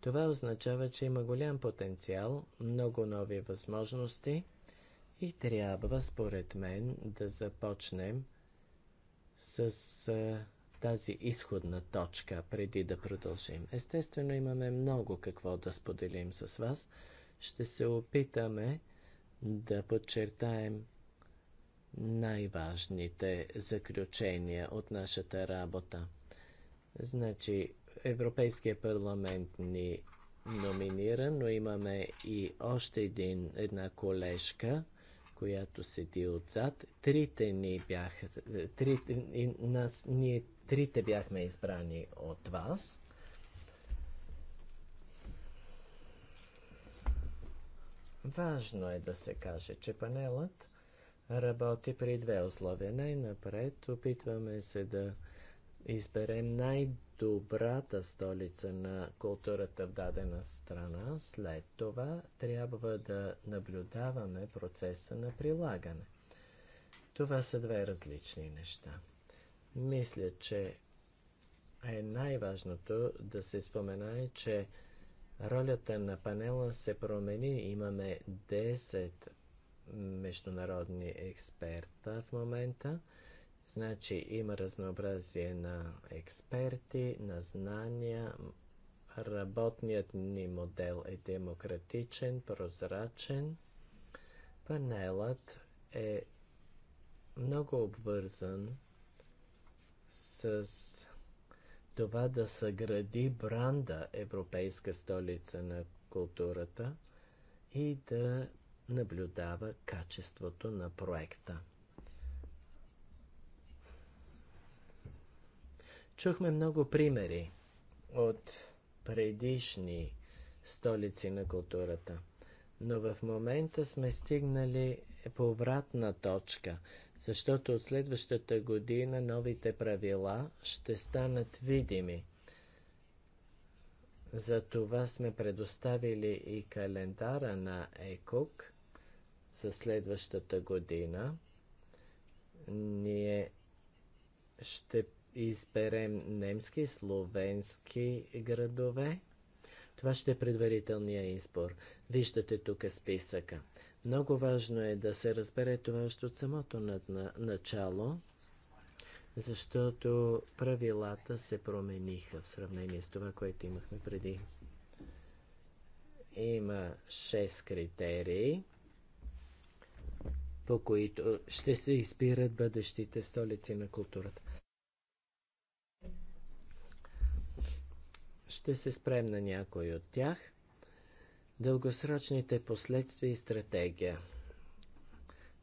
Това означава, че има голям потенциал, много нови възможности и трябва, според мен, да започнем с тази изходна точка, преди да продължим. Естествено, имаме много какво да споделим с вас. Ще се опитаме да подчертаем най-важните заключения от нашата работа. Значи, Европейския парламент ни номинира, но имаме и още един, една колежка, която седи отзад. Трите ни бяха, трите, и нас, ние трите бяхме избрани от вас. Важно е да се каже, че панелът работи при две условия. Най-напред опитваме се да изберем най-добре добрата столица на културата в дадена страна, след това трябва да наблюдаваме процеса на прилагане. Това са две различни неща. Мисля, че е най-важното да се спомена е, че ролята на панела се промени. Имаме 10 международни експерта в момента. Значи има разнообразие на експерти, на знания. Работният ни модел е демократичен, прозрачен. Панелът е много обвързан с това да съгради бранда Европейска столица на културата и да наблюдава качеството на проекта. Чухме много примери от предишни столици на културата. Но в момента сме стигнали повратна точка, защото от следващата година новите правила ще станат видими. За това сме предоставили и календара на ЕКОК за следващата година. Ние ще изберем немски, словенски градове. Това ще е предварителния избор. Виждате тук списъка. Много важно е да се разбере това още от самото на, на, начало, защото правилата се промениха в сравнение с това, което имахме преди. Има 6 критерии, по които ще се избират бъдещите столици на културата. Ще се спрем на някой от тях. Дългосрочните последствия и стратегия.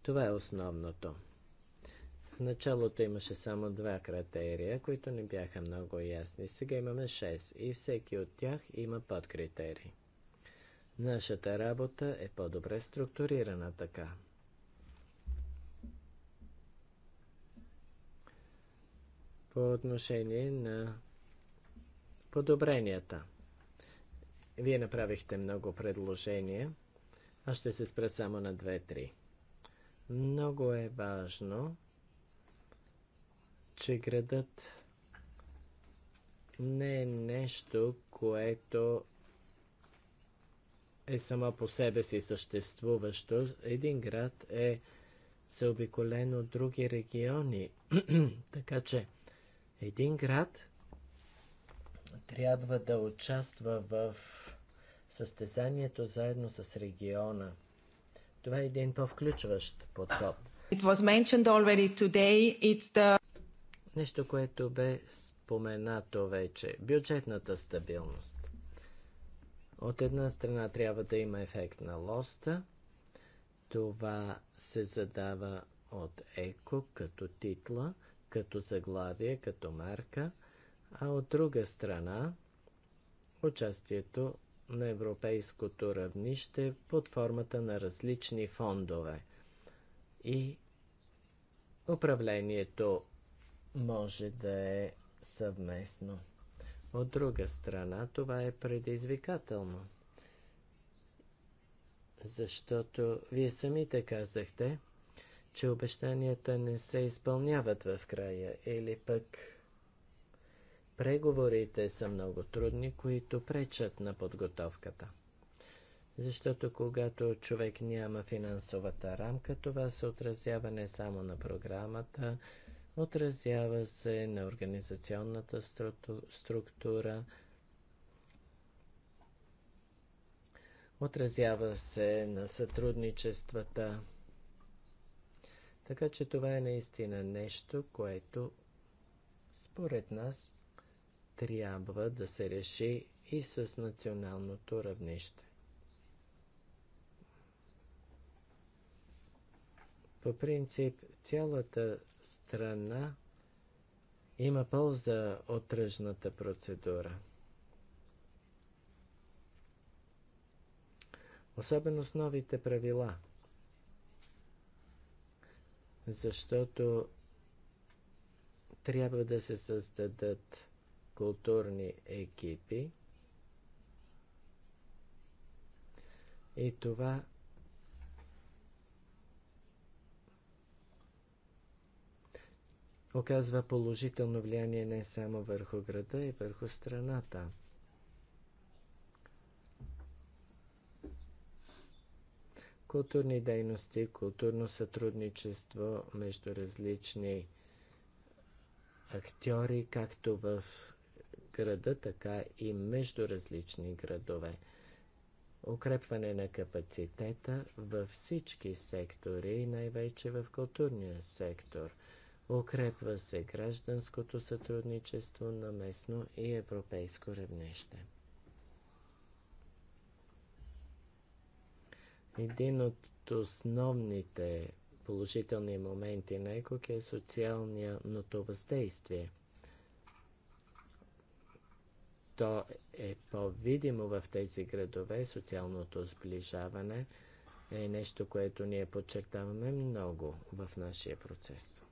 Това е основното. В началото имаше само два критерия, които не бяха много ясни. Сега имаме 6 и всеки от тях има подкритерии. Нашата работа е по-добре структурирана така. По отношение на подобренията. Вие направихте много предложения. Аз ще се спра само на две-три. Много е важно, че градът не е нещо, което е само по себе си съществуващо. Един град е заобиколен от други региони. така че един град трябва да участва в състезанието заедно с региона. Това е един по-включващ подход. It was mentioned already today. It's the... Нещо, което бе споменато вече. Бюджетната стабилност. От една страна трябва да има ефект на лоста. Това се задава от ЕКО като титла, като заглавие, като марка – а от друга страна участието на европейското равнище под формата на различни фондове. И управлението може да е съвместно. От друга страна, това е предизвикателно. Защото вие самите казахте, че обещанията не се изпълняват в края или пък Преговорите са много трудни, които пречат на подготовката. Защото когато човек няма финансовата рамка, това се отразява не само на програмата, отразява се на организационната структура, отразява се на сътрудничествата. Така че това е наистина нещо, което според нас трябва да се реши и с националното равнище. По принцип, цялата страна има полза от тръжната процедура. Особено с новите правила. Защото трябва да се създадат културни екипи. И това оказва положително влияние не само върху града и върху страната. Културни дейности, културно сътрудничество между различни актьори, както в града, така и между различни градове. Укрепване на капацитета във всички сектори, най-вече в културния сектор. Укрепва се гражданското сътрудничество на местно и европейско равнище. Един от основните положителни моменти на ЕКОК е социалното въздействие – то е по-видимо в тези градове. Социалното сближаване е нещо, което ние подчертаваме много в нашия процес.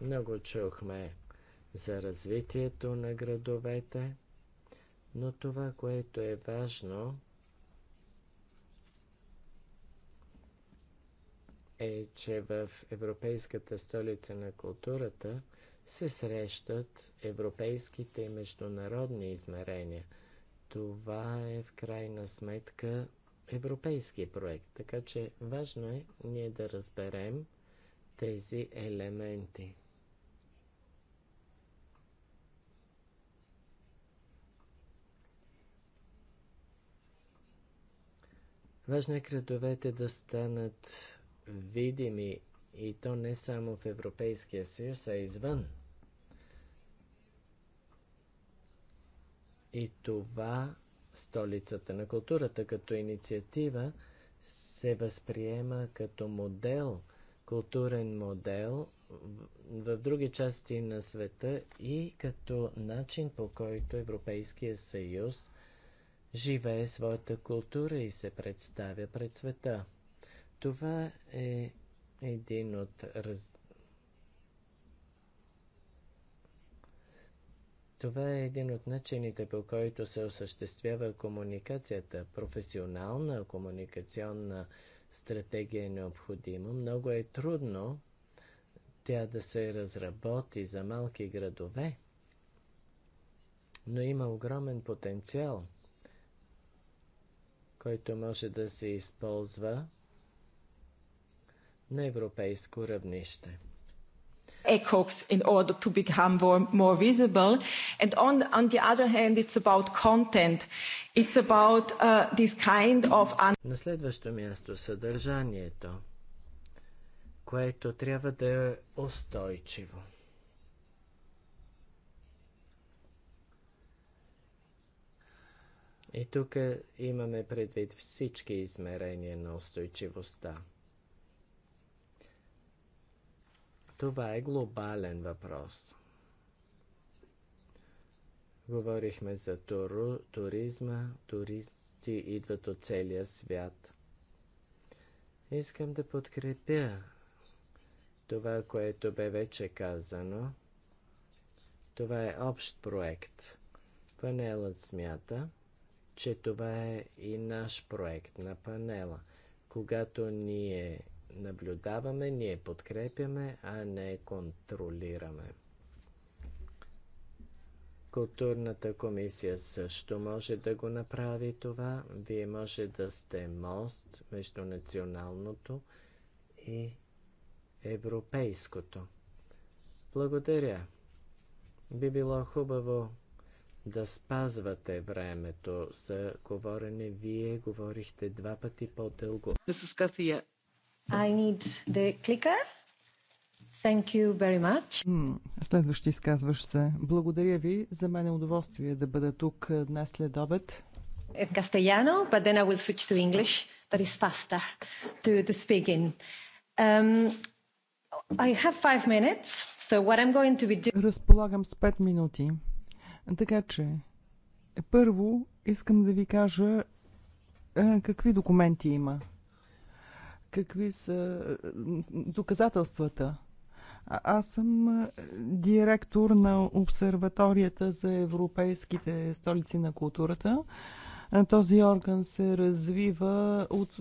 Много чухме за развитието на градовете, но това, което е важно, е, че в Европейската столица на културата се срещат европейските и международни измерения. Това е в крайна сметка европейски проект, така че важно е ние да разберем тези елементи. Важно е градовете да станат видими и то не само в Европейския съюз, а извън. И това столицата на културата като инициатива се възприема като модел, културен модел в, в други части на света и като начин по който Европейския съюз живее своята култура и се представя пред света. Това е един от раз... Това е един от начините, по който се осъществява комуникацията. Професионална комуникационна стратегия е необходима. Много е трудно тя да се разработи за малки градове, но има огромен потенциал, който може да се използва на европейско равнище. ECOX in order to become more, more visible. And on, on the other hand, it's about content. It's about uh, this kind of... На следващо място съдържанието, което трябва да е устойчиво. И тук имаме предвид всички измерения на устойчивостта – Това е глобален въпрос. Говорихме за туру, туризма. Туристи идват от целия свят. Искам да подкрепя това, което бе вече казано. Това е общ проект. Панелът смята, че това е и наш проект на панела. Когато ние наблюдаваме, ние подкрепяме, а не контролираме. Културната комисия също може да го направи това. Вие може да сте мост между националното и европейското. Благодаря. Би било хубаво да спазвате времето за говорене. Вие говорихте два пъти по-дълго. I need the clicker. Thank you very much. Следващи изказваш се. Благодаря ви. За мен е удоволствие да бъда тук днес след обед. In castellano, but then I will switch to English. That is faster to, to speak in. Um, I have five minutes, so what I'm going to be doing... Разполагам с 5 минути. Така че, първо искам да ви кажа какви документи има какви са доказателствата. Аз съм директор на обсерваторията за европейските столици на културата. Този орган се развива от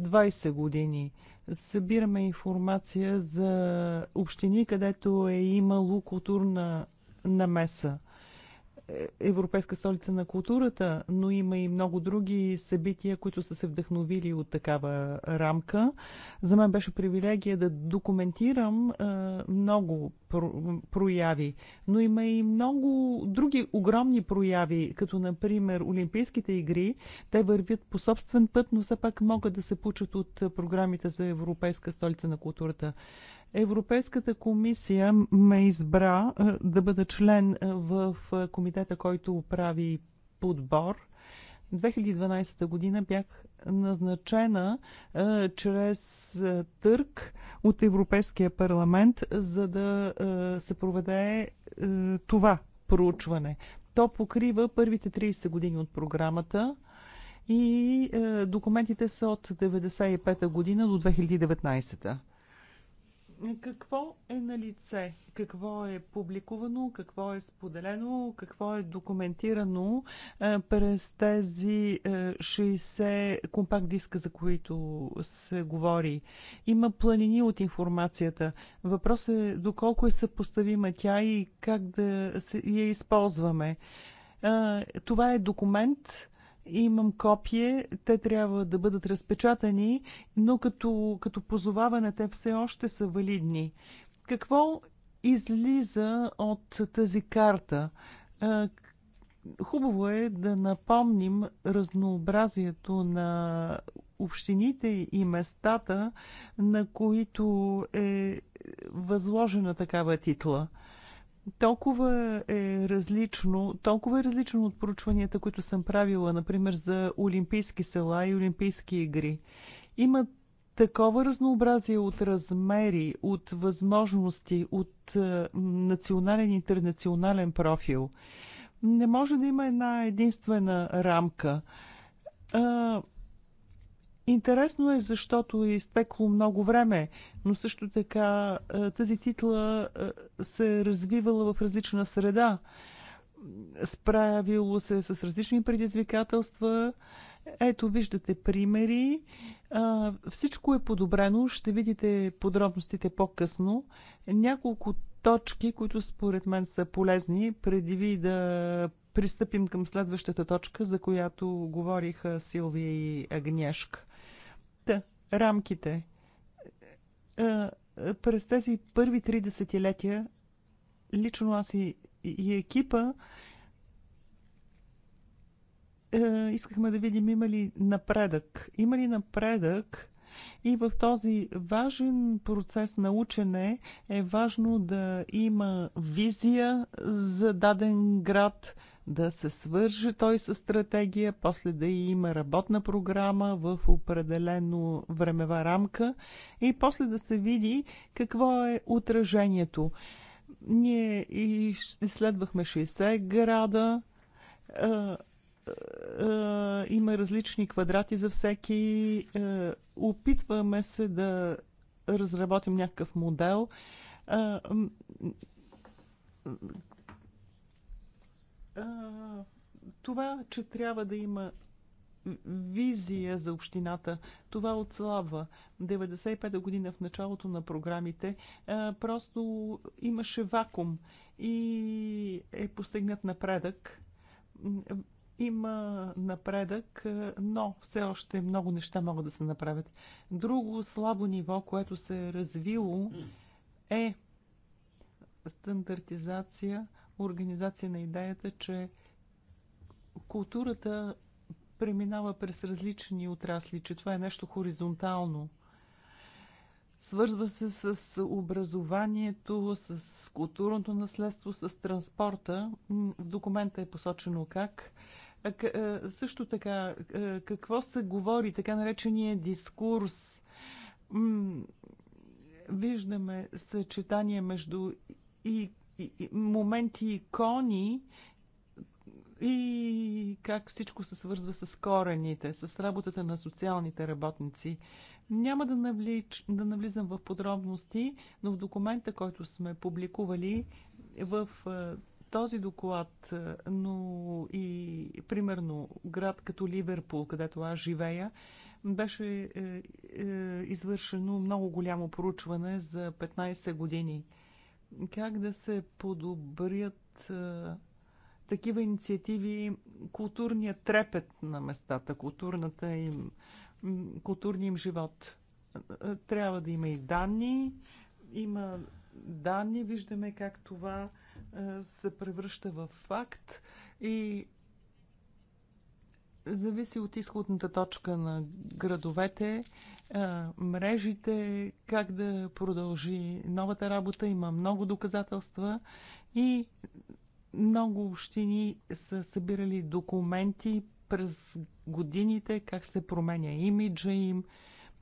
20 години. Събираме информация за общини, където е имало културна намеса. Европейска столица на културата, но има и много други събития, които са се вдъхновили от такава рамка. За мен беше привилегия да документирам много прояви, но има и много други огромни прояви, като например Олимпийските игри. Те вървят по собствен път, но все пак могат да се получат от програмите за Европейска столица на културата. Европейската комисия ме избра е, да бъда член е, в е, комитета, който прави подбор. 2012 година бях назначена а, чрез а, търк от Европейския парламент, за да а, се проведе а, това проучване. То покрива първите 30 години от програмата и а, документите са от 1995 година до 2019. -та какво е на лице, какво е публикувано, какво е споделено, какво е документирано през тези 60 компакт диска, за които се говори. Има планини от информацията. Въпрос е доколко е съпоставима тя и как да я използваме. Това е документ, Имам копие, те трябва да бъдат разпечатани, но като, като позоваване те все още са валидни. Какво излиза от тази карта? Хубаво е да напомним разнообразието на общините и местата, на които е възложена такава титла – толкова е различно, толкова е различно от проучванията, които съм правила, например, за Олимпийски села и Олимпийски игри. Има такова разнообразие от размери, от възможности, от е, национален и интернационален профил. Не може да има една единствена рамка. Е, Интересно е, защото е изтекло много време, но също така е, тази титла е, се е развивала в различна среда. Справило се с различни предизвикателства. Ето, виждате примери. Всичко е подобрено. Ще видите подробностите по-късно. Няколко точки, които според мен са полезни, преди ви да пристъпим към следващата точка, за която говориха Силвия и Агнешка. Та, рамките. Е, е, през тези първи три десетилетия лично аз и, и екипа е, искахме да видим има ли напредък. Има ли напредък и в този важен процес на учене е важно да има визия за даден град – да се свърже той с стратегия, после да има работна програма в определено времева рамка и после да се види какво е отражението. Ние изследвахме 60 града, има различни квадрати за всеки. Опитваме се да разработим някакъв модел това, че трябва да има визия за общината. Това отслабва. 95-та година в началото на програмите просто имаше вакуум и е постигнат напредък. Има напредък, но все още много неща могат да се направят. Друго слабо ниво, което се е развило е стандартизация организация на идеята, че културата преминава през различни отрасли, че това е нещо хоризонтално. Свързва се с образованието, с културното наследство, с транспорта. В документа е посочено как. Също така, какво се говори, така наречения дискурс? Виждаме съчетание между и моменти икони и как всичко се свързва с корените, с работата на социалните работници. Няма да, навлич, да навлизам в подробности, но в документа, който сме публикували в е, този доклад, е, но и примерно град като Ливерпул, където аз живея, беше е, е, извършено много голямо проучване за 15 години – как да се подобрят такива инициативи, културният трепет на местата, културната им, културния им живот. Трябва да има и данни. Има данни, виждаме как това се превръща в факт и зависи от изходната точка на градовете мрежите, как да продължи новата работа. Има много доказателства и много общини са събирали документи през годините, как се променя имиджа им.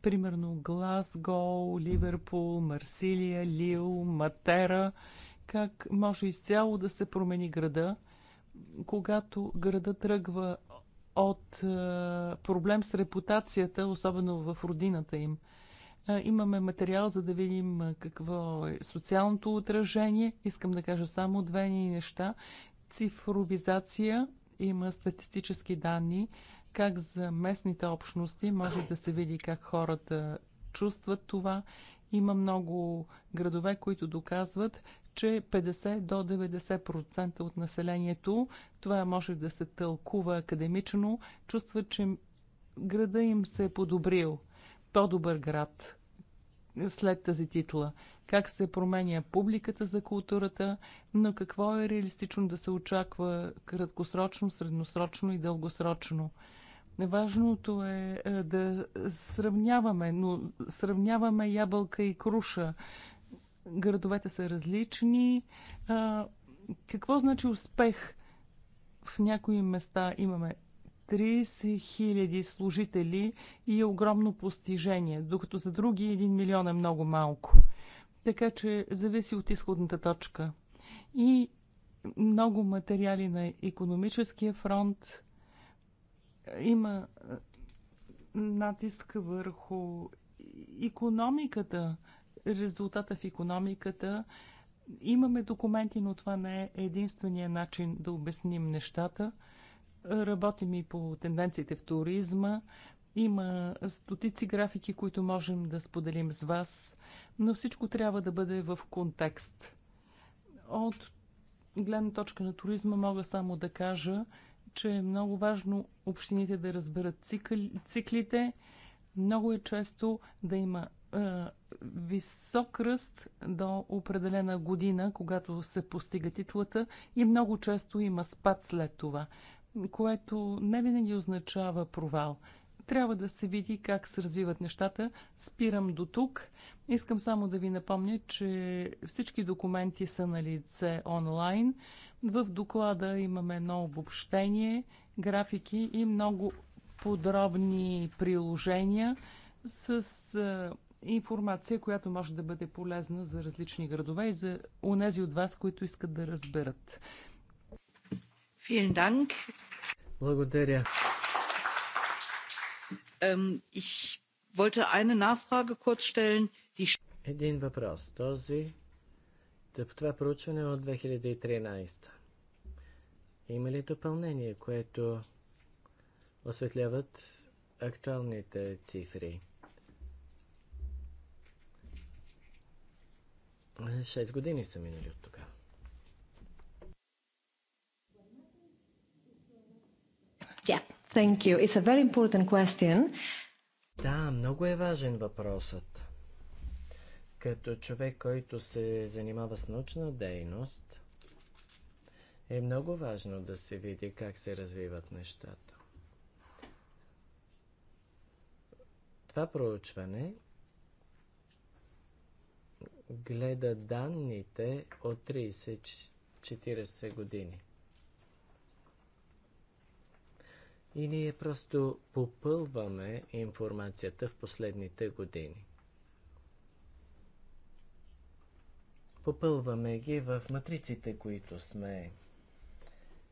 Примерно Глазгол, Ливерпул, Марсилия, Лил, Матера. Как може изцяло да се промени града, когато града тръгва от е, проблем с репутацията, особено в родината им. Е, имаме материал, за да видим е, какво е социалното отражение. Искам да кажа само две неща. Цифровизация има статистически данни, как за местните общности може да се види как хората чувстват това. Има много градове, които доказват, че 50 до 90% от населението, това може да се тълкува академично, чувства, че града им се е подобрил. По-добър град след тази титла. Как се променя публиката за културата, но какво е реалистично да се очаква краткосрочно, средносрочно и дългосрочно. Важното е, е да сравняваме, но сравняваме ябълка и круша градовете са различни. Какво значи успех? В някои места имаме 30 000 служители и е огромно постижение, докато за други 1 милион е много малко. Така че зависи от изходната точка. И много материали на економическия фронт. Има натиск върху економиката, резултата в економиката. Имаме документи, но това не е единствения начин да обясним нещата. Работим и по тенденциите в туризма. Има стотици графики, които можем да споделим с вас, но всичко трябва да бъде в контекст. От гледна точка на туризма мога само да кажа, че е много важно общините да разберат цикли, циклите. Много е често да има е, висок ръст до определена година, когато се постига титлата и много често има спад след това, което не винаги означава провал. Трябва да се види как се развиват нещата. Спирам до тук. Искам само да ви напомня, че всички документи са на лице онлайн. В доклада имаме едно обобщение, графики и много подробни приложения с е, информация, която може да бъде полезна за различни градове и за унези от вас, които искат да разберат. Благодаря. Един въпрос. Този, това проучване е от 2013. Има ли допълнение, което осветляват актуалните цифри? 6 години са минали от тогава. Yeah, thank you. It's a very important question. Да, много е важен въпросът. Като човек, който се занимава с научна дейност, е много важно да се види как се развиват нещата. Това проучване гледа данните от 30-40 години. И ние просто попълваме информацията в последните години. Попълваме ги в матриците, които сме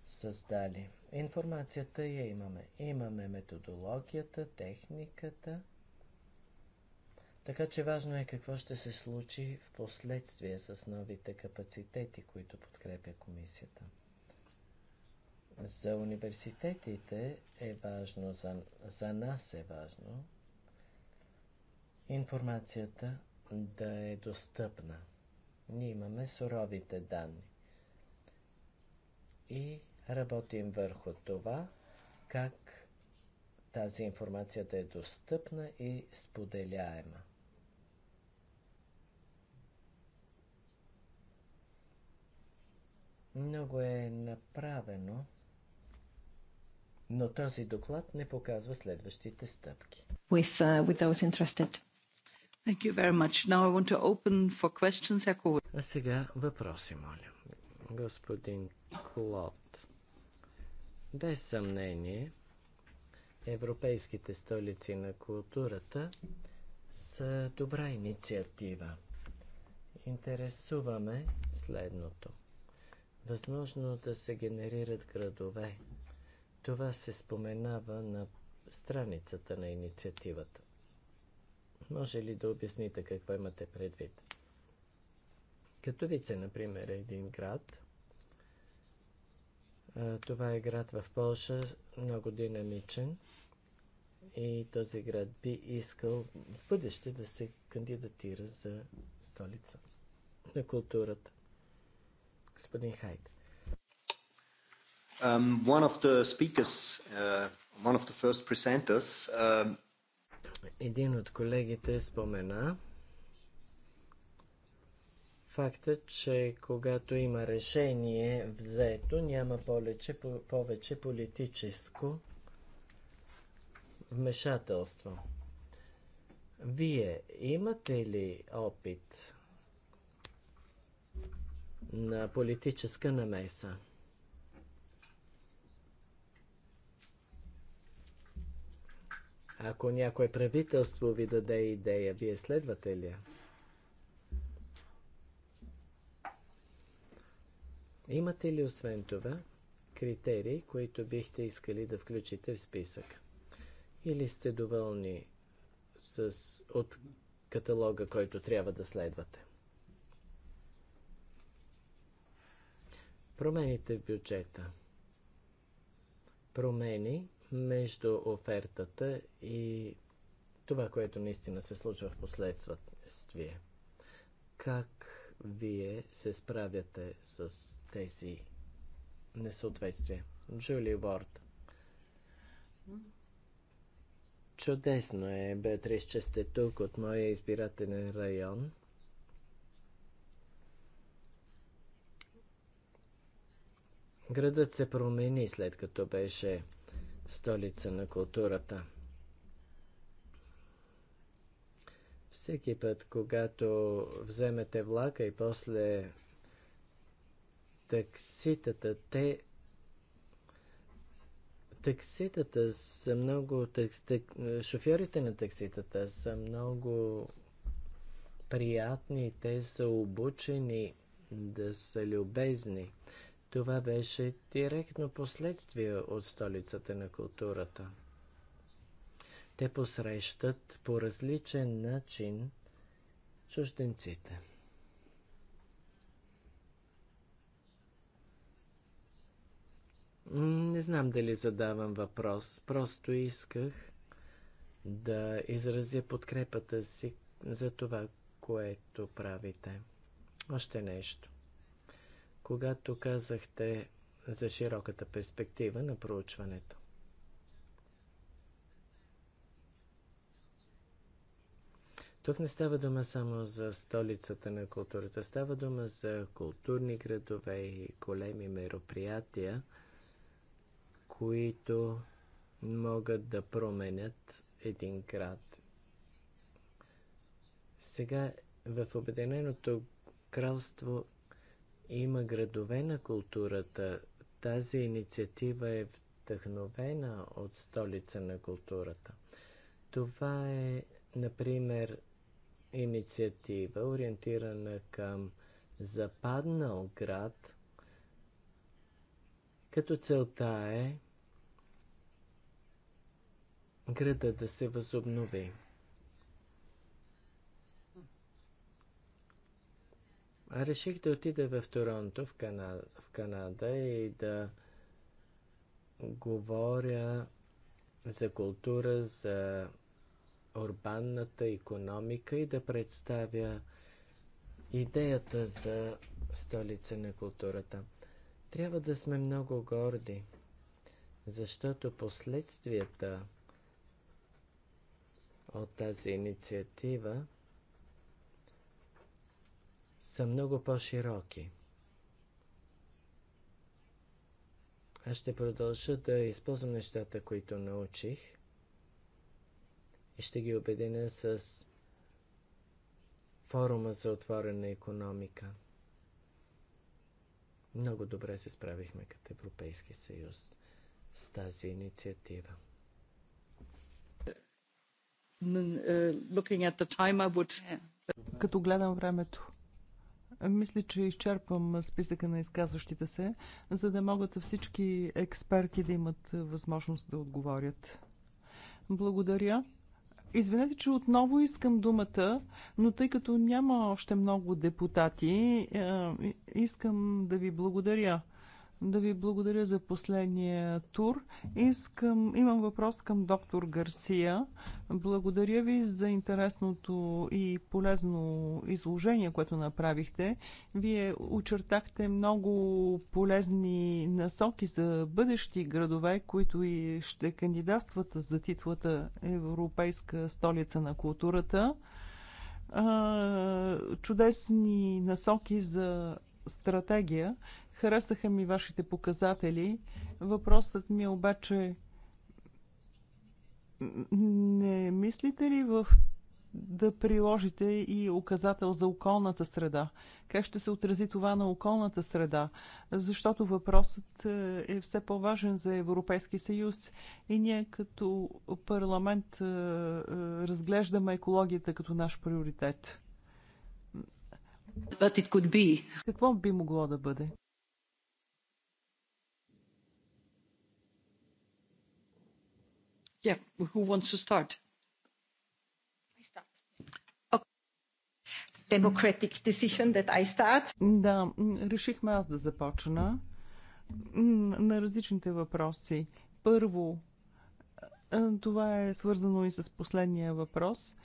създали. Информацията я имаме. Имаме методологията, техниката – така че важно е какво ще се случи в последствие с новите капацитети, които подкрепя комисията. За университетите е важно, за, за нас е важно информацията да е достъпна. Ние имаме суровите данни. И работим върху това, как тази информация да е достъпна и споделяема. Много е направено, но този доклад не показва следващите стъпки. With, uh, with those interested. Thank you very much. Now I want to open for questions. А сега въпроси, моля. Господин Клод, без съмнение, европейските столици на културата са добра инициатива. Интересуваме следното – възможно да се генерират градове. Това се споменава на страницата на инициативата. Може ли да обясните какво имате предвид? Катовица, например, е един град. Това е град в Польша, много динамичен. И този град би искал в бъдеще да се кандидатира за столица на културата. Господин Хайт. Um, one of the speakers, uh, one of the first presenters, um, Един от колегите спомена факта, че когато има решение взето, няма повече, повече политическо вмешателство. Вие имате ли опит на политическа намеса. Ако някое правителство ви даде идея, вие следвате ли? Имате ли освен това критерии, които бихте искали да включите в списък? Или сте доволни с, от каталога, който трябва да следвате? Промените в бюджета. Промени между офертата и това, което наистина се случва в последствие. Как вие се справяте с тези несъответствия? Джули Уорд. Чудесно е, Беатрис, че сте тук от моя избирателен район – Градът се промени след като беше столица на културата. Всеки път, когато вземете влака и после такситата, те такситата са много... Так, так, шофьорите на такситата са много приятни, те са обучени да са любезни. Това беше директно последствие от столицата на културата. Те посрещат по различен начин чужденците. Не знам дали задавам въпрос, просто исках да изразя подкрепата си за това, което правите. Още нещо когато казахте за широката перспектива на проучването. Тук не става дума само за столицата на културата, става дума за културни градове и големи мероприятия, които могат да променят един град. Сега в Обединеното кралство има градове на културата. Тази инициатива е вдъхновена от столица на културата. Това е, например, инициатива, ориентирана към западнал град, като целта е града да се възобнови. реших да отида в Торонто, в, Кана... в Канада и да говоря за култура, за урбанната економика и да представя идеята за столица на културата. Трябва да сме много горди, защото последствията от тази инициатива са много по-широки. Аз ще продължа да използвам нещата, които научих и ще ги обединя с форума за отворена економика. Много добре се справихме като Европейски съюз с тази инициатива. Е, като гледам времето, мисля, че изчерпвам списъка на изказващите се, за да могат всички експерти да имат възможност да отговорят. Благодаря. Извинете, че отново искам думата, но тъй като няма още много депутати, е, искам да ви благодаря да ви благодаря за последния тур. Искам, имам въпрос към доктор Гарсия. Благодаря ви за интересното и полезно изложение, което направихте. Вие очертахте много полезни насоки за бъдещи градове, които и ще кандидатстват за титлата Европейска столица на културата. Чудесни насоки за стратегия. Харесаха ми вашите показатели. Въпросът ми е обаче не мислите ли в да приложите и указател за околната среда? Как ще се отрази това на околната среда? Защото въпросът е, е все по-важен за Европейски съюз и ние като парламент е, е, разглеждаме екологията като наш приоритет. Какво би могло да бъде? Yeah, who wants to start? Democratic decision that I start. Да, решихме аз да започна на различните въпроси. Първо, това е свързано и с последния въпрос.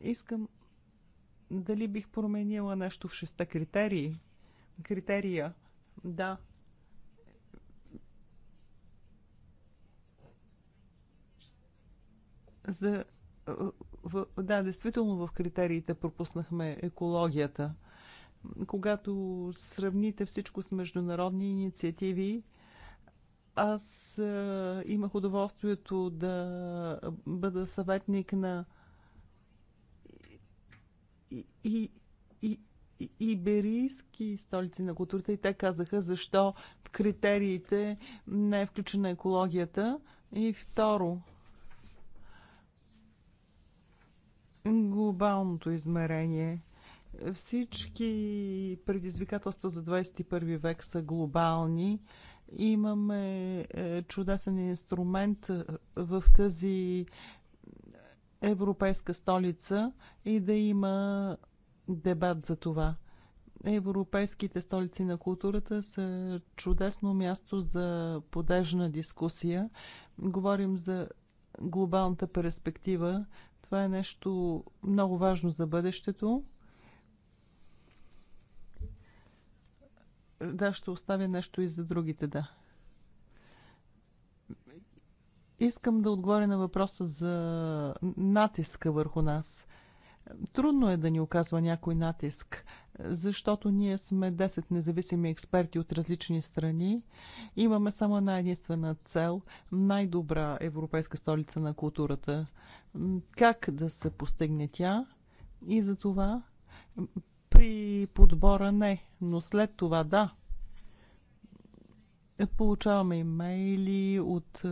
Искам дали бих променила нещо в шеста критерии. Критерия. Да, за... Да, действително в критериите пропуснахме екологията. Когато сравните всичко с международни инициативи, аз е, имах удоволствието да бъда съветник на и, и, и, иберийски столици на културата и те казаха защо в критериите не е включена екологията. И второ, глобалното измерение. Всички предизвикателства за 21 век са глобални. Имаме е, чудесен инструмент е, в тази европейска столица и да има дебат за това. Европейските столици на културата са чудесно място за подежна дискусия. Говорим за глобалната перспектива, това е нещо много важно за бъдещето. Да, ще оставя нещо и за другите, да. Искам да отговоря на въпроса за натиска върху нас – Трудно е да ни оказва някой натиск, защото ние сме 10 независими експерти от различни страни. Имаме само една единствена цел – най-добра европейска столица на културата. Как да се постигне тя? И за това при подбора не, но след това да – Получаваме имейли от е,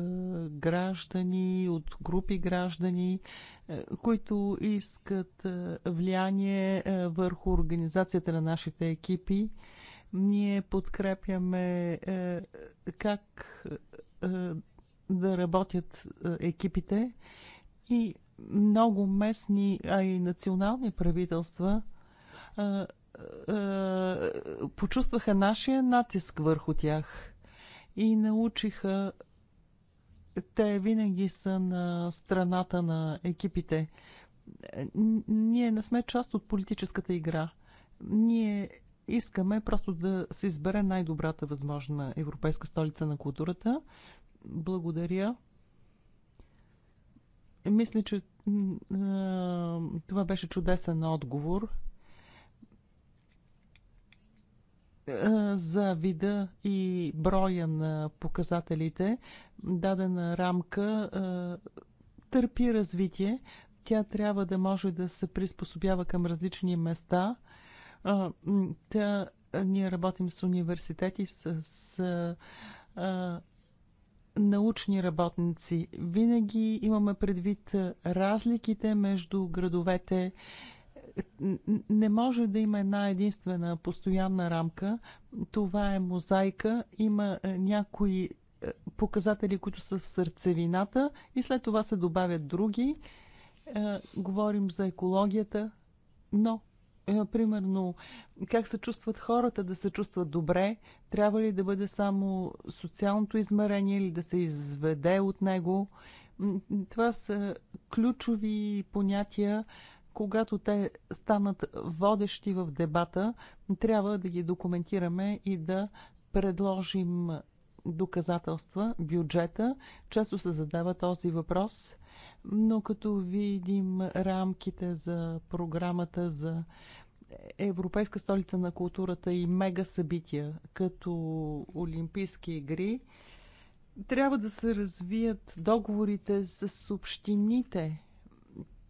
граждани, от групи граждани, е, които искат е, влияние върху организацията на нашите екипи. Ние подкрепяме как да работят екипите и много местни, а и национални правителства почувстваха нашия натиск върху тях и научиха. Те винаги са на страната на екипите. Ние не сме част от политическата игра. Ние искаме просто да се избере най-добрата възможна европейска столица на културата. Благодаря. Мисля, че това беше чудесен отговор. за вида и броя на показателите. Дадена рамка търпи развитие. Тя трябва да може да се приспособява към различни места. Тя, ние работим с университети, с, с а, научни работници. Винаги имаме предвид разликите между градовете не може да има една единствена постоянна рамка. Това е мозайка. Има е, някои е, показатели, които са в сърцевината и след това се добавят други. Е, говорим за екологията, но примерно, как се чувстват хората, да се чувстват добре, трябва ли да бъде само социалното измерение или да се изведе от него. Това са ключови понятия, когато те станат водещи в дебата, трябва да ги документираме и да предложим доказателства, бюджета. Често се задава този въпрос, но като видим рамките за програмата за Европейска столица на културата и мега събития, като Олимпийски игри, трябва да се развият договорите с общините,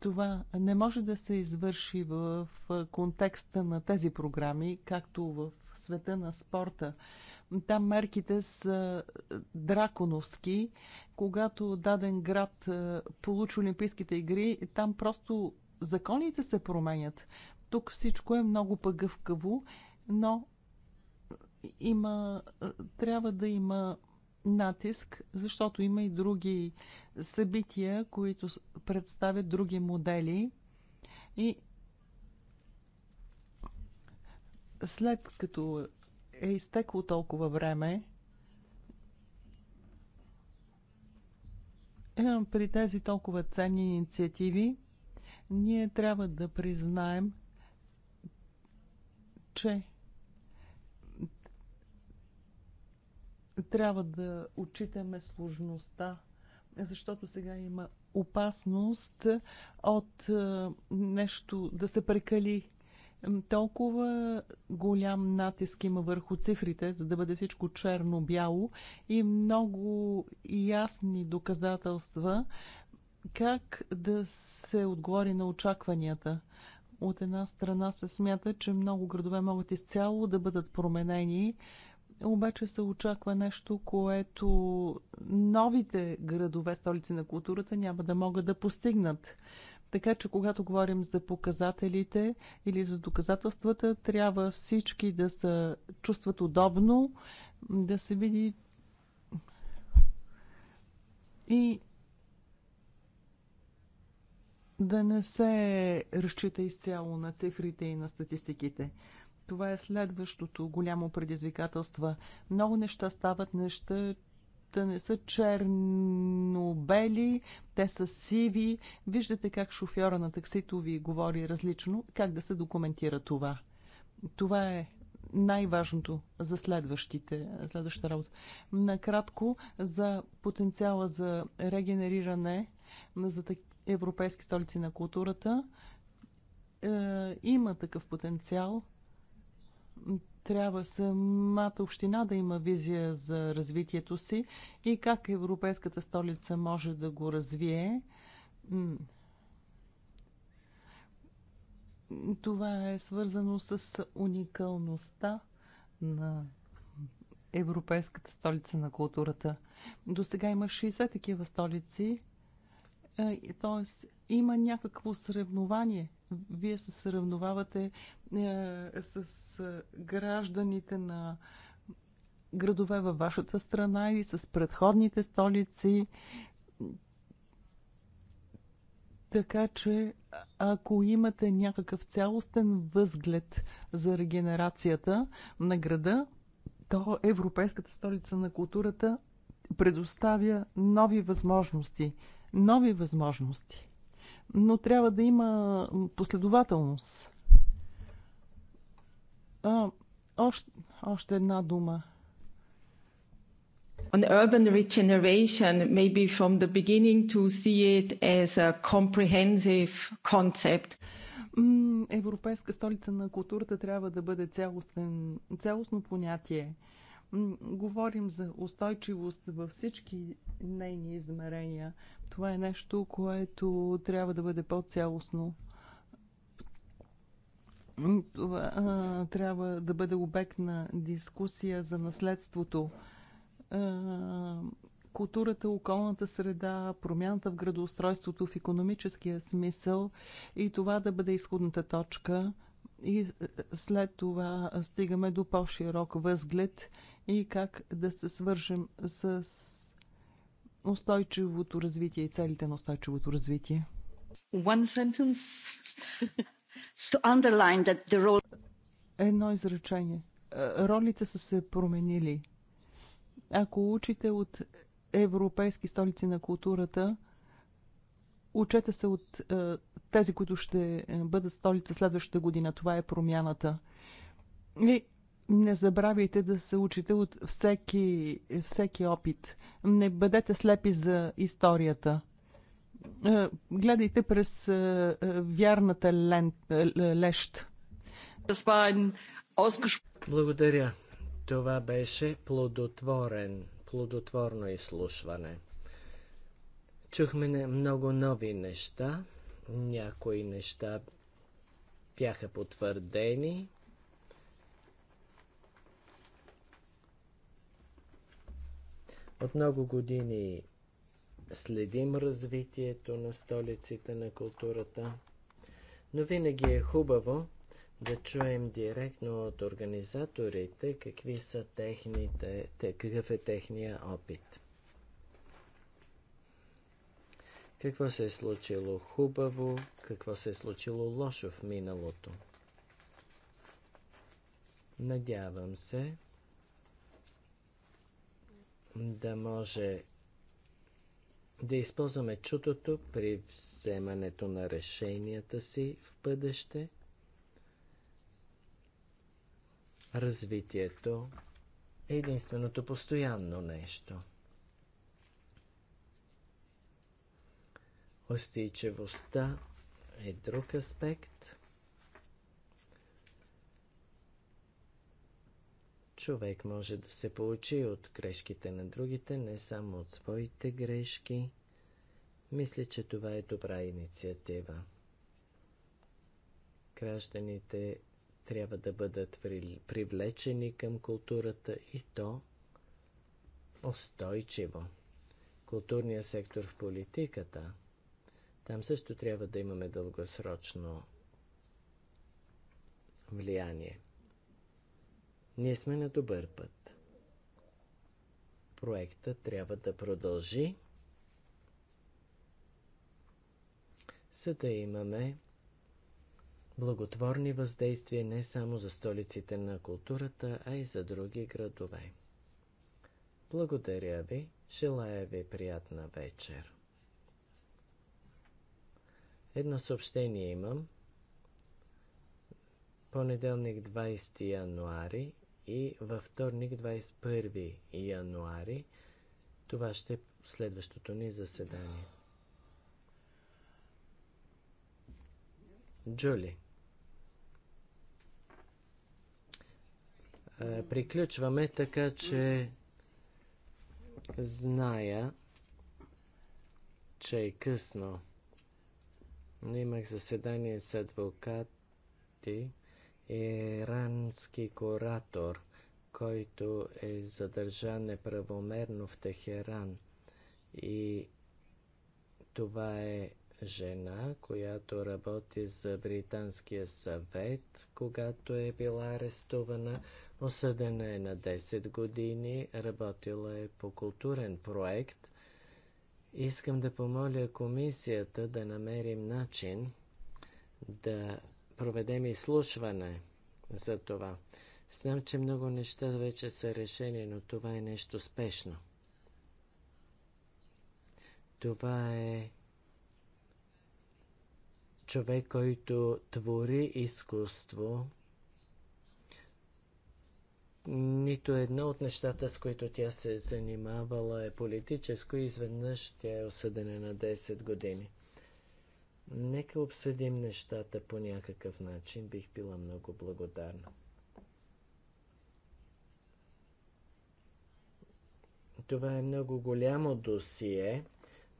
това не може да се извърши в контекста на тези програми, както в света на спорта. Там мерките са драконовски. Когато даден град получи Олимпийските игри, там просто законите се променят. Тук всичко е много пъгъвкаво, но има, трябва да има натиск, защото има и други събития, които представят други модели. И след като е изтекло толкова време, е, при тези толкова ценни инициативи, ние трябва да признаем, че трябва да отчитаме сложността, защото сега има опасност от е, нещо да се прекали. Толкова голям натиск има върху цифрите, за да бъде всичко черно-бяло и много ясни доказателства как да се отговори на очакванията. От една страна се смята, че много градове могат изцяло да бъдат променени, обаче се очаква нещо, което новите градове, столици на културата, няма да могат да постигнат. Така че, когато говорим за показателите или за доказателствата, трябва всички да се чувстват удобно, да се види и да не се разчита изцяло на цифрите и на статистиките. Това е следващото голямо предизвикателство. Много неща стават, неща да не са черно-бели, те са сиви. Виждате как шофьора на таксито ви говори различно, как да се документира това. Това е най-важното за следващите, следващата работа. Накратко за потенциала за регенериране за европейски столици на културата. Е, има такъв потенциал трябва самата община да има визия за развитието си и как Европейската столица може да го развие. Това е свързано с уникалността на Европейската столица на културата. До сега има 60 такива столици т.е. има някакво съревнование. Вие се съревновавате е, с е, гражданите на градове във вашата страна или с предходните столици. Така че, ако имате някакъв цялостен възглед за регенерацията на града, то Европейската столица на културата предоставя нови възможности нови възможности. Но трябва да има последователност. А, още, още една дума. On urban regeneration, maybe from the beginning to see it as a comprehensive concept. Европейска столица на културата трябва да бъде цялостен, цялостно понятие. Uh, Говорим за устойчивост във всички нейни измерения. Това е нещо, което трябва да бъде по-цялостно. Това а, трябва да бъде обект на дискусия за наследството. А, културата, околната среда, промяната в градоустройството в економическия смисъл и това да бъде изходната точка. И след това стигаме до по-широк възглед и как да се свържем с устойчивото развитие и целите на устойчивото развитие. One sentence to underline that the role... Едно изречение. Е, ролите са се променили. Ако учите от европейски столици на културата, учете се от е, тези, които ще е, бъдат столица следващата година. Това е промяната. И не забравяйте да се учите от всеки, всеки опит. Не бъдете слепи за историята. Е, гледайте през е, е, вярната лен, лещ. Благодаря. Това беше плодотворен, плодотворно изслушване. Чухме много нови неща. Някои неща бяха потвърдени, От много години следим развитието на столиците на културата, но винаги е хубаво да чуем директно от организаторите какви са техните, какъв е техния опит. Какво се е случило хубаво, какво се е случило лошо в миналото. Надявам се, да може да използваме чутото при вземането на решенията си в бъдеще, развитието е единственото постоянно нещо. Устойчивостта е друг аспект – Човек може да се получи от грешките на другите, не само от своите грешки. Мисля, че това е добра инициатива. Гражданите трябва да бъдат привлечени към културата и то устойчиво. Културният сектор в политиката, там също трябва да имаме дългосрочно влияние. Ние сме на добър път. Проектът трябва да продължи, за да имаме благотворни въздействия не само за столиците на културата, а и за други градове. Благодаря ви, желая ви приятна вечер. Едно съобщение имам. Понеделник 20 януари и във вторник 21 януари. Това ще е следващото ни заседание. Джули. Е, приключваме така, че зная, че е късно. Но имах заседание с адвокати ирански куратор, който е задържан неправомерно в Техеран. И това е жена, която работи за Британския съвет, когато е била арестувана. Осъдена е на 10 години, работила е по културен проект. Искам да помоля комисията да намерим начин да проведем изслушване за това. Знам, че много неща вече са решени, но това е нещо спешно. Това е човек, който твори изкуство. Нито едно от нещата, с които тя се е занимавала, е политическо и изведнъж тя е осъдена на 10 години. Нека обсъдим нещата по някакъв начин. Бих била много благодарна. Това е много голямо досие.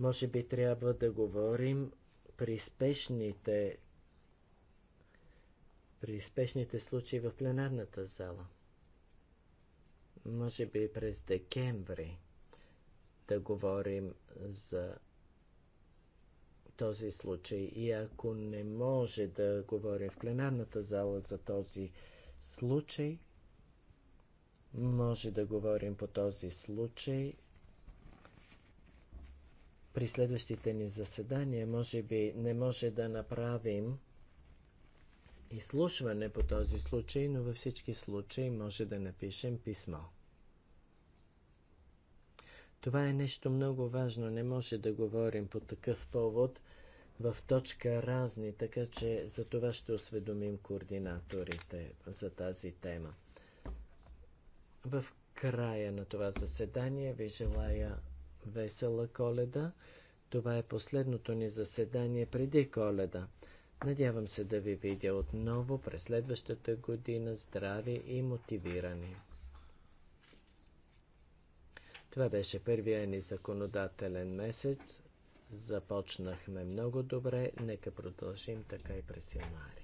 Може би трябва да говорим при спешните, при спешните случаи в пленарната зала. Може би през декември да говорим за този случай. И ако не може да говоря в пленарната зала за този случай, може да говорим по този случай при следващите ни заседания. Може би не може да направим изслушване по този случай, но във всички случаи може да напишем писмо. Това е нещо много важно. Не може да говорим по такъв повод – в точка разни, така че за това ще осведомим координаторите за тази тема. В края на това заседание ви желая весела коледа. Това е последното ни заседание преди коледа. Надявам се да ви видя отново през следващата година здрави и мотивирани. Това беше първия ни законодателен месец. Започнахме много добре, нека продължим така и през януари.